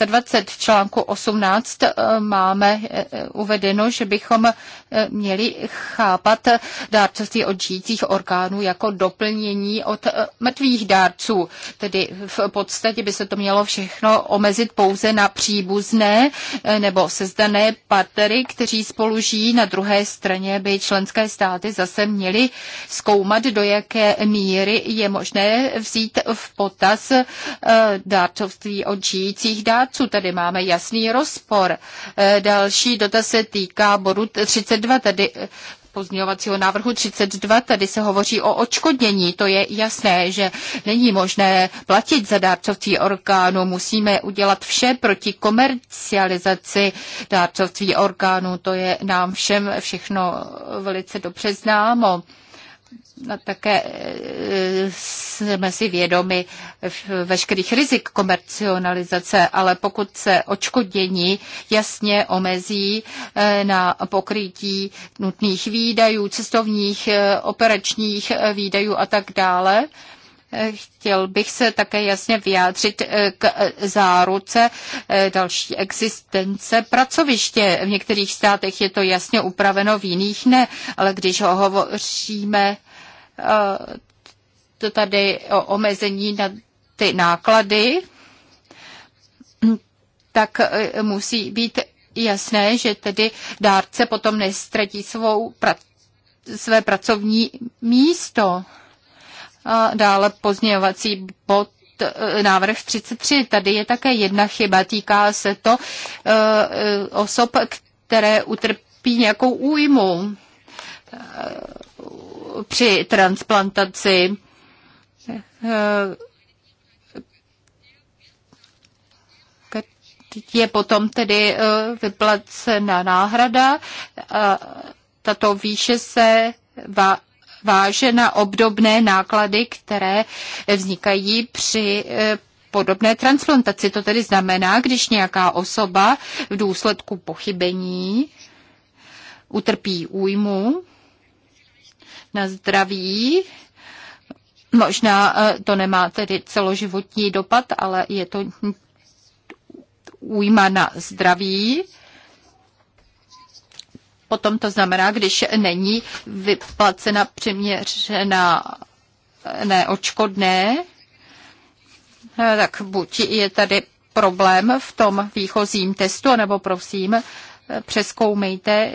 25 eh, v článku 18 máme uvedeno, že bychom měli chápat dárcovství od žijících orgánů jako doplnění od mrtvých dárců. Tedy v podstatě by se to mělo všechno omezit pouze na příbuzné nebo sezdané partnery, kteří spolu žijí. Na druhé straně by členské státy zase měly zkoumat, do jaké míry míry je možné vzít v potaz eh, dárcovství od žijících dárců. Tady máme jasný rozpor. Eh, další dotaz se týká bodu 32. Tady eh, pozměňovacího návrhu 32, tady se hovoří o očkodnění. To je jasné, že není možné platit za dárcovství orgánů. Musíme udělat vše proti komercializaci dárcovství orgánů. To je nám všem všechno velice dobře známo také e, jsme si vědomi veškerých rizik komercionalizace, ale pokud se očkodění jasně omezí e, na pokrytí nutných výdajů, cestovních, e, operačních výdajů a tak dále, Chtěl bych se také jasně vyjádřit k záruce další existence pracoviště. V některých státech je to jasně upraveno, v jiných ne, ale když ho hovoříme Eh, tady o omezení na ty náklady, tak eh, musí být jasné, že tedy dárce potom nestratí svou své pracovní místo. A dále pozměňovací bod eh, návrh 33. Tady je také jedna chyba. Týká se to osob, které utrpí nějakou újmu při transplantaci eh, je potom tedy eh, vyplacena náhrada. Tato výše se váže na obdobné náklady, které vznikají při eh, podobné transplantaci. To tedy znamená, když nějaká osoba v důsledku pochybení utrpí újmu, na zdraví. Možná eh, to nemá tedy celoživotní dopad, ale je to újma na zdraví. Potom to znamená, když není vyplacena přiměřená eh, neočkodné, eh, tak buď je tady problém v tom výchozím testu, nebo prosím, přeskoumejte,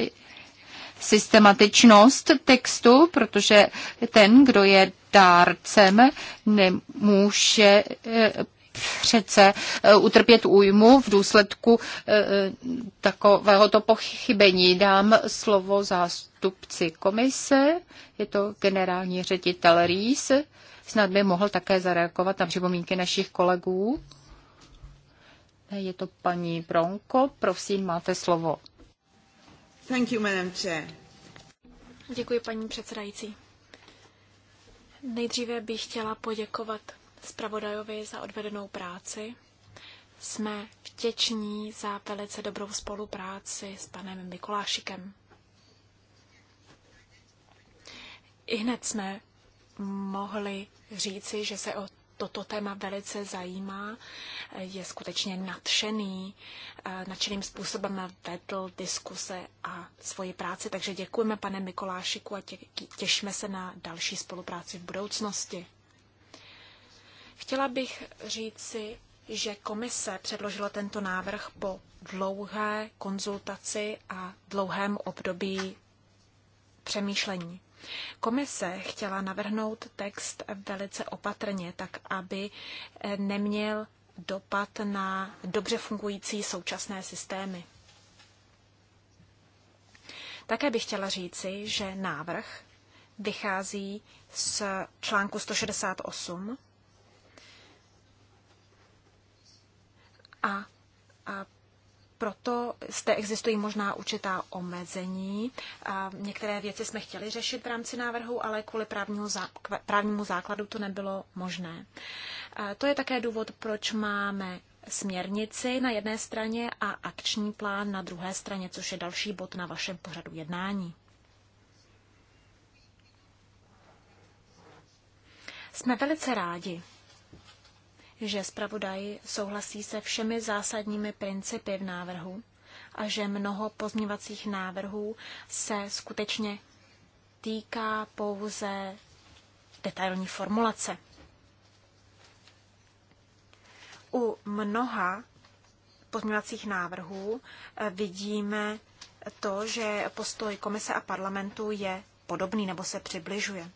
systematičnost textu, protože ten, kdo je dárcem, nemůže eh, přece eh, utrpět újmu v důsledku eh, takovéhoto pochybení. Dám slovo zástupci komise, je to generální ředitel Rýs. Snad by mohl také zareagovat na připomínky našich kolegů. Je to paní Bronko, prosím, máte slovo. Thank you, Madam Chair. Děkuji, paní předsedající. Nejdříve bych chtěla poděkovat zpravodajovi za odvedenou práci. Jsme vděční za velice dobrou spolupráci s panem Mikulášikem. I hned jsme mohli říci, že se o toto téma velice zajímá, je skutečně nadšený, eh, nadšeným způsobem vedl diskuse a svoji práci. Takže děkujeme, pane Mikolášiku, a těšíme se na další spolupráci v budoucnosti. Chtěla bych říci, že komise předložila tento návrh po dlouhé konzultaci a dlouhém období přemýšlení. Komise chtěla navrhnout text velice opatrně, tak aby eh, neměl dopad na dobře fungující současné systémy. Také bych chtěla říci, že návrh vychází z článku 168 a, a proto zde existují možná určitá omezení. Některé věci jsme chtěli řešit v rámci návrhu, ale kvůli právnímu, základu to nebylo možné. To je také důvod, proč máme směrnici na jedné straně a akční plán na druhé straně, což je další bod na vašem pořadu jednání. Jsme velice rádi, že zpravodaj souhlasí se všemi zásadními principy v návrhu a že mnoho pozměvacích návrhů se skutečně týká pouze detailní formulace. U mnoha pozměvacích návrhů eh, vidíme to, že postoj komise a parlamentu je podobný nebo se přibližuje.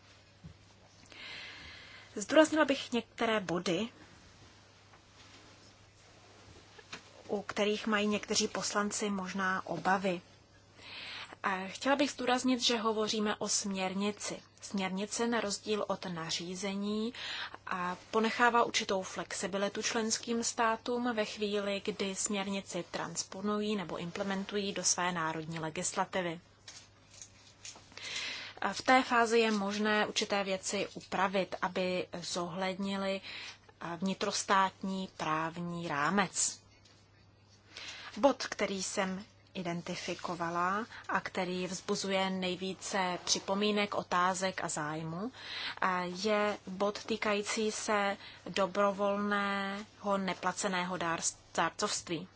Zdůraznila bych některé body, u kterých mají někteří poslanci možná obavy. A chtěla bych zdůraznit, že hovoříme o směrnici. Směrnice na rozdíl od nařízení a ponechává určitou flexibilitu členským státům ve chvíli, kdy směrnici transponují nebo implementují do své národní legislativy. V té fázi je možné určité věci upravit, aby zohlednili vnitrostátní právní rámec. Bod, který jsem identifikovala a který vzbuzuje nejvíce připomínek, otázek a zájmu, je bod týkající se dobrovolného neplaceného dárcovství.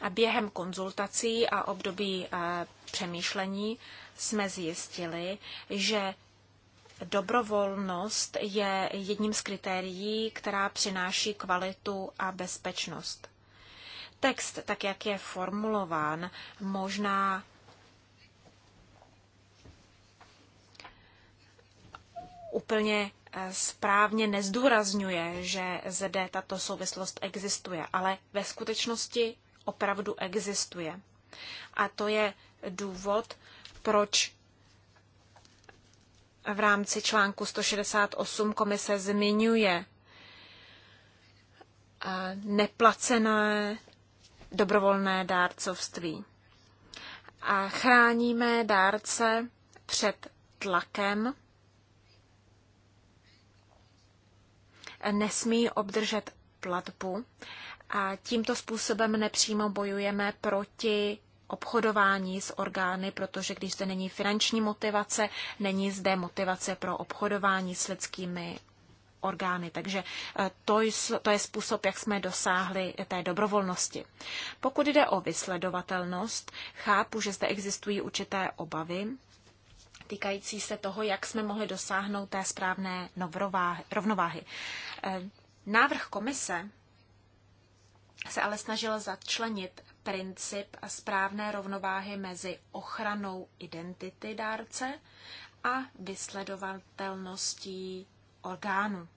A během konzultací a období e, přemýšlení jsme zjistili, že dobrovolnost je jedním z kritérií, která přináší kvalitu a bezpečnost. Text, tak jak je formulován, možná úplně eh, správně nezdůrazňuje, že zde tato souvislost existuje, ale ve skutečnosti opravdu existuje. A to je důvod, proč v rámci článku 168 komise zmiňuje eh, neplacené dobrovolné dárcovství. A chráníme dárce před tlakem. Nesmí obdržet platbu. A tímto způsobem nepřímo bojujeme proti obchodování s orgány, protože když zde není finanční motivace, není zde motivace pro obchodování s lidskými orgány. Takže eh, to, to je způsob, jak jsme dosáhli té dobrovolnosti. Pokud jde o vysledovatelnost, chápu, že zde existují určité obavy týkající se toho, jak jsme mohli dosáhnout té správné rovnováhy. Eh, návrh komise se ale snažil začlenit princip správné rovnováhy mezi ochranou identity dárce a vysledovatelností orgánů.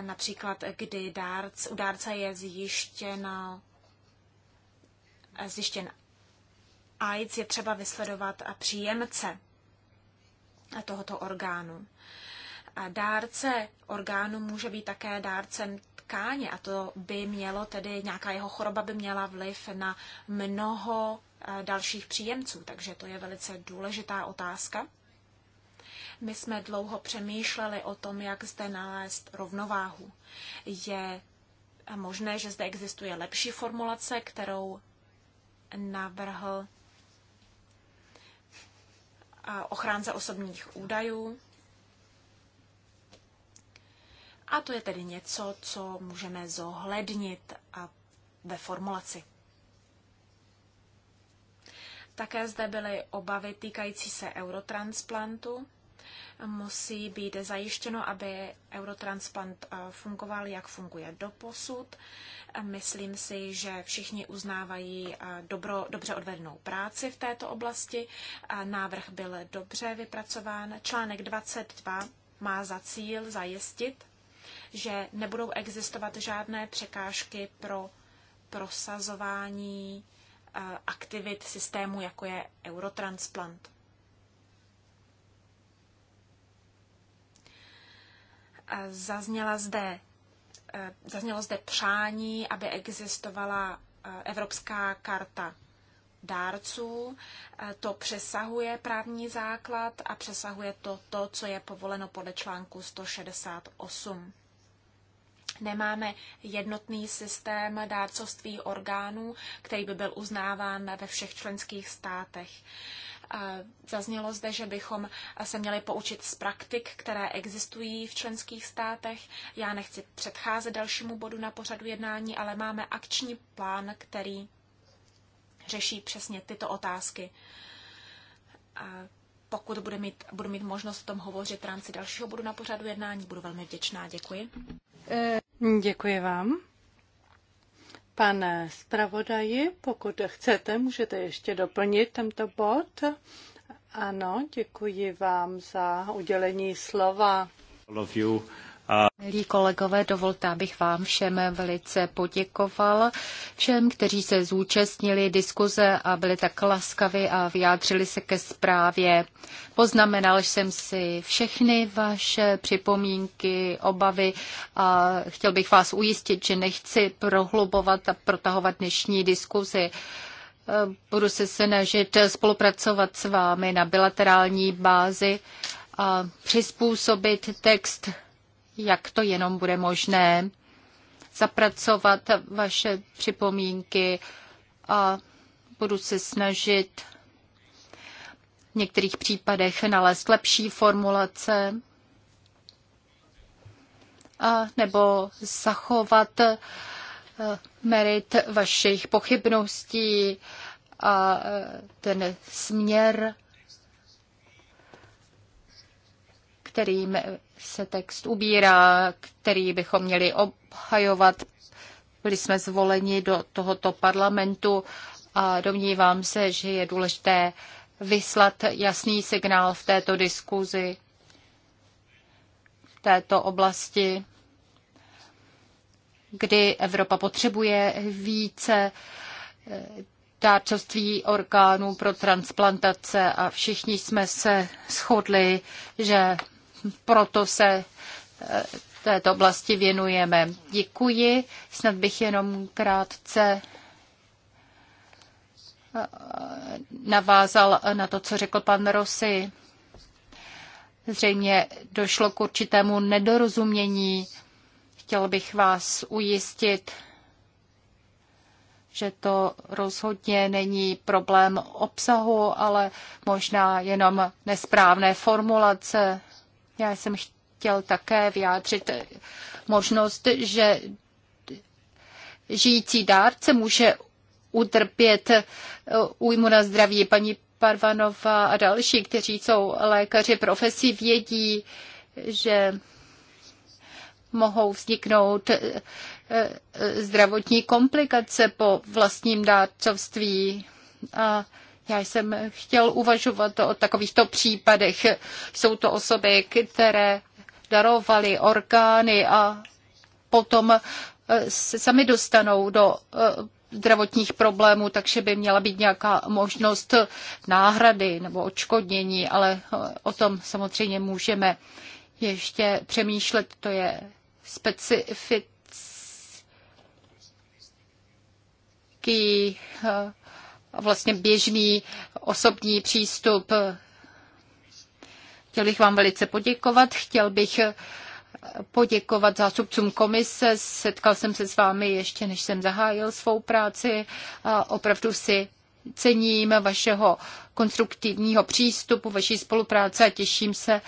Například, kdy dárc, u dárce je zjištěna, zjištěn AIDS, je třeba vysledovat a příjemce tohoto orgánu. A dárce orgánu může být také dárcem tkáně a to by mělo tedy, nějaká jeho choroba by měla vliv na mnoho dalších příjemců, takže to je velice důležitá otázka. My jsme dlouho přemýšleli o tom, jak zde nalézt rovnováhu. Je možné, že zde existuje lepší formulace, kterou navrhl ochránce osobních údajů. A to je tedy něco, co můžeme zohlednit ve formulaci. Také zde byly obavy týkající se eurotransplantu. Musí být zajištěno, aby eurotransplant eh, fungoval, jak funguje do posud. Myslím si, že všichni uznávají eh, dobro, dobře odvednou práci v této oblasti. Návrh byl dobře vypracován. Článek 22 má za cíl zajistit, že nebudou existovat žádné překážky pro prosazování Eh, aktivit systému, jako je eurotransplant. Eh, zazněla zde, eh, zaznělo zde přání, aby existovala Evropská karta dárců. To přesahuje právní základ a přesahuje to, to co je povoleno podle článku 168. Nemáme jednotný systém dárcovství orgánů, který by byl uznáván ve všech členských státech. Zaznělo zde, že bychom se měli poučit z praktik, které existují v členských státech. Já nechci předcházet dalšímu bodu na pořadu jednání, ale máme akční plán, který řeší přesně tyto otázky. A pokud bude mít, budu mít možnost o tom hovořit v rámci dalšího bodu na pořadu jednání, budu velmi vděčná. Děkuji. Eh, děkuji vám. Pane zpravodaji, pokud chcete, můžete ještě doplnit tento bod. Ano, děkuji vám za udělení slova. All of you. A... Milí kolegové, dovolte, abych vám všem velice poděkoval. Všem, kteří se zúčastnili diskuze a byli tak laskavi a vyjádřili se ke zprávě. Poznamenal jsem si všechny vaše připomínky, obavy a chtěl bych vás ujistit, že nechci prohlubovat a protahovat dnešní diskuzi. Budu se snažit spolupracovat s vámi na bilaterální bázi a přizpůsobit text jak to jenom bude možné, zapracovat vaše připomínky a budu se snažit v některých případech nalézt lepší formulace a nebo zachovat eh, merit vašich pochybností a eh, ten směr kterým se text ubírá, který bychom měli obhajovat. Byli jsme zvoleni do tohoto parlamentu a domnívám se, že je důležité vyslat jasný signál v této diskuzi, v této oblasti, kdy Evropa potřebuje více eh, dárcovství orgánů pro transplantace a všichni jsme se shodli, že proto se eh, této oblasti věnujeme. Děkuji. Snad bych jenom krátce eh, navázal na to, co řekl pan Rosy. Zřejmě došlo k určitému nedorozumění. Chtěl bych vás ujistit, že to rozhodně není problém obsahu, ale možná jenom nesprávné formulace. Já jsem chtěl také vyjádřit možnost, že žijící dárce může utrpět újmu na zdraví. Paní Parvanová a další, kteří jsou lékaři profesí, vědí, že mohou vzniknout eh, eh, zdravotní komplikace po vlastním dárcovství. A já jsem chtěl uvažovat o takovýchto případech. Jsou to osoby, které darovaly orgány a potom eh, se sami dostanou do eh, zdravotních problémů, takže by měla být nějaká možnost náhrady nebo odškodnění, ale eh, o tom samozřejmě můžeme ještě přemýšlet. To je specifický vlastně běžný osobní přístup. Chtěl bych vám velice poděkovat. Chtěl bych poděkovat zástupcům komise. Setkal jsem se s vámi ještě, než jsem zahájil svou práci. A opravdu si cením vašeho konstruktivního přístupu, vaší spolupráce a těším se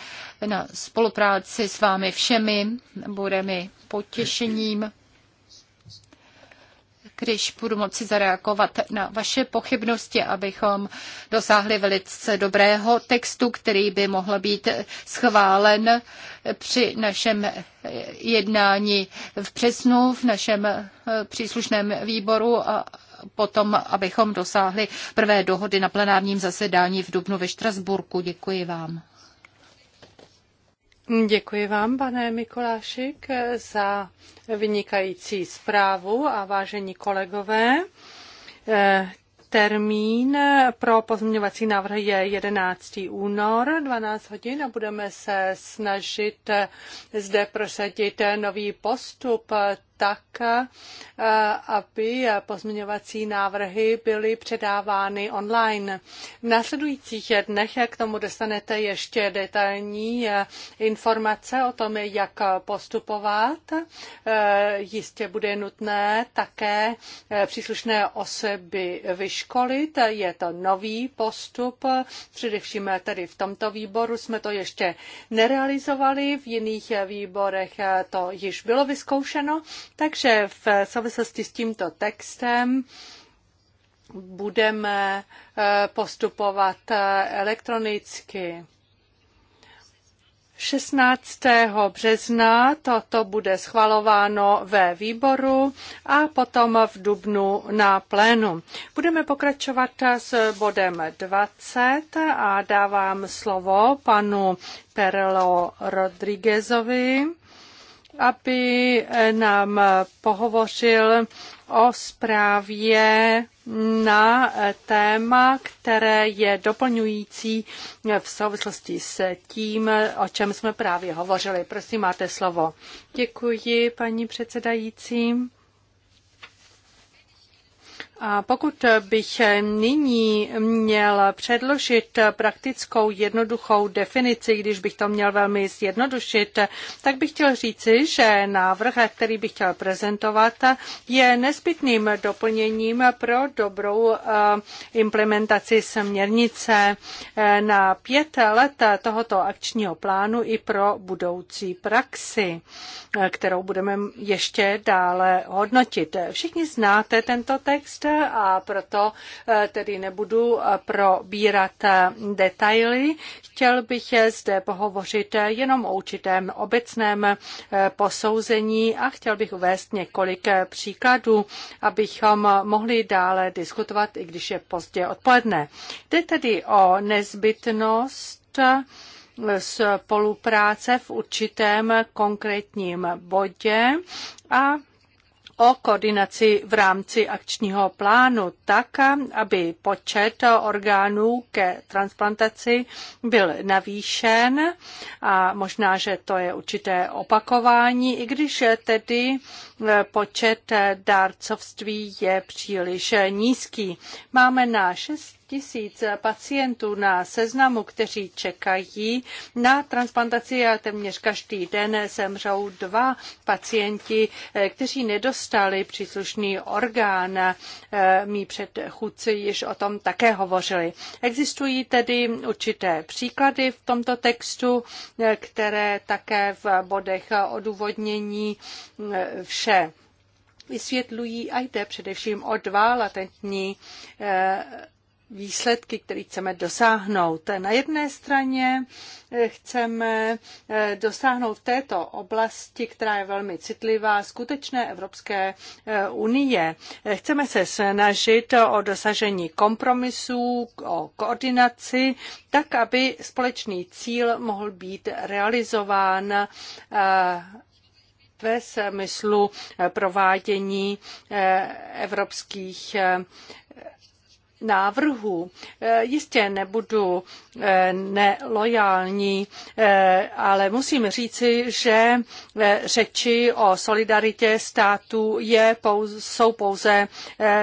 na spolupráci s vámi všemi. Bude mi potěšením když budu moci zareagovat na vaše pochybnosti, abychom dosáhli velice dobrého textu, který by mohl být schválen při našem jednání v přesnu, v našem eh, příslušném výboru a potom, abychom dosáhli prvé dohody na plenárním zasedání v Dubnu ve Štrasburku. Děkuji vám. Děkuji vám, pane Mikolášik, za vynikající zprávu a vážení kolegové. Eh, termín pro pozměňovací návrh je 11. únor 12 hodin a budeme se snažit eh, zde prosadit nový postup tak, eh, aby pozměňovací návrhy byly předávány online. V následujících dnech k tomu dostanete ještě detailní eh, informace o tom, jak postupovat. Eh, jistě bude nutné také příslušné osoby vyškolit. Je to nový postup, především tady v tomto výboru jsme to ještě nerealizovali, v jiných výborech to již bylo vyzkoušeno takže v souvislosti s tímto textem budeme eh, postupovat eh, elektronicky. 16. března toto bude schvalováno ve výboru a potom v dubnu na plénu. Budeme pokračovat s bodem 20 a dávám slovo panu Perlo Rodriguezovi aby eh, nám eh, pohovořil o zprávě na eh, téma, které je doplňující v souvislosti s tím, o čem jsme právě hovořili. Prosím, máte slovo. Děkuji, paní předsedající. A pokud bych nyní měl předložit praktickou jednoduchou definici, když bych to měl velmi zjednodušit, tak bych chtěl říci, že návrh, který bych chtěl prezentovat, je nezbytným doplněním pro dobrou eh, implementaci směrnice eh, na pět let tohoto akčního plánu i pro budoucí praxi, eh, kterou budeme ještě dále hodnotit. Všichni znáte tento text, a proto eh, tedy nebudu eh, probírat eh, detaily. Chtěl bych zde pohovořit jenom o určitém obecném posouzení a chtěl bych uvést několik příkladů, abychom mohli dále diskutovat, i když je pozdě odpoledne. Jde tedy o nezbytnost spolupráce v určitém konkrétním bodě a o koordinaci v rámci akčního plánu tak, aby počet orgánů ke transplantaci byl navýšen a možná, že to je určité opakování, i když tedy počet dárcovství je příliš nízký. Máme na 6 tisíc pacientů na seznamu, kteří čekají na transplantaci a téměř každý den zemřou dva pacienti, kteří nedostali příslušný orgán. Mí předchůdci již o tom také hovořili. Existují tedy určité příklady v tomto textu, které také v bodech odůvodnění vše vše vysvětlují a jde především o dva latentní eh, výsledky, které chceme dosáhnout. Na jedné straně eh, chceme eh, dosáhnout v této oblasti, která je velmi citlivá, skutečné Evropské unie. Chceme se snažit o dosažení kompromisů, o koordinaci, tak, aby společný cíl mohl být realizován ve smyslu eh, provádění eh, evropských eh, návrhů. Jistě nebudu nelojální, ale musím říci, že řeči o solidaritě států je, jsou pouze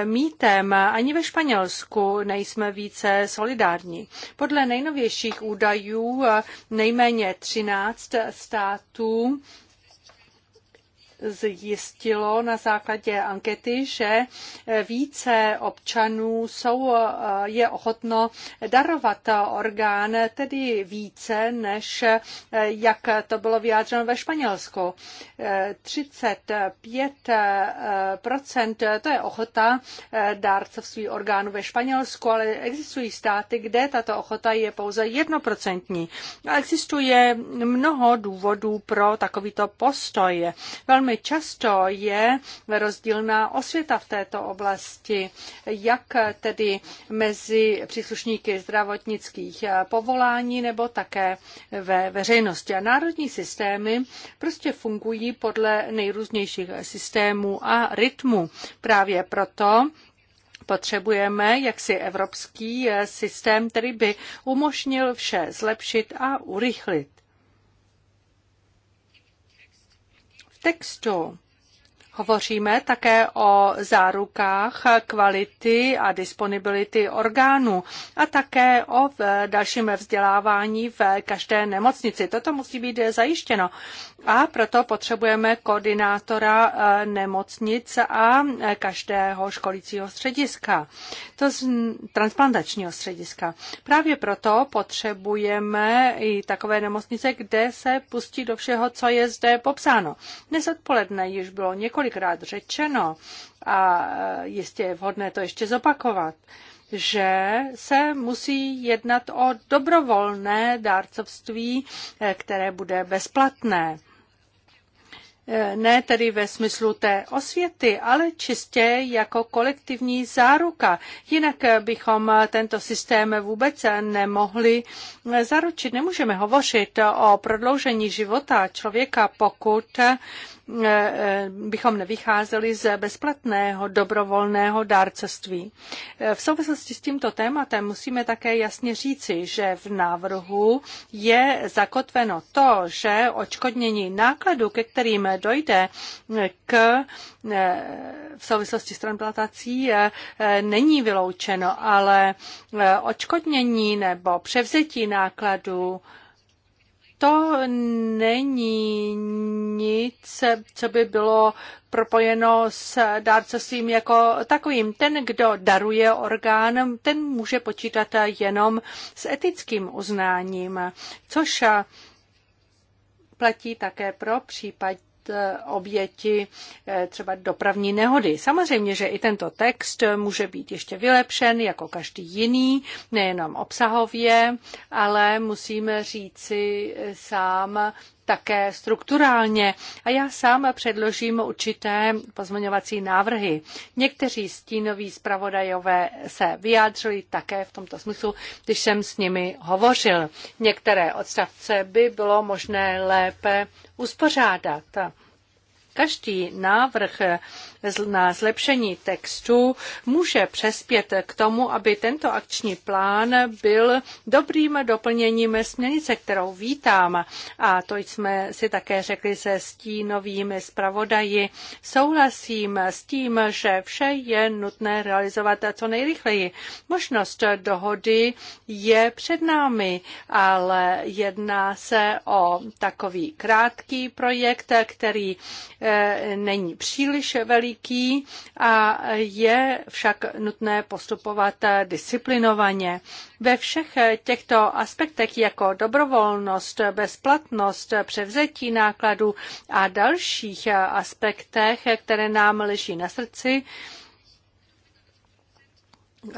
mýtem. Ani ve Španělsku nejsme více solidární. Podle nejnovějších údajů nejméně 13 států zjistilo na základě ankety, že více občanů jsou, eh, je ochotno darovat orgán, tedy více, než eh, jak to bylo vyjádřeno ve Španělsku. 35% eh, to je ochota dárcovství orgánů ve Španělsku, ale existují státy, kde tato ochota je pouze jednoprocentní. Existuje mnoho důvodů pro takovýto postoj. Velmi Velmi často je rozdílná osvěta v této oblasti, jak tedy mezi příslušníky zdravotnických povolání nebo také ve veřejnosti. A národní systémy prostě fungují podle nejrůznějších systémů a rytmu. Právě proto Potřebujeme jaksi evropský systém, který by umožnil vše zlepšit a urychlit. texto Hovoříme také o zárukách kvality a disponibility orgánů a také o dalším vzdělávání v každé nemocnici. Toto musí být zajištěno a proto potřebujeme koordinátora eh, nemocnic a eh, každého školícího střediska, to z transplantačního střediska. Právě proto potřebujeme i takové nemocnice, kde se pustí do všeho, co je zde popsáno. Dnes odpoledne již bylo několik několikrát řečeno, a jistě je vhodné to ještě zopakovat, že se musí jednat o dobrovolné dárcovství, eh, které bude bezplatné eh, ne tedy ve smyslu té osvěty, ale čistě jako kolektivní záruka. Jinak bychom tento systém vůbec nemohli eh, zaručit. Nemůžeme hovořit o prodloužení života člověka, pokud Eh, eh, bychom nevycházeli z bezplatného dobrovolného dárcovství. Eh, v souvislosti s tímto tématem musíme také jasně říci, že v návrhu je zakotveno to, že očkodnění nákladů, ke kterým dojde k, v souvislosti s transplantací, není vyloučeno, ale očkodnění nebo převzetí nákladů to není nic, co by bylo propojeno s dárcovstvím jako takovým. Ten, kdo daruje orgán, ten může počítat jenom s etickým uznáním, což platí také pro případ oběti eh, třeba dopravní nehody. Samozřejmě, že i tento text může být ještě vylepšen, jako každý jiný, nejenom obsahově, ale musíme říci sám, také strukturálně a já sám předložím určité pozměňovací návrhy. Někteří stínoví zpravodajové se vyjádřili také v tomto smyslu, když jsem s nimi hovořil. Některé odstavce by bylo možné lépe uspořádat. Každý návrh na zlepšení textu může přespět k tomu, aby tento akční plán byl dobrým doplněním směrnice, kterou vítám. A to jsme si také řekli se stínovými zpravodaji. Souhlasím s tím, že vše je nutné realizovat co nejrychleji. Možnost dohody je před námi, ale jedná se o takový krátký projekt, který eh, není příliš veliký veliký a je však nutné postupovat disciplinovaně. Ve všech těchto aspektech jako dobrovolnost, bezplatnost, převzetí nákladů a dalších aspektech, které nám leží na srdci,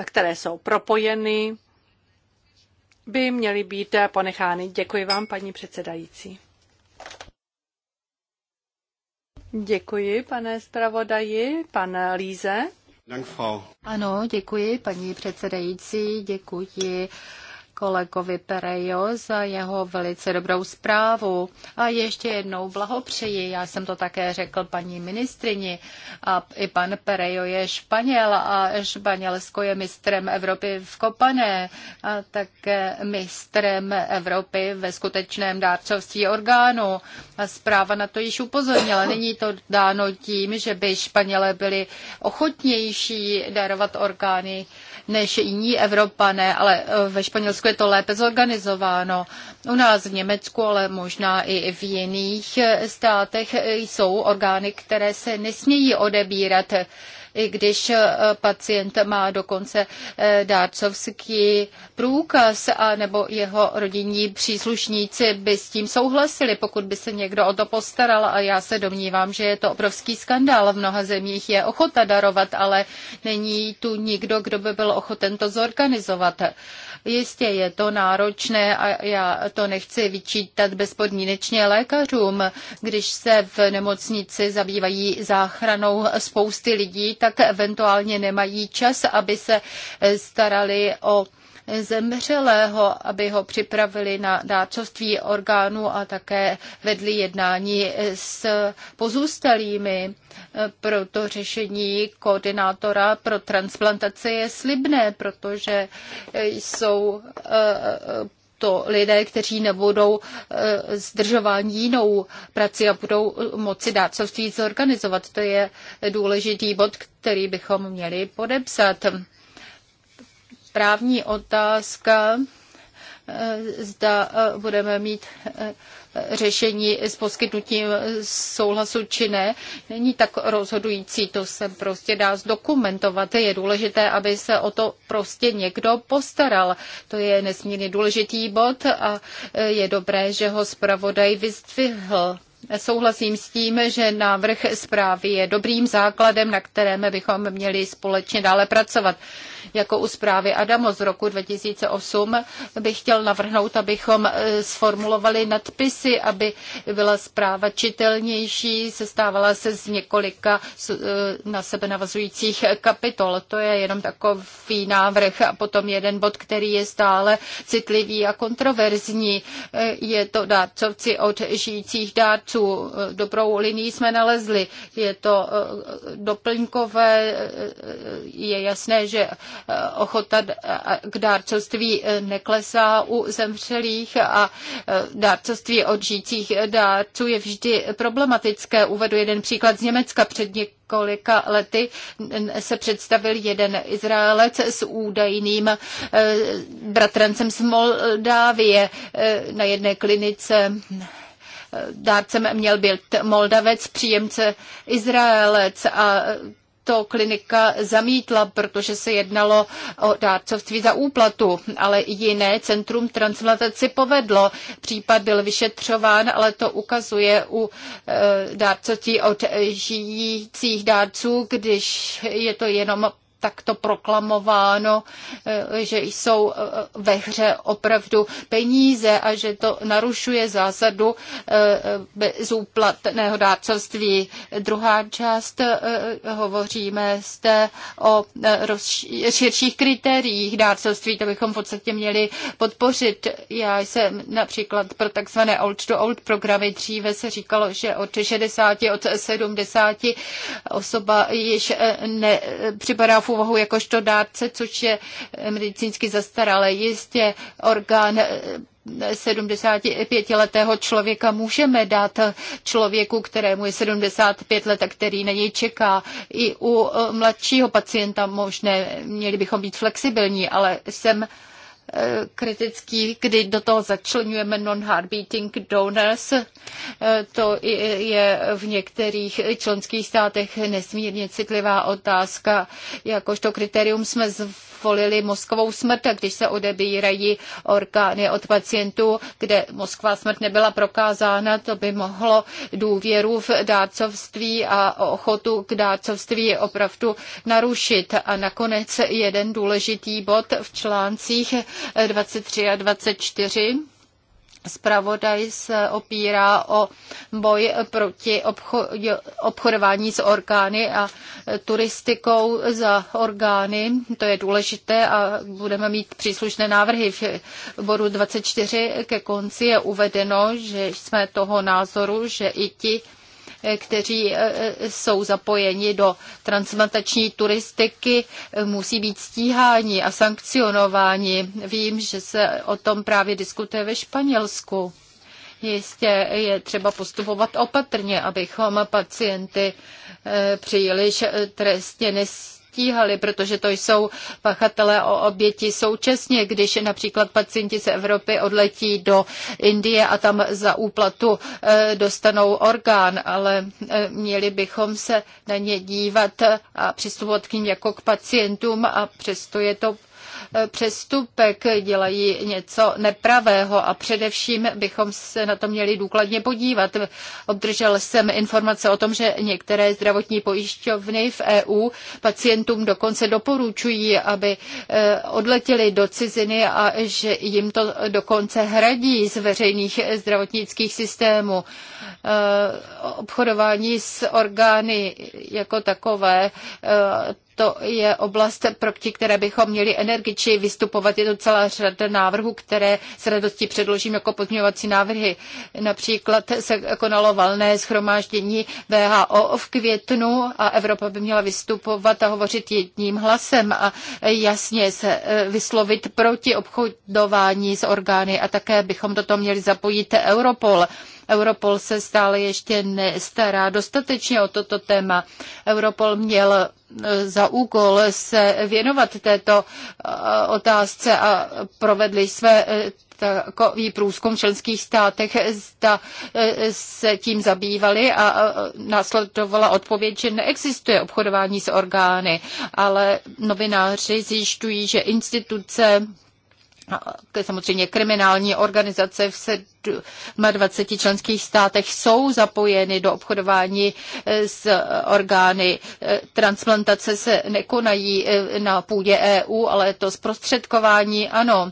které jsou propojeny, by měly být ponechány. Děkuji vám, paní předsedající. Děkuji, pane zpravodaji. pane Líze. Ano, děkuji, paní předsedající, děkuji kolegovi Perejo za jeho velice dobrou zprávu. A ještě jednou blahopřeji, já jsem to také řekl paní ministrini a i pan Perejo je Španěl a Španělsko je mistrem Evropy v Kopané a také mistrem Evropy ve skutečném dárcovství orgánu. A zpráva na to již upozornila. Není to dáno tím, že by Španělé byli ochotnější darovat orgány než jiní Evropané, ale ve Španělsku Německu je to lépe zorganizováno. U nás v Německu, ale možná i v jiných eh, státech eh, jsou orgány, které se nesmějí odebírat, i když eh, pacient má dokonce dárcovský průkaz a nebo jeho rodinní příslušníci by s tím souhlasili, pokud by se někdo o to postaral a já se domnívám, že je to obrovský skandál. V mnoha zemích je ochota darovat, ale není tu nikdo, kdo by byl ochoten to zorganizovat. Jistě je to náročné a já to nechci vyčítat bezpodmínečně lékařům. Když se v nemocnici zabývají záchranou spousty lidí, tak eventuálně nemají čas, aby se starali o zemřelého, aby ho připravili na dárcovství orgánů a také vedli jednání s pozůstalými. Proto řešení koordinátora pro transplantace je slibné, protože jsou eh, to lidé, kteří nebudou eh, zdržování jinou prací a budou moci dárcovství zorganizovat. To je důležitý bod, který bychom měli podepsat právní otázka, eh, zda eh, budeme mít eh, řešení s poskytnutím souhlasu či ne, není tak rozhodující, to se prostě dá zdokumentovat. Je důležité, aby se o to prostě někdo postaral. To je nesmírně důležitý bod a je dobré, že ho zpravodaj vyzdvihl. Souhlasím s tím, že návrh zprávy je dobrým základem, na kterém bychom měli společně dále pracovat jako u zprávy Adamo z roku 2008, bych chtěl navrhnout, abychom e, sformulovali nadpisy, aby byla zpráva čitelnější, sestávala se z několika e, na sebe navazujících kapitol. To je jenom takový návrh a potom jeden bod, který je stále citlivý a kontroverzní. E, je to dárcovci od žijících dárců. Dobrou linii jsme nalezli. Je to doplňkové. Je jasné, že Eh, ochota k dárcovství eh, neklesá u zemřelých a eh, dárcovství od žijících dárců je vždy problematické. Uvedu jeden příklad z Německa před něk- kolika lety se představil jeden Izraelec s údajným bratrancem z Moldávie na jedné klinice. Dárcem měl být Moldavec, příjemce Izraelec a to klinika zamítla, protože se jednalo o dárcovství za úplatu, ale jiné centrum transplantaci povedlo. Případ byl vyšetřován, ale to ukazuje u e, dárcovství od žijících dárců, když je to jenom takto proklamováno, eh, že jsou eh, ve hře opravdu peníze a že to narušuje zásadu eh, zúplatného dárcovství. Druhá část hovoříme zde o širších kritériích dárcovství, to bychom v podstatě měli podpořit. Já jsem například pro takzvané old-to-old programy dříve se říkalo, že od 60, od 70 osoba již nepřipadá v úvahu jakožto dárce, což je eh, medicínsky zastaralé. Jistě orgán 75-letého eh, člověka můžeme dát člověku, kterému je 75 let a který na něj čeká. I u eh, mladšího pacienta možné, měli bychom být flexibilní, ale jsem Eh, kritický, kdy do toho začlenujeme non-heartbeating donors. Eh, to je v některých členských státech nesmírně citlivá otázka. Jakožto kritérium jsme zvolili volili Moskovou smrt, když se odebírají orgány od pacientů, kde Moskva smrt nebyla prokázána, to by mohlo důvěru v dárcovství a ochotu k dárcovství opravdu narušit. A nakonec jeden důležitý bod v článcích 23 a 24 Spravodaj se opírá o boj proti obchodování s orgány a turistikou za orgány. To je důležité a budeme mít příslušné návrhy. V bodu 24 ke konci je uvedeno, že jsme toho názoru, že i ti, kteří e, e, jsou zapojeni do transplantační turistiky, e, musí být stíháni a sankcionováni. Vím, že se o tom právě diskutuje ve Španělsku. Jistě je třeba postupovat opatrně, abychom pacienty příliš trestně nes stíhali, protože to jsou pachatelé o oběti současně, když například pacienti z Evropy odletí do Indie a tam za úplatu eh, dostanou orgán, ale eh, měli bychom se na ně dívat a přistupovat k ním jako k pacientům a přesto je to přestupek, dělají něco nepravého a především bychom se na to měli důkladně podívat. Obdržel jsem informace o tom, že některé zdravotní pojišťovny v EU pacientům dokonce doporučují, aby eh, odletěli do ciziny a že jim to dokonce hradí z veřejných zdravotnických systémů. Eh, obchodování s orgány jako takové eh, to je oblast, proti které bychom měli energičně vystupovat. Je to celá řada návrhů, které s radostí předložím jako pozměňovací návrhy. Například se konalo valné schromáždění VHO v květnu a Evropa by měla vystupovat a hovořit jedním hlasem a jasně se e, vyslovit proti obchodování s orgány a také bychom do toho měli zapojit Europol. Europol se stále ještě nestará dostatečně o toto téma. Europol měl za úkol se věnovat této eh, otázce a provedli své eh, takový průzkum v členských státech, zda eh, se tím zabývali a následovala odpověď, že neexistuje obchodování s orgány, ale novináři zjišťují, že instituce samozřejmě kriminální organizace v 27 členských státech jsou zapojeny do obchodování eh, s orgány. Eh, transplantace se nekonají eh, na půdě EU, ale to zprostředkování ano.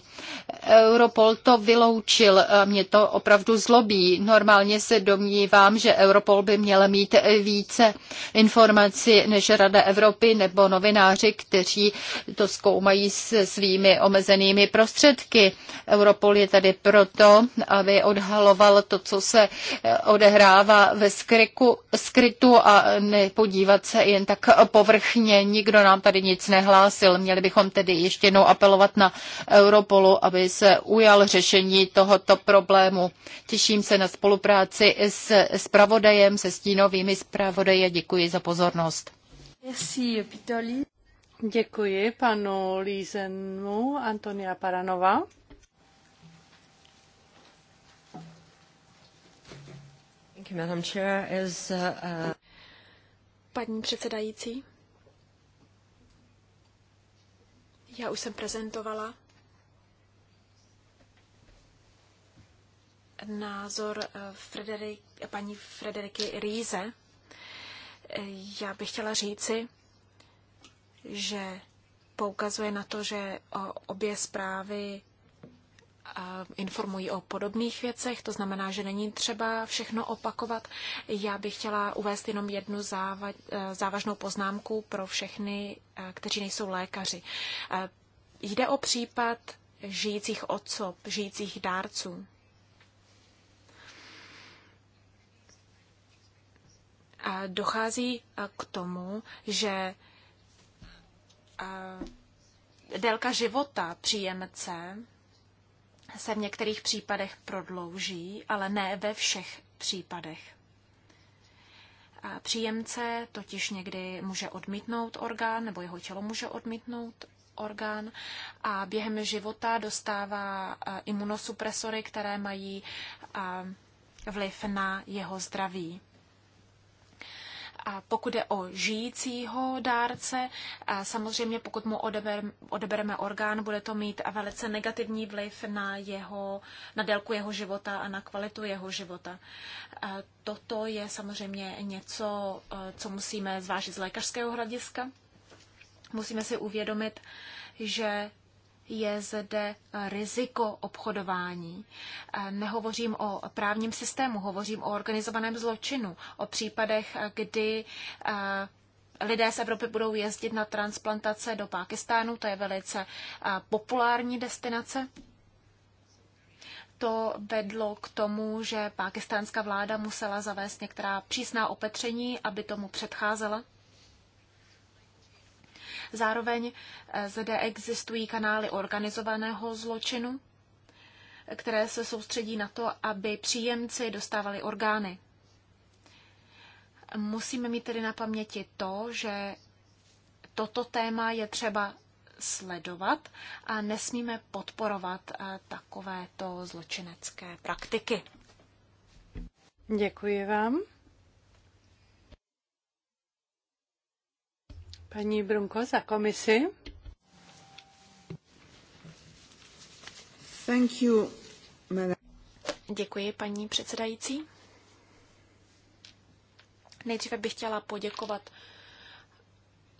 Europol to vyloučil, a mě to opravdu zlobí. Normálně se domnívám, že Europol by měl mít více informací než Rada Evropy nebo novináři, kteří to zkoumají se svými omezenými prostředky. Europol je tady proto, aby neodhaloval to, co se eh, odehrává ve skryku, skrytu a nepodívat se jen tak povrchně. Nikdo nám tady nic nehlásil. Měli bychom tedy ještě jednou apelovat na Europolu, aby se ujal řešení tohoto problému. Těším se na spolupráci s spravodajem, se stínovými spravodaji děkuji za pozornost. Děkuji panu Lízenu Antonia Paranova. Uh, uh, paní předsedající, já už jsem prezentovala názor eh, Frederik, paní Frederiky Rýze. Eh, já bych chtěla říci, že poukazuje na to, že obě zprávy informují o podobných věcech, to znamená, že není třeba všechno opakovat. Já bych chtěla uvést jenom jednu záva, eh, závažnou poznámku pro všechny, eh, kteří nejsou lékaři. Eh, jde o případ žijících osob, žijících dárců. A dochází k tomu, že délka života příjemce se v některých případech prodlouží, ale ne ve všech případech. A příjemce totiž někdy může odmítnout orgán, nebo jeho tělo může odmítnout orgán a během života dostává imunosupresory, které mají vliv na jeho zdraví. A pokud je o žijícího dárce, a samozřejmě pokud mu odebereme orgán, bude to mít velice negativní vliv na, jeho, na délku jeho života a na kvalitu jeho života. A toto je samozřejmě něco, e, co musíme zvážit z lékařského hlediska. Musíme si uvědomit, že je zde eh, riziko obchodování. Eh, nehovořím o právním systému, hovořím o organizovaném zločinu, o případech, eh, kdy lidé z Evropy budou jezdit na transplantace do Pákistánu, to je velice populární destinace. To vedlo k tomu, že pákistánská vláda musela zavést některá přísná opatření, aby tomu předcházela. Zároveň eh, zde existují kanály organizovaného zločinu, které se soustředí na to, aby příjemci dostávali orgány. Musíme mít tedy na paměti to, že toto téma je třeba sledovat a nesmíme podporovat eh, takovéto zločinecké praktiky. Děkuji vám. Paní Brunko za komisi. Thank you, madam. Děkuji, paní předsedající. Nejdříve bych chtěla poděkovat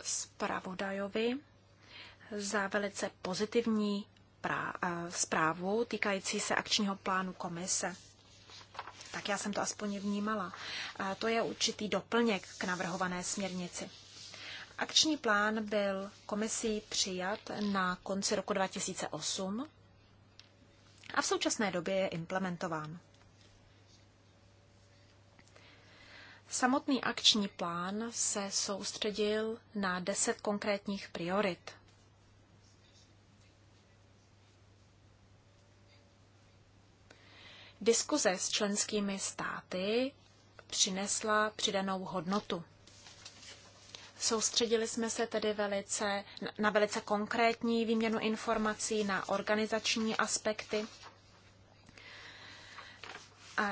zpravodajovi za velice pozitivní zprávu týkající se akčního plánu komise. Tak já jsem to aspoň vnímala. To je určitý doplněk k navrhované směrnici. Akční plán byl komisí přijat na konci roku 2008 a v současné době je implementován. Samotný akční plán se soustředil na deset konkrétních priorit. Diskuze s členskými státy přinesla přidanou hodnotu. Soustředili jsme se tedy velice, na velice konkrétní výměnu informací, na organizační aspekty,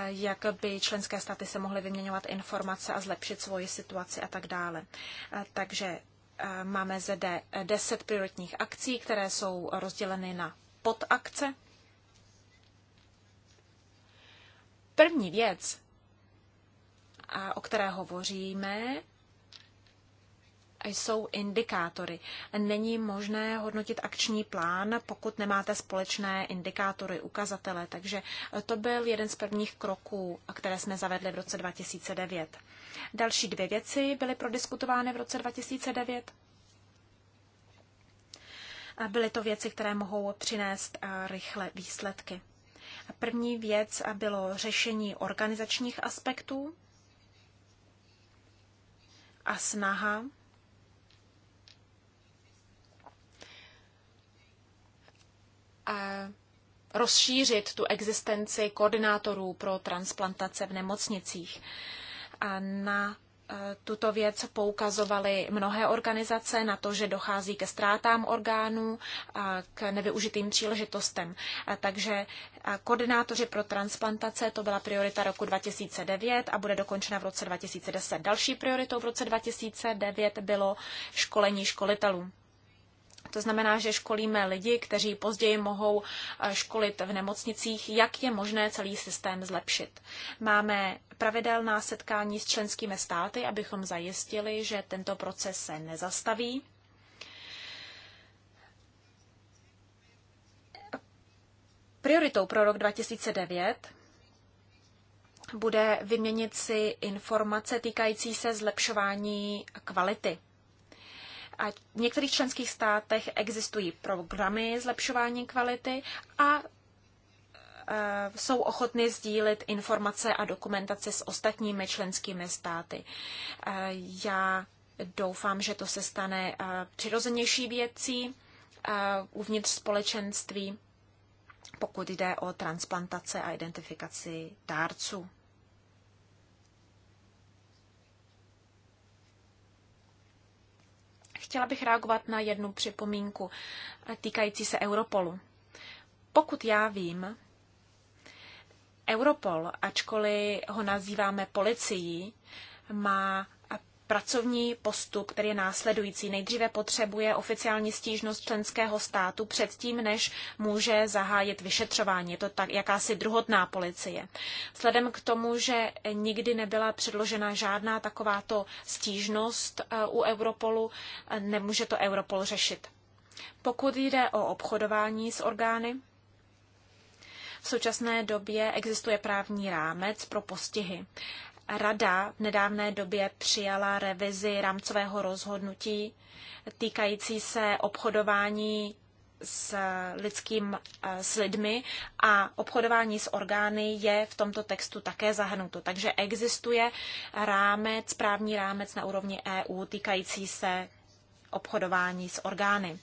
jak by členské státy se mohly vyměňovat informace a zlepšit svoji situaci a tak dále. Takže máme zde 10 prioritních akcí, které jsou rozděleny na podakce. První věc, o které hovoříme, jsou indikátory. Není možné hodnotit akční plán, pokud nemáte společné indikátory, ukazatele. Takže to byl jeden z prvních kroků, které jsme zavedli v roce 2009. Další dvě věci byly prodiskutovány v roce 2009. Byly to věci, které mohou přinést eh, rychle výsledky. První věc bylo řešení organizačních aspektů a snaha rozšířit tu existenci koordinátorů pro transplantace v nemocnicích. A na e, tuto věc poukazovaly mnohé organizace na to, že dochází ke ztrátám orgánů, k nevyužitým příležitostem. Takže koordinátoři pro transplantace, to byla priorita roku 2009 a bude dokončena v roce 2010. Další prioritou v roce 2009 bylo školení školitelů. To znamená, že školíme lidi, kteří později mohou eh, školit v nemocnicích, jak je možné celý systém zlepšit. Máme pravidelná setkání s členskými státy, abychom zajistili, že tento proces se nezastaví. Prioritou pro rok 2009 bude vyměnit si informace týkající se zlepšování kvality a V některých členských státech existují programy zlepšování kvality a e, jsou ochotny sdílet informace a dokumentace s ostatními členskými státy. E, já doufám, že to se stane e, přirozenější věcí uvnitř společenství, pokud jde o transplantace a identifikaci dárců. Chtěla bych reagovat na jednu připomínku eh, týkající se Europolu. Pokud já vím, Europol, ačkoliv ho nazýváme policií, má pracovní postup, který je následující. Nejdříve potřebuje oficiální stížnost členského státu předtím, než může zahájit vyšetřování. Je to tak, jakási druhotná policie. Vzhledem k tomu, že nikdy nebyla předložena žádná takováto stížnost eh, u Europolu, eh, nemůže to Europol řešit. Pokud jde o obchodování s orgány, v současné době existuje právní rámec pro postihy. Rada v nedávné době přijala revizi rámcového rozhodnutí týkající se obchodování s, lidským, eh, s lidmi a obchodování s orgány je v tomto textu také zahrnuto. Takže existuje rámec, právní rámec na úrovni EU týkající se obchodování s orgány.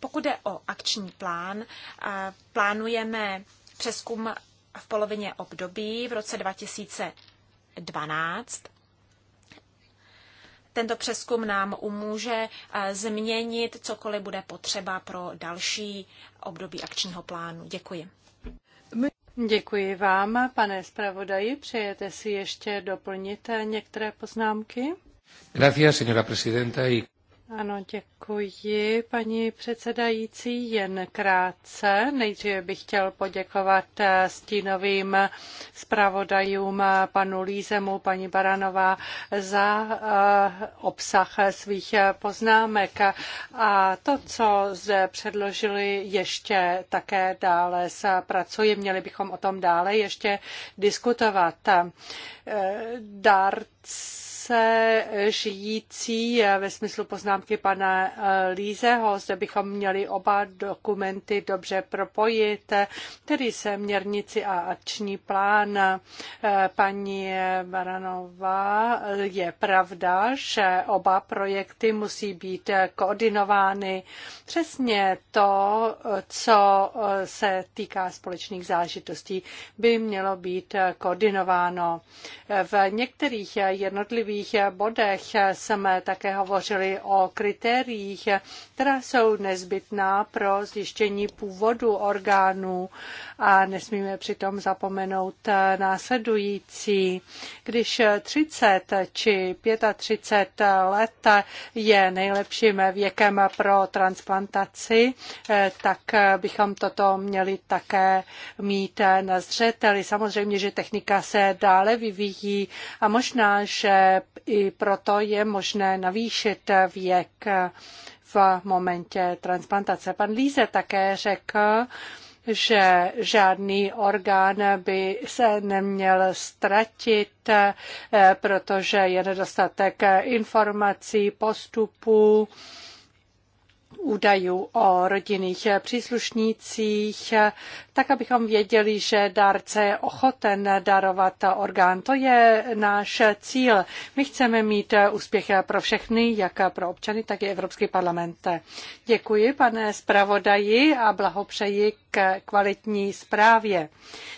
Pokud jde o akční plán, eh, plánujeme přeskum v polovině období v roce 2000. 12. Tento přeskum nám umůže eh, změnit cokoliv bude potřeba pro další období akčního plánu. Děkuji. Děkuji vám, pane zpravodaji. Přejete si ještě doplnit eh, některé poznámky? Gracias, señora presidenta. Y... Ano, děkuji, paní předsedající. Jen krátce. Nejdříve bych chtěl poděkovat eh, stínovým zpravodajům eh, panu Lízemu, paní Baranová za eh, obsah svých poznámek. A to, co zde předložili, ještě také dále zpracuje. Měli bychom o tom dále ještě diskutovat. Darts se žijící ve smyslu poznámky pana eh, Lízeho. Zde bychom měli oba dokumenty dobře propojit, tedy směrnici a akční plán. Eh, paní Varanová, je pravda, že oba projekty musí být koordinovány. Přesně to, co eh, se týká společných zážitostí, by mělo být koordinováno. V některých jednotlivých jednotlivých bodech jsme také hovořili o kritériích, která jsou nezbytná pro zjištění původu orgánů a nesmíme přitom zapomenout následující. Když 30 či 35 let je nejlepším věkem pro transplantaci, tak bychom toto měli také mít na zřeteli. Samozřejmě, že technika se dále vyvíjí a možná, že i proto je možné navýšit věk v momentě transplantace. Pan Líze také řekl, že žádný orgán by se neměl ztratit, eh, protože je nedostatek informací, postupů, údajů o rodinných příslušnících, tak abychom věděli, že dárce je ochoten darovat orgán. To je náš cíl. My chceme mít úspěch pro všechny, jak pro občany, tak i Evropský parlament. Děkuji, pane zpravodaji, a blahopřeji k kvalitní zprávě.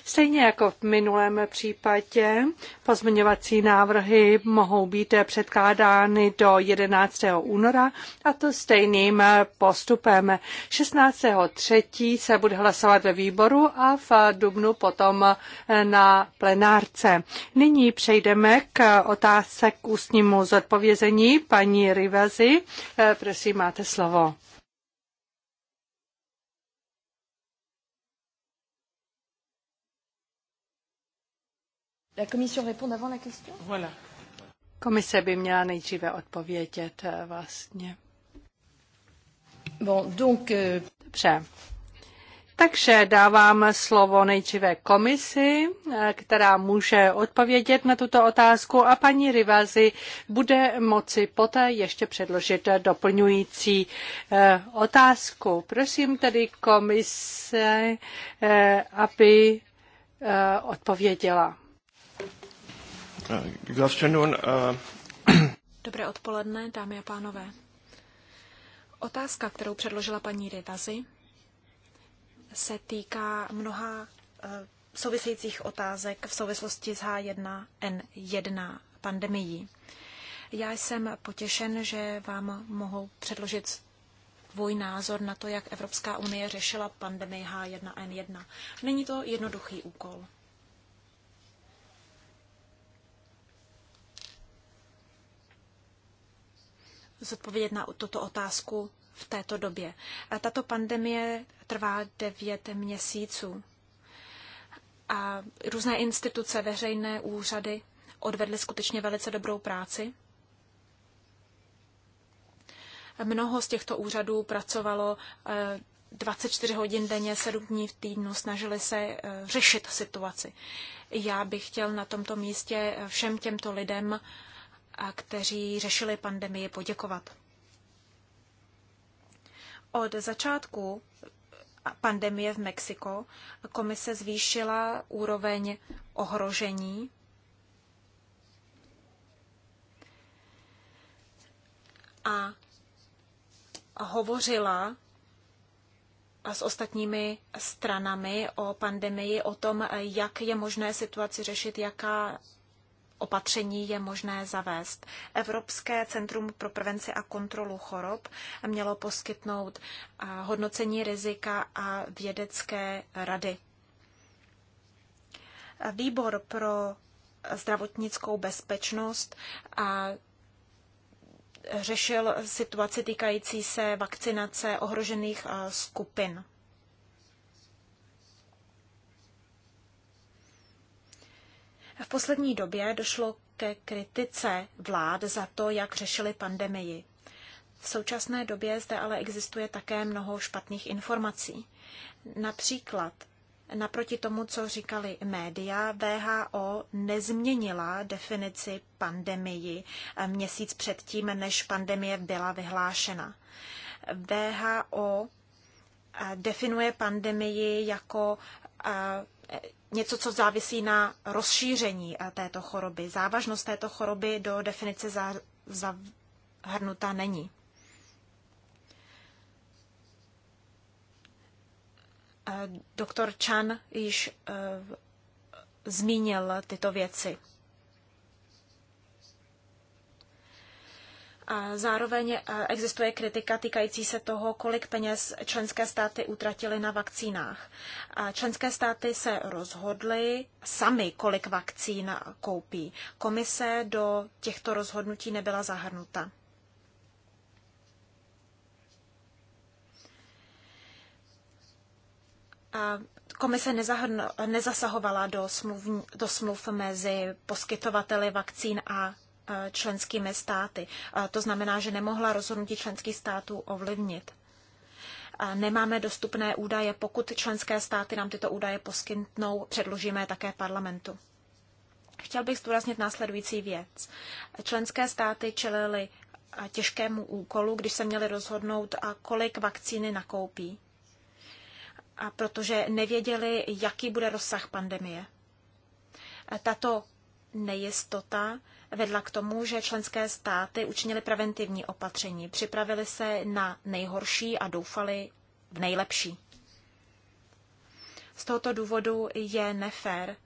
Stejně jako v minulém případě, pozměňovací návrhy mohou být předkládány do 11. února a to stejným postupem. 16.3. se bude hlasovat ve výboru a v dubnu potom na plenárce. Nyní přejdeme k otázce k ústnímu zodpovězení paní Rivazi. Eh, prosím, máte slovo. La commission répond avant la question Voilà. Komise by měla nejdříve odpovědět eh, vlastně. Euh, Dobře. Takže dávám slovo nejdříve komisi, eh, která může odpovědět na tuto otázku a paní Rivazi bude moci poté ještě předložit doplňující eh, otázku. Prosím tedy komise, eh, aby odpověděla. Uh, Dobré odpoledne, dámy a pánové. Otázka, kterou předložila paní Ritazi, se týká mnoha eh, souvisejících otázek v souvislosti s H1N1 pandemií. Já jsem potěšen, že vám mohu předložit svůj názor na to, jak Evropská unie řešila pandemii H1N1. Není to jednoduchý úkol. zodpovědět na tuto otázku v této době. Tato pandemie trvá devět měsíců. A různé instituce, veřejné úřady odvedly skutečně velice dobrou práci. Mnoho z těchto úřadů pracovalo 24 eh, hodin denně, 7 dní v týdnu, snažili se eh, řešit situaci. Já bych chtěl na tomto místě eh, všem těmto lidem a kteří řešili pandemii, poděkovat. Od začátku pandemie v Mexiko komise zvýšila úroveň ohrožení a hovořila s ostatními stranami o pandemii, o tom, jak je možné situaci řešit, jaká opatření je možné zavést. Evropské centrum pro prevenci a kontrolu chorob mělo poskytnout hodnocení rizika a vědecké rady. Výbor pro zdravotnickou bezpečnost a řešil situaci týkající se vakcinace ohrožených skupin. V poslední době došlo ke kritice vlád za to, jak řešili pandemii. V současné době zde ale existuje také mnoho špatných informací. Například Naproti tomu, co říkali média, VHO nezměnila definici pandemii měsíc předtím, než pandemie byla vyhlášena. VHO definuje pandemii jako něco, co závisí na rozšíření eh, této choroby. Závažnost této choroby do definice zahrnutá není. Eh, doktor Chan již eh, zmínil tyto věci. A zároveň e, existuje kritika týkající se toho, kolik peněz členské státy utratily na vakcínách. A členské státy se rozhodly sami, kolik vakcín koupí. Komise do těchto rozhodnutí nebyla zahrnuta. A komise nezasahovala do, smluv, do smluv mezi poskytovateli vakcín a E, členskými státy. E, to znamená, že nemohla rozhodnutí členských států ovlivnit. E, nemáme dostupné údaje, pokud členské státy nám tyto údaje poskytnou, předložíme je také parlamentu. Chtěl bych zdůraznit následující věc. Členské státy čelily těžkému úkolu, když se měli rozhodnout, kolik vakcíny nakoupí, a protože nevěděli, jaký bude rozsah pandemie. Tato nejistota vedla k tomu, že členské státy učinily preventivní opatření, připravili se na nejhorší a doufali v nejlepší. Z tohoto důvodu je nefér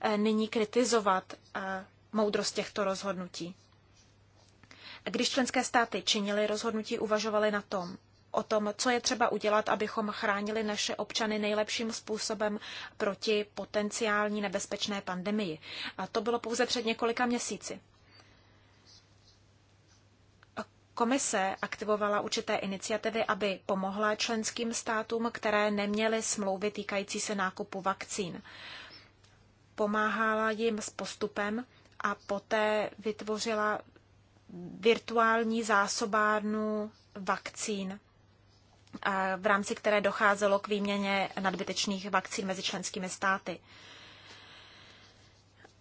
eh, nyní kritizovat eh, moudrost těchto rozhodnutí. Když členské státy činily rozhodnutí, uvažovali na tom, o tom, co je třeba udělat, abychom chránili naše občany nejlepším způsobem proti potenciální nebezpečné pandemii. A to bylo pouze před několika měsíci. Komise aktivovala určité iniciativy, aby pomohla členským státům, které neměly smlouvy týkající se nákupu vakcín. Pomáhala jim s postupem a poté vytvořila virtuální zásobárnu vakcín v rámci které docházelo k výměně nadbytečných vakcín mezi členskými státy.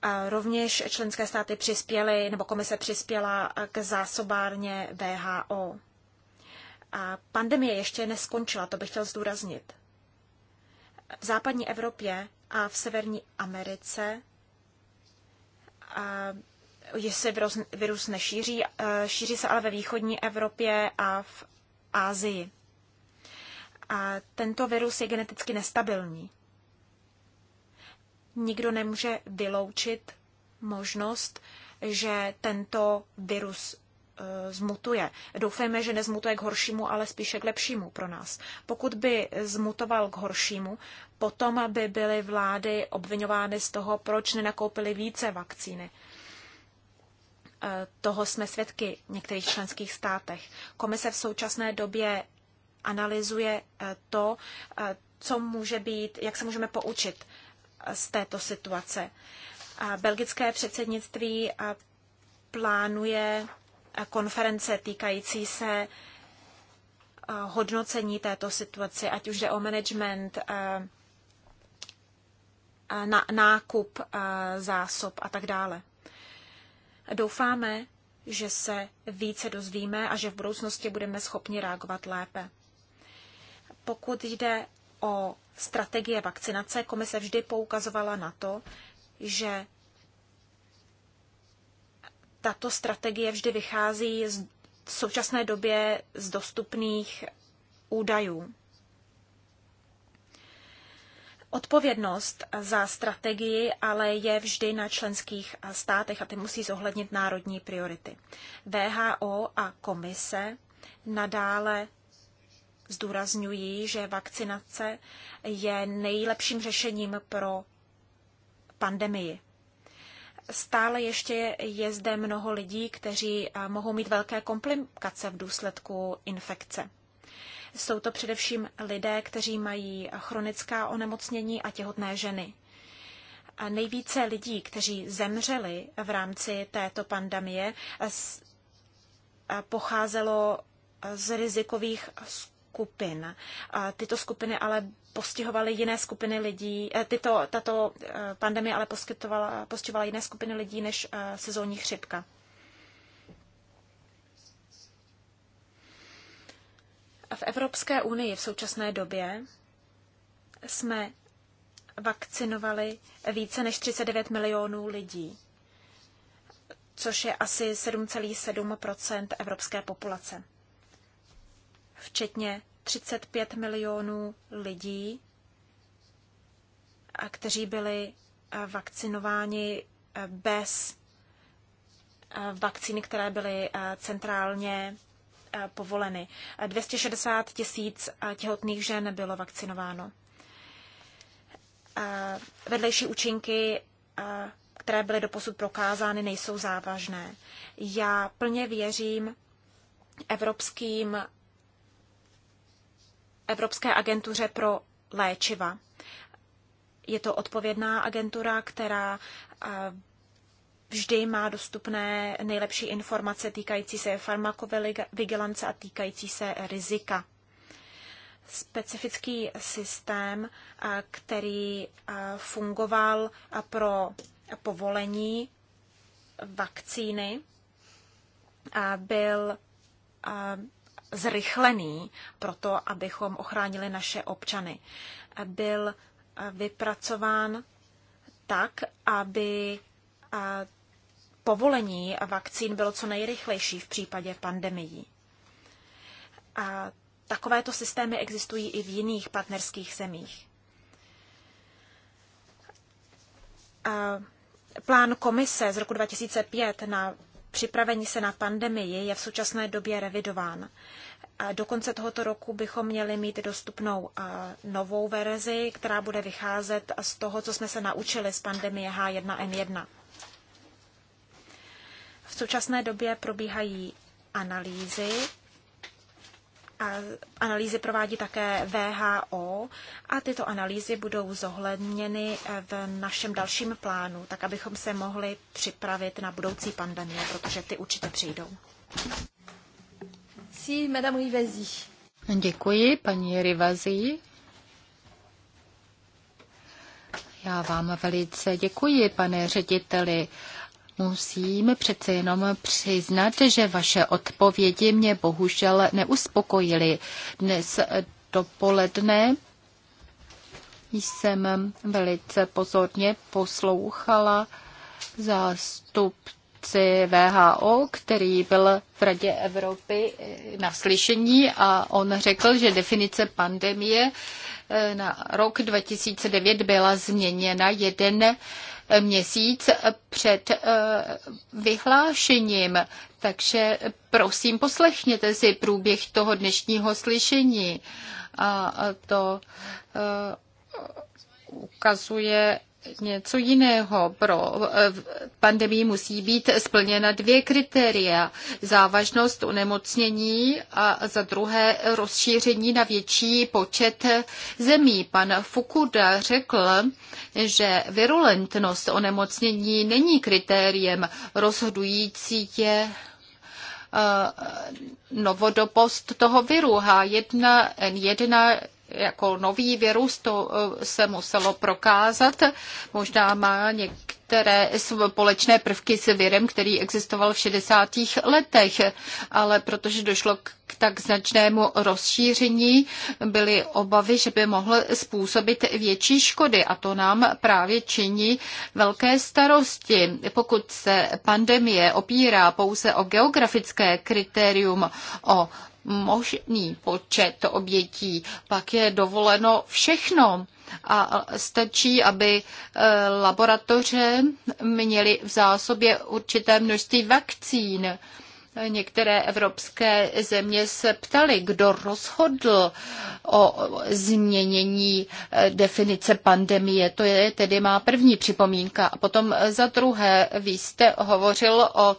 A rovněž členské státy přispěly, nebo komise přispěla k zásobárně VHO. A pandemie ještě neskončila, to bych chtěl zdůraznit. V západní Evropě a v severní Americe a se virus nešíří, e, šíří se ale ve východní Evropě a v Ázii. A tento virus je geneticky nestabilní. Nikdo nemůže vyloučit možnost, že tento virus e, zmutuje. Doufejme, že nezmutuje k horšímu, ale spíše k lepšímu pro nás. Pokud by zmutoval k horšímu, potom by byly vlády obvinovány z toho, proč nenakoupily více vakcíny. E, toho jsme svědky v některých členských státech. Komise v současné době analyzuje eh, to, eh, co může být, jak se můžeme poučit eh, z této situace. Belgické předsednictví plánuje konference týkající se hodnocení této situace, ať už jde o management, nákup zásob a tak dále. Doufáme, že se více dozvíme a že v budoucnosti budeme schopni reagovat lépe. Pokud jde o strategie vakcinace, komise vždy poukazovala na to, že tato strategie vždy vychází z, v současné době z dostupných údajů. Odpovědnost za strategii ale je vždy na členských státech a ty musí zohlednit národní priority. VHO a komise nadále zdůrazňují, že vakcinace je nejlepším řešením pro pandemii. Stále ještě je zde mnoho lidí, kteří eh, mohou mít velké komplikace v důsledku infekce. Jsou to především lidé, kteří mají chronická onemocnění a těhotné ženy. A nejvíce lidí, kteří zemřeli v rámci této pandemie, pocházelo z rizikových skupin skupin. Tyto skupiny ale postihovaly jiné skupiny lidí, eh, tyto, tato eh, pandemie ale postihovala jiné skupiny lidí než eh, sezónní chřipka. V Evropské unii v současné době jsme vakcinovali více než 39 milionů lidí, což je asi 7,7 evropské populace včetně 35 milionů lidí, kteří byli eh, vakcinováni eh, bez eh, vakcíny, které byly centrálně povoleny. 260 tisíc těhotných žen bylo vakcinováno. Vedlejší účinky, které byly doposud prokázány, nejsou závažné. Já plně věřím evropským Evropské agentuře pro léčiva. Je to odpovědná agentura, která eh, vždy má dostupné nejlepší informace týkající se farmakovigilance a týkající se rizika. Specifický systém, eh, který eh, fungoval pro povolení vakcíny, byl zrychlený proto, abychom ochránili naše občany. Byl eh, vypracován tak, aby eh, povolení vakcín bylo co nejrychlejší v případě pandemii. A takovéto systémy existují i v jiných partnerských zemích. A eh, plán komise z roku 2005 na připravení se na pandemii je v současné době revidován. Do konce tohoto roku bychom měli mít dostupnou novou verzi, která bude vycházet z toho, co jsme se naučili z pandemie H1N1. V současné době probíhají analýzy Analýzy provádí také VHO a tyto analýzy budou zohledněny v našem dalším plánu, tak abychom se mohli připravit na budoucí pandemie, protože ty určitě přijdou. Si, Madame Rivazi. Děkuji, paní Rivazi. Já vám velice děkuji, pane řediteli. Musím přece jenom přiznat, že vaše odpovědi mě bohužel neuspokojily. Dnes dopoledne jsem velice pozorně poslouchala zástupci VHO, který byl v Radě Evropy na slyšení a on řekl, že definice pandemie na rok 2009 byla změněna jeden měsíc před eh, vyhlášením. Takže prosím, poslechněte si průběh toho dnešního slyšení. A to eh, ukazuje něco jiného. Pro pandemii musí být splněna dvě kritéria. Závažnost onemocnění a za druhé rozšíření na větší počet zemí. Pan Fukuda řekl, že virulentnost onemocnění není kritériem rozhodující je eh, novodobost toho viru H1N1 jako nový virus, to eh, se muselo prokázat. Možná má některé společné prvky s virem, který existoval v 60. letech, ale protože došlo k tak značnému rozšíření, byly obavy, že by mohl způsobit větší škody a to nám právě činí velké starosti. Pokud se pandemie opírá pouze o geografické kritérium, o možný počet obětí, pak je dovoleno všechno. A stačí, aby eh, laboratoře měly v zásobě určité množství vakcín Některé evropské země se ptaly, kdo rozhodl o změnění eh, definice pandemie. To je tedy má první připomínka. A potom za druhé, vy jste hovořil o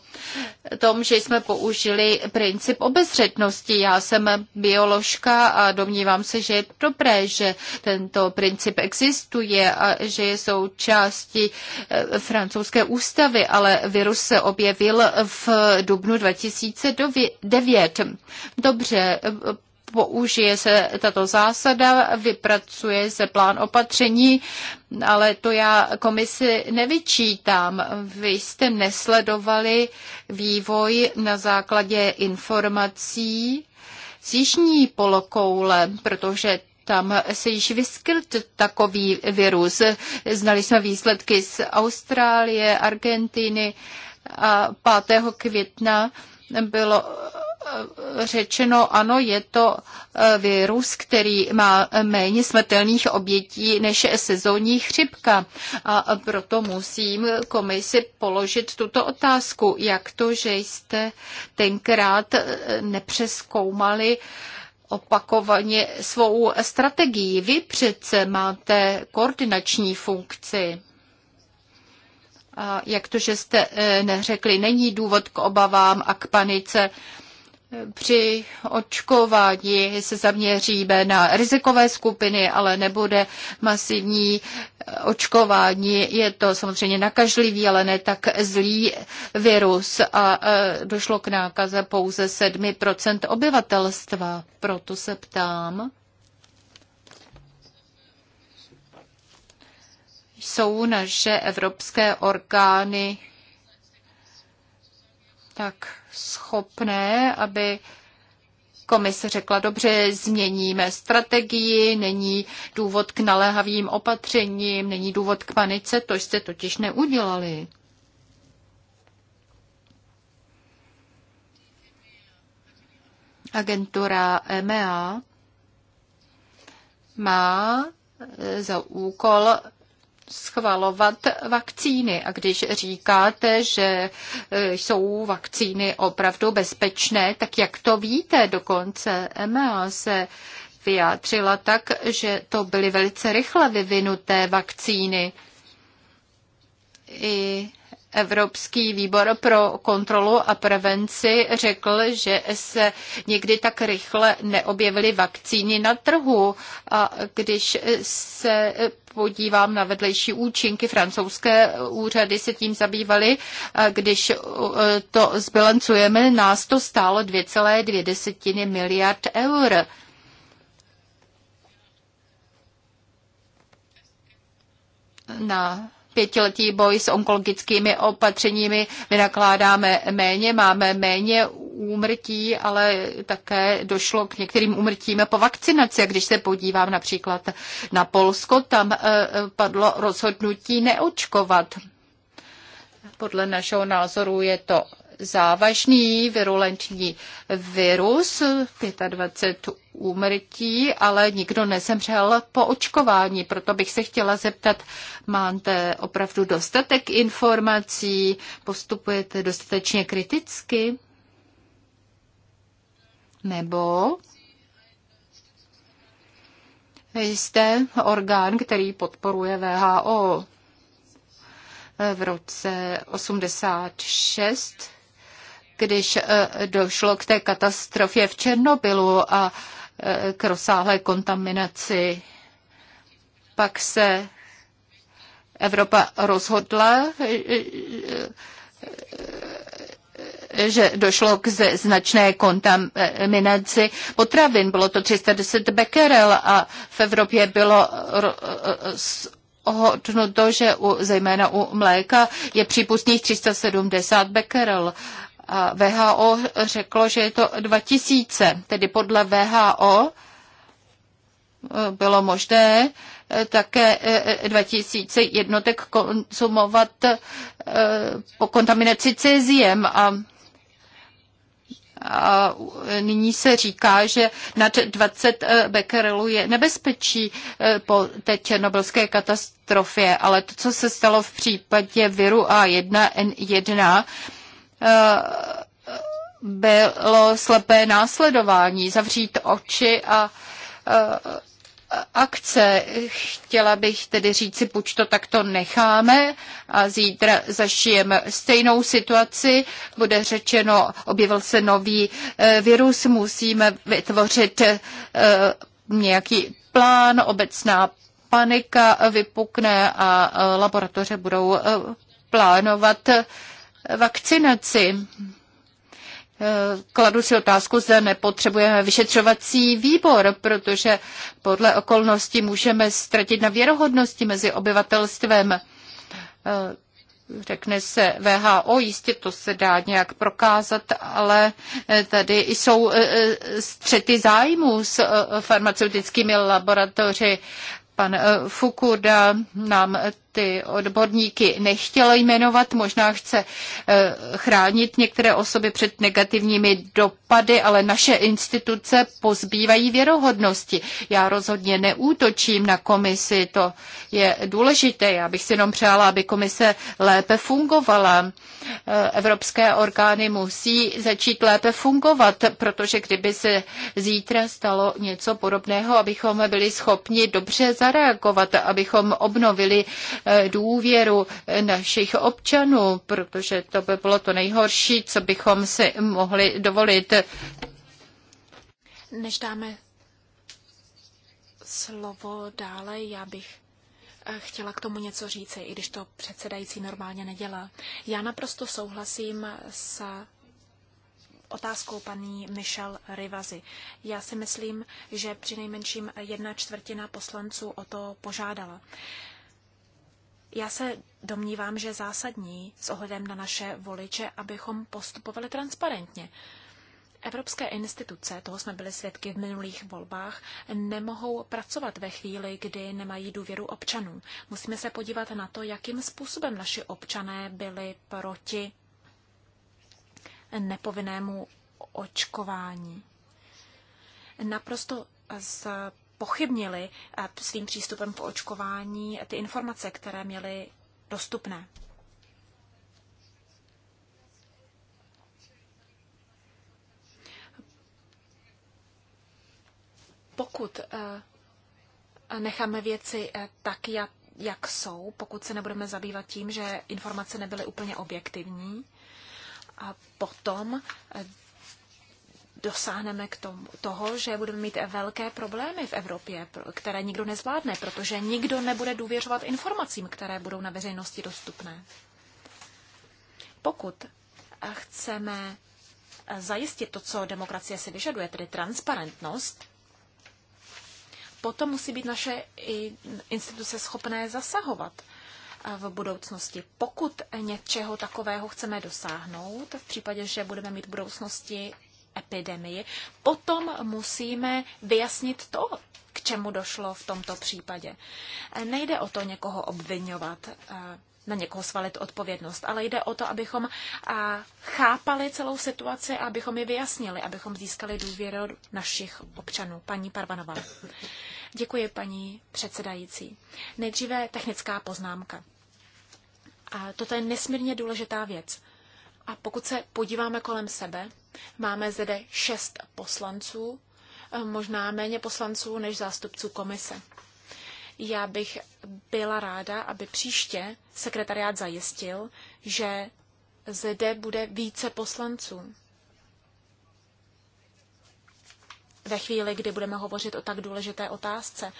tom, že jsme použili princip obezřetnosti. Já jsem bioložka a domnívám se, že je dobré, že tento princip existuje a že je součástí eh, francouzské ústavy, ale virus se objevil v dubnu 2000 2009. Dobře, použije se tato zásada, vypracuje se plán opatření, ale to já komisi nevyčítám. Vy jste nesledovali vývoj na základě informací z jižní polokoule, protože tam se již vyskytl takový virus. Znali jsme výsledky z Austrálie, Argentiny a 5. května bylo eh, řečeno, ano, je to eh, virus, který má méně smrtelných obětí než sezónní chřipka. A proto musím komisi položit tuto otázku. Jak to, že jste tenkrát eh, nepřeskoumali opakovaně svou strategii? Vy přece máte koordinační funkci. A jak to, že jste e, neřekli, není důvod k obavám a k panice. E, při očkování se zaměříme na rizikové skupiny, ale nebude masivní e, očkování. Je to samozřejmě nakažlivý, ale ne tak zlý virus a došlo k nákaze pouze 7% obyvatelstva. Proto se ptám, jsou naše evropské orgány tak schopné, aby komise řekla, dobře, změníme strategii, není důvod k naléhavým opatřením, není důvod k panice, to jste totiž neudělali. Agentura EMEA má e, za úkol schvalovat vakcíny. A když říkáte, že e, jsou vakcíny opravdu bezpečné, tak jak to víte? Dokonce EMA se vyjádřila tak, že to byly velice rychle vyvinuté vakcíny. I Evropský výbor pro kontrolu a prevenci řekl, že se někdy tak rychle neobjevily vakcíny na trhu. A když se podívám na vedlejší účinky, francouzské úřady se tím zabývaly, když to zbilancujeme, nás to stálo 2,2 miliard eur. Na pětiletý boj s onkologickými opatřeními vynakládáme méně, máme méně úmrtí, ale také došlo k některým úmrtím po vakcinaci. A když se podívám například na Polsko, tam eh, padlo rozhodnutí neočkovat. Podle našeho názoru je to závažný virulentní virus, 25 úmrtí, ale nikdo nezemřel po očkování. Proto bych se chtěla zeptat, máte opravdu dostatek informací, postupujete dostatečně kriticky? Nebo jste orgán, který podporuje VHO? V roce 86 když eh, došlo k té katastrofě v Černobylu a k rozsáhlé kontaminaci. Pak se Evropa rozhodla, že došlo k značné kontaminaci potravin. Bylo to 310 bekerel a v Evropě bylo hodnoto, že u, zejména u mléka je přípustných 370 bekerel. VHO řeklo, že je to 2000, tedy podle VHO eh, bylo možné eh, také 2000 eh, jednotek konzumovat po kontaminaci céziem a a nyní se říká, že nad 20 bekerelů je nebezpečí po té černobylské katastrofě, ale to, co se stalo v případě viru A1N1, bylo slepé následování, zavřít oči a akce. Chtěla bych tedy říci, buď to takto necháme a zítra zašijeme stejnou situaci. Bude řečeno, objevil se nový e, virus, musíme vytvořit e, nějaký plán, obecná panika vypukne a laboratoře budou e, plánovat vakcinaci. Eh, kladu si otázku, zda nepotřebujeme vyšetřovací výbor, protože podle okolností můžeme ztratit na věrohodnosti mezi obyvatelstvem. Eh, řekne se VHO, jistě to se dá nějak prokázat, ale eh, tady jsou střety zájmů s farmaceutickými laboratoři. Pan Fukuda nám ty odborníky nechtěl jmenovat, možná chce eh, chránit některé osoby před negativními dopady, ale naše instituce pozbývají věrohodnosti. Já rozhodně neútočím na komisi, to je důležité. Já bych si jenom přála, aby komise lépe fungovala. Eh, evropské orgány musí začít lépe fungovat, protože kdyby se zítra stalo něco podobného, abychom byli schopni dobře zareagovat, abychom obnovili Eh, důvěru našich občanů, protože to by bylo to nejhorší, co bychom si mohli dovolit. Než dáme slovo dále, já bych eh, chtěla k tomu něco říci, i když to předsedající normálně nedělá. Já naprosto souhlasím s otázkou paní Michelle Rivazy. Já si myslím, že při nejmenším jedna čtvrtina poslanců o to požádala. Já se domnívám, že zásadní s ohledem na naše voliče, abychom postupovali transparentně. Evropské instituce, toho jsme byli svědky v minulých volbách, nemohou pracovat ve chvíli, kdy nemají důvěru občanů. Musíme se podívat na to, jakým způsobem naši občané byli proti nepovinnému očkování. Naprosto z pochybnili eh, svým přístupem po očkování ty informace, které měly dostupné. Pokud eh, necháme věci eh, tak, jak jak jsou, pokud se nebudeme zabývat tím, že informace nebyly úplně objektivní. A potom dosáhneme k tomu, toho, že budeme mít velké problémy v Evropě, které nikdo nezvládne, protože nikdo nebude důvěřovat informacím, které budou na veřejnosti dostupné. Pokud eh, chceme eh, zajistit to, co demokracie si vyžaduje, tedy transparentnost, potom musí být naše instituce schopné zasahovat eh, v budoucnosti. Pokud něčeho takového chceme dosáhnout, v případě, že budeme mít v budoucnosti epidemii, potom musíme vyjasnit to, k čemu došlo v tomto případě. Nejde o to někoho obvinovat, eh, na někoho svalit odpovědnost, ale jde o to, abychom eh, chápali celou situaci a abychom ji vyjasnili, abychom získali důvěru našich občanů. Paní Parvanová. Děkuji, paní předsedající. Nejdříve technická poznámka. A toto je nesmírně důležitá věc. A pokud se podíváme kolem sebe, máme zde šest poslanců, eh, možná méně poslanců než zástupců komise. Já bych byla ráda, aby příště sekretariát zajistil, že zde bude více poslanců. Ve chvíli, kdy budeme hovořit o tak důležité otázce,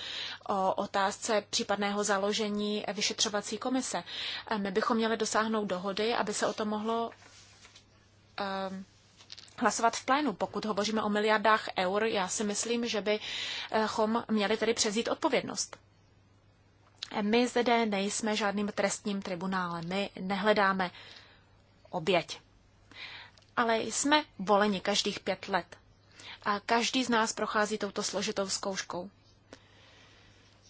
o otázce případného založení vyšetřovací komise, eh, my bychom měli dosáhnout dohody, aby se o tom mohlo Eh, hlasovat v plénu. Pokud hovoříme o miliardách eur, já si myslím, že bychom měli tedy přezít odpovědnost. My zde nejsme žádným trestním tribunálem, my nehledáme oběť. Ale jsme voleni každých pět let. A každý z nás prochází touto složitou zkouškou.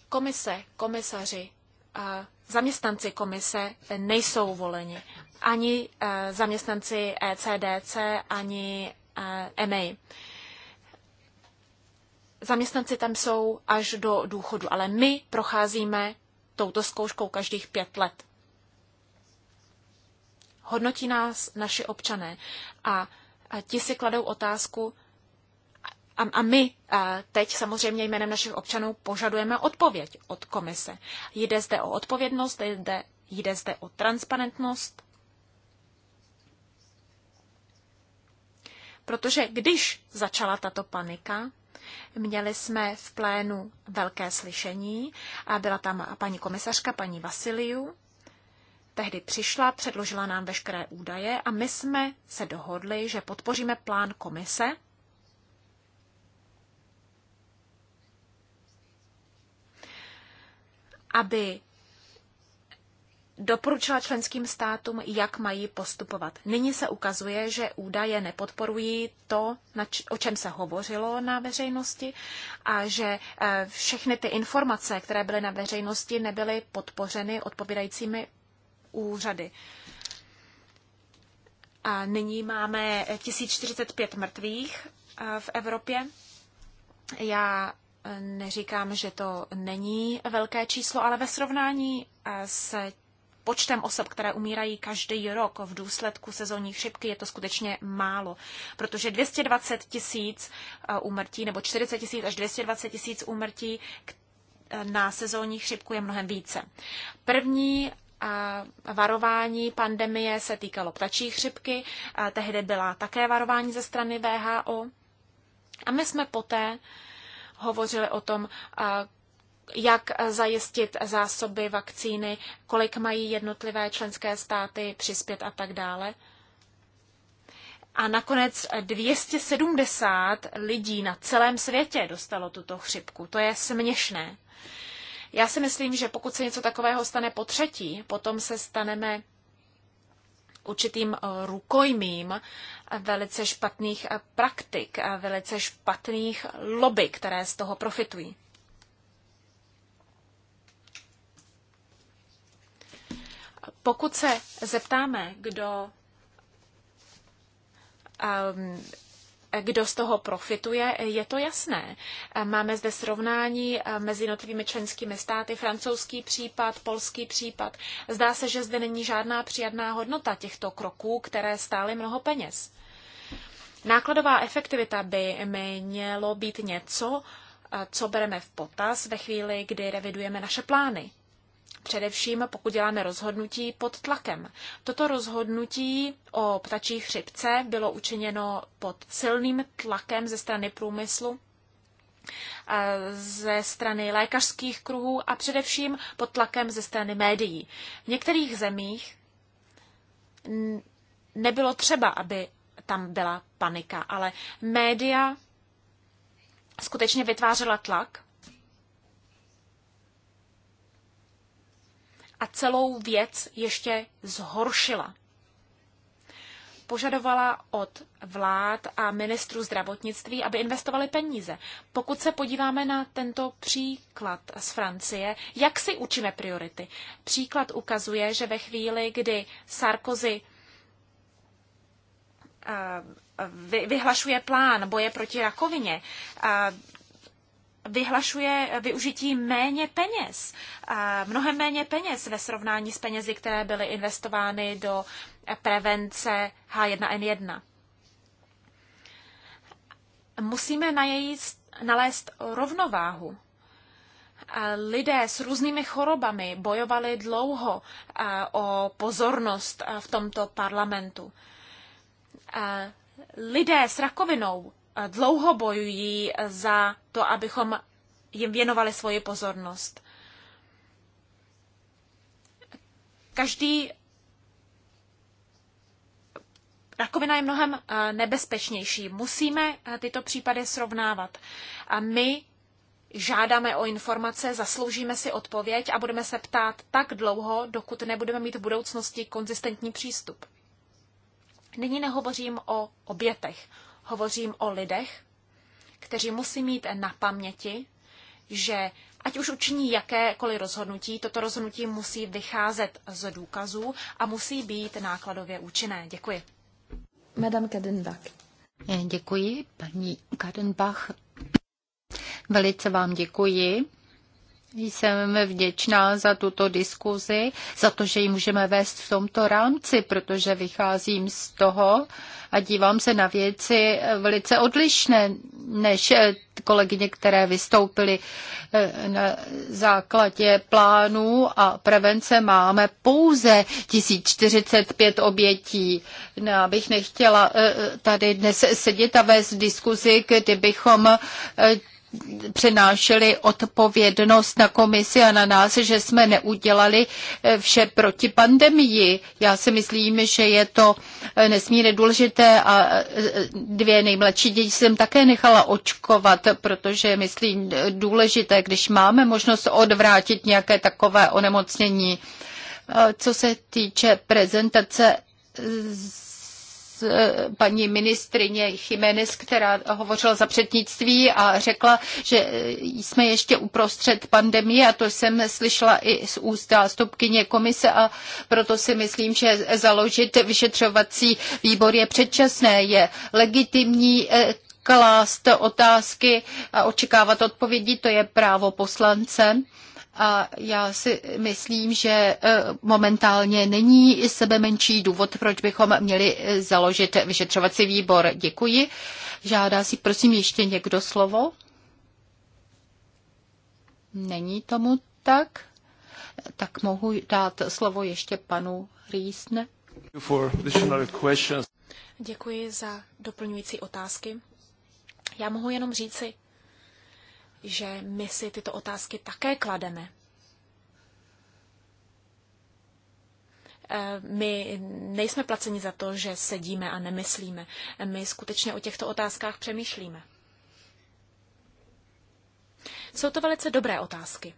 Komise, komisaři, zaměstnanci komise nejsou voleni. Ani eh, zaměstnanci ECDC, ani EMA. Eh, zaměstnanci tam jsou až do důchodu, ale my procházíme touto zkouškou každých pět let. Hodnotí nás naši občané a ti si kladou otázku, a, a my a teď samozřejmě jménem našich občanů požadujeme odpověď od komise. Jde zde o odpovědnost, jde, jde zde o transparentnost, protože když začala tato panika, Měli jsme v plénu velké slyšení a byla tam paní komisařka, paní Vasiliu. Tehdy přišla, předložila nám veškeré údaje a my jsme se dohodli, že podpoříme plán komise, aby doporučila členským státům, jak mají postupovat. Nyní se ukazuje, že údaje nepodporují to, o čem se hovořilo na veřejnosti a že eh, všechny ty informace, které byly na veřejnosti, nebyly podpořeny odpovídajícími úřady. A nyní máme 1045 mrtvých eh, v Evropě. Já neříkám, že to není velké číslo, ale ve srovnání eh, s počtem osob, které umírají každý rok v důsledku sezónní chřipky, je to skutečně málo, protože 220 eh, tisíc úmrtí nebo 40 tisíc až 220 tisíc úmrtí na sezónní chřipku je mnohem více. První a eh, varování pandemie se týkalo ptačí chřipky, a tehdy byla také varování ze strany VHO. A my jsme poté hovořili o tom, jak zajistit zásoby vakcíny, kolik mají jednotlivé členské státy přispět a tak dále. A nakonec 270 lidí na celém světě dostalo tuto chřipku. To je směšné. Já si myslím, že pokud se něco takového stane po třetí, potom se staneme určitým eh, rukojmím velice špatných eh, praktik, a velice špatných lobby, které z toho profitují. Pokud se zeptáme, kdo ehm, kdo z toho profituje, je to jasné. Máme zde srovnání eh, mezi jednotlivými členskými státy, francouzský případ, polský případ. Zdá se, že zde není žádná přijadná hodnota těchto kroků, které stály mnoho peněz. Nákladová efektivita by mělo být něco, eh, co bereme v potaz ve chvíli, kdy revidujeme naše plány. Především pokud děláme rozhodnutí pod tlakem. Toto rozhodnutí o ptačí chřipce bylo učiněno pod silným tlakem ze strany průmyslu, eh, ze strany lékařských kruhů a především pod tlakem ze strany médií. V některých zemích nebylo třeba, aby tam byla panika, ale média skutečně vytvářela tlak a celou věc ještě zhoršila. Požadovala od vlád a ministru zdravotnictví, aby investovali peníze. Pokud se podíváme na tento příklad z Francie, jak si učíme priority? Příklad ukazuje, že ve chvíli, kdy Sarkozy eh, vyhlašuje plán boje proti rakovině, eh, vyhlašuje využití méně peněz, mnohem méně peněz ve srovnání s penězi, které byly investovány do prevence H1N1. Musíme na její nalézt rovnováhu. Lidé s různými chorobami bojovali dlouho o pozornost v tomto parlamentu lidé s rakovinou dlouho bojují za to, abychom jim věnovali svoji pozornost. Každý Rakovina je mnohem eh, nebezpečnější. Musíme eh, tyto případy srovnávat. A my žádáme o informace, zasloužíme si odpověď a budeme se ptát tak dlouho, dokud nebudeme mít v budoucnosti konzistentní přístup. Nyní nehovořím o obětech, Hovořím o lidech, kteří musí mít na paměti, že ať už učiní jakékoliv rozhodnutí, toto rozhodnutí musí vycházet z důkazů a musí být nákladově účinné. Děkuji. Madame Kadenbach. Eh, děkuji, paní Kadenbach. Velice vám děkuji jsem vděčná za tuto diskuzi, za to, že ji můžeme vést v tomto rámci, protože vycházím z toho a dívám se na věci velice odlišné než eh, kolegyně, které vystoupily eh, na základě plánů a prevence. Máme pouze 1045 obětí. No, já bych nechtěla eh, tady dnes sedět a vést diskuzi, kdybychom přenášeli odpovědnost na komisi a na nás, že jsme neudělali eh, vše proti pandemii. Já si myslím, že je to eh, nesmírně důležité a eh, dvě nejmladší děti jsem také nechala očkovat, protože myslím důležité, když máme možnost odvrátit nějaké takové onemocnění. Co se týče prezentace paní ministrině Jiménez, která hovořila za přednictví a řekla, že jsme ještě uprostřed pandemie a to jsem slyšela i z úst zástupkyně komise a proto si myslím, že založit vyšetřovací výbor je předčasné, je legitimní eh, klást otázky a očekávat odpovědi, to je právo poslance. A já si myslím, že e, momentálně není sebe menší důvod, proč bychom měli e, založit vyšetřovací výbor. Děkuji. Žádá si prosím ještě někdo slovo? Není tomu tak? Tak mohu dát slovo ještě panu Rýsne. Děkuji za doplňující otázky. Já mohu jenom říci, že my si tyto otázky také klademe. Eh, my nejsme placeni za to, že sedíme a nemyslíme. My skutečně o těchto otázkách přemýšlíme. Jsou to velice dobré otázky.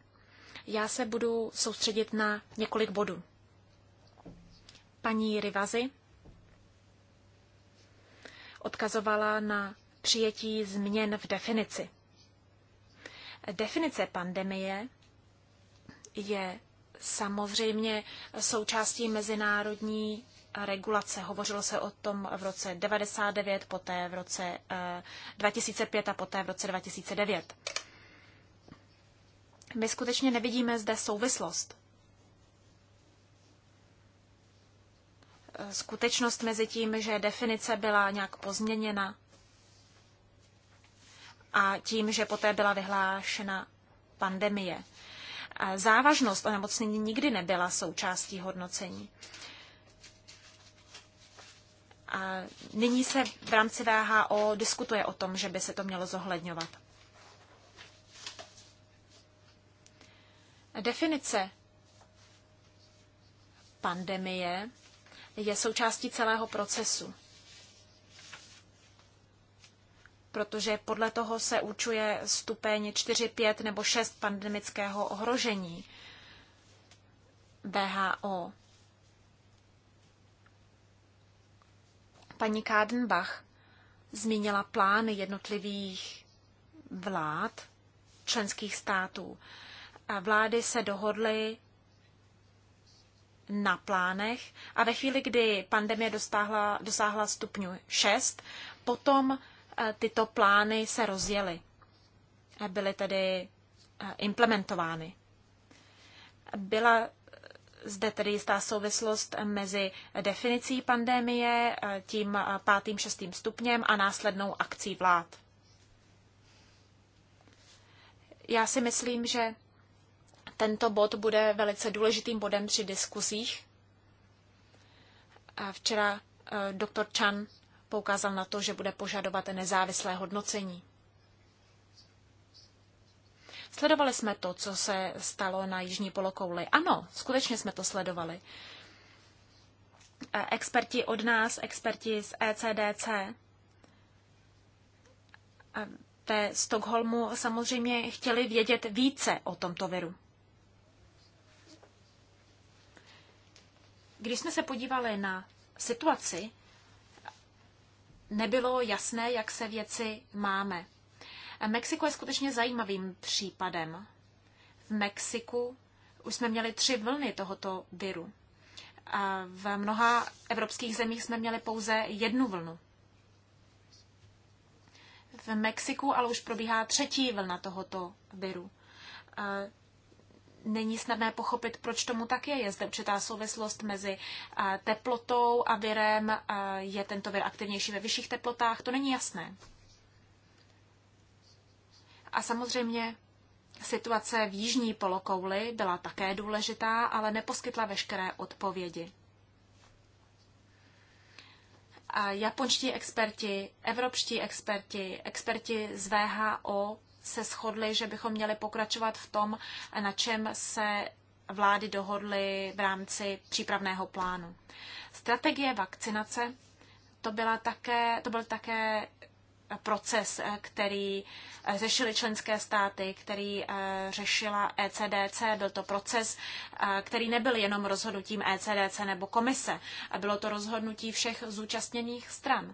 Já se budu soustředit na několik bodů. Paní Rivazy odkazovala na přijetí změn v definici. Definice pandemie je samozřejmě součástí mezinárodní regulace. Hovořilo se o tom v roce 99, poté v roce 2005 eh, a poté v roce 2009. My skutečně nevidíme zde souvislost. Eh, skutečnost mezi tím, že definice byla nějak pozměněna a tím, že poté byla vyhlášena pandemie. Závažnost onemocnění nikdy nebyla součástí hodnocení. A nyní se v rámci VHO diskutuje o tom, že by se to mělo zohledňovat. Definice pandemie je součástí celého procesu. protože podle toho se určuje stupeň 4, 5 nebo 6 pandemického ohrožení VHO. Paní Kádenbach zmínila plán jednotlivých vlád členských států. A vlády se dohodly na plánech a ve chvíli, kdy pandemie dostáhla, dosáhla stupňu 6, potom tyto plány se rozjely. Byly tedy implementovány. Byla zde tedy jistá souvislost mezi definicí pandémie, tím pátým, šestým stupněm a následnou akcí vlád. Já si myslím, že tento bod bude velice důležitým bodem při diskuzích. Včera e, doktor Chan Poukázal na to, že bude požadovat nezávislé hodnocení. Sledovali jsme to, co se stalo na Jižní polokouli. Ano, skutečně jsme to sledovali. Eh, experti od nás, experti z ECDC, eh, ve Stockholmu samozřejmě chtěli vědět více o tomto viru. Když jsme se podívali na situaci nebylo jasné, jak se věci máme. Mexiko je skutečně zajímavým případem. V Mexiku už jsme měli tři vlny tohoto viru. A v mnoha evropských zemích jsme měli pouze jednu vlnu. V Mexiku ale už probíhá třetí vlna tohoto viru není snadné pochopit, proč tomu tak je. Je zde určitá souvislost mezi teplotou a virem. Je tento vir aktivnější ve vyšších teplotách? To není jasné. A samozřejmě situace v jižní polokouli byla také důležitá, ale neposkytla veškeré odpovědi. A japonští experti, evropští experti, experti z VHO se shodli, že bychom měli pokračovat v tom, na čem se vlády dohodly v rámci přípravného plánu. Strategie vakcinace to, byla také, to byl také proces, který eh, řešili členské státy, který eh, řešila ECDC. Byl to proces, eh, který nebyl jenom rozhodnutím ECDC nebo komise, a bylo to rozhodnutí všech zúčastněných stran.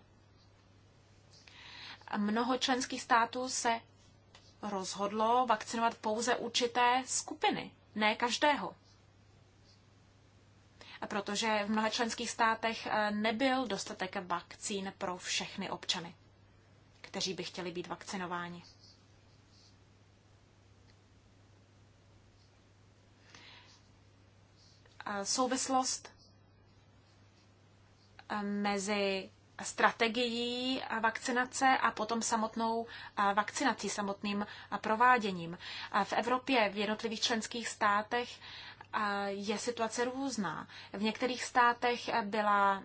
Mnoho členských států se rozhodlo vakcinovat pouze určité skupiny, ne každého. A protože v mnoha členských státech eh, nebyl dostatek vakcín pro všechny občany, kteří by chtěli být vakcinováni. Eh, souvislost eh, mezi strategií vakcinace a potom samotnou vakcinací, samotným prováděním. V Evropě, v jednotlivých členských státech je situace různá. V některých státech byla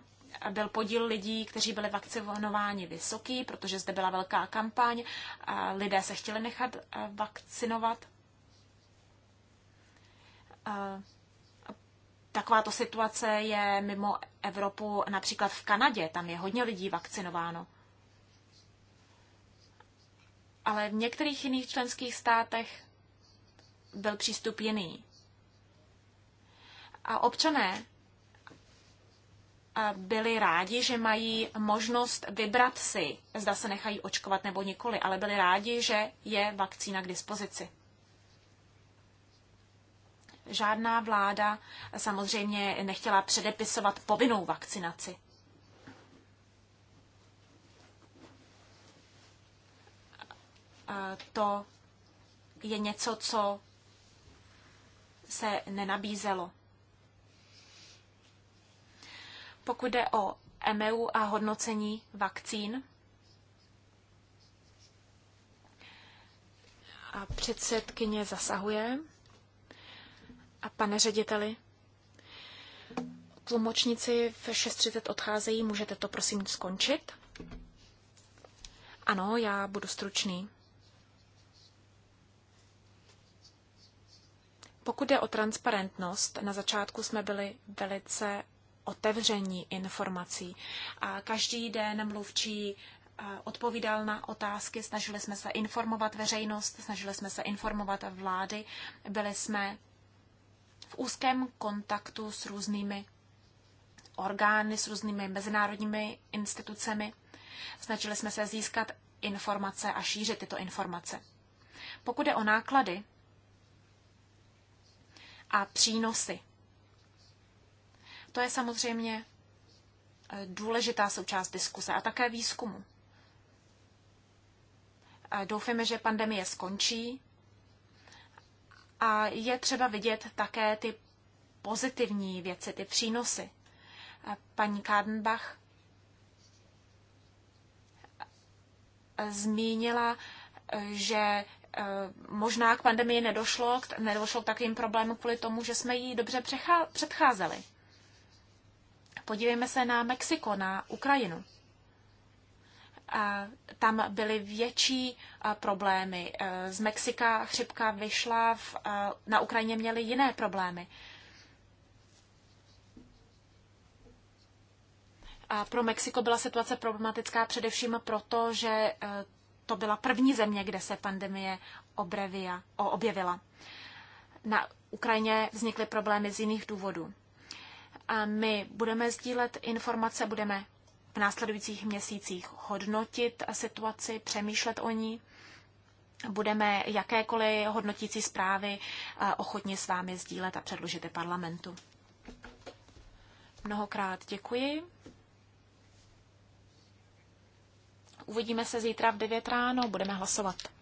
byl podíl lidí, kteří byli vakcinováni vysoký, protože zde byla velká kampaň, a lidé se chtěli nechat vakcinovat. Takováto situace je mimo Evropu například v Kanadě, tam je hodně lidí vakcinováno. Ale v některých jiných členských státech byl přístup jiný. A občané byli rádi, že mají možnost vybrat si, zda se nechají očkovat nebo nikoli, ale byli rádi, že je vakcína k dispozici. Žádná vláda samozřejmě nechtěla předepisovat povinnou vakcinaci. To je něco, co se nenabízelo. Pokud jde o EMEU a hodnocení vakcín, a předsedkyně zasahuje. A pane řediteli, tlumočníci v 6.30 odcházejí, můžete to prosím skončit? Ano, já budu stručný. Pokud je o transparentnost, na začátku jsme byli velice otevření informací. A každý den mluvčí eh, odpovídal na otázky, snažili jsme se informovat veřejnost, snažili jsme se informovat vlády, byli jsme úzkém kontaktu s různými orgány, s různými mezinárodními institucemi. Snažili jsme se získat informace a šířit tyto informace. Pokud je o náklady a přínosy, to je samozřejmě eh, důležitá součást diskuse a také výzkumu. Doufáme, že pandemie skončí a je třeba vidět také ty pozitivní věci, ty přínosy. Paní Kádenbach zmínila, že eh, možná k pandemii nedošlo, nedošlo k takovým problémům kvůli tomu, že jsme jí dobře předcházeli. Podívejme se na Mexiko, na Ukrajinu tam byly větší problémy. E, z Mexika chřipka vyšla, v, na Ukrajině měli jiné problémy. A pro Mexiko byla situace problematická především proto, že e, to byla první země, kde se pandemie objevila. Na Ukrajině vznikly problémy z jiných důvodů. A my budeme sdílet informace, budeme v následujících měsících hodnotit situaci, přemýšlet o ní. Budeme jakékoliv hodnotící zprávy eh, ochotně s vámi sdílet a předložit parlamentu. Mnohokrát děkuji. Uvidíme se zítra v 9 ráno, budeme hlasovat.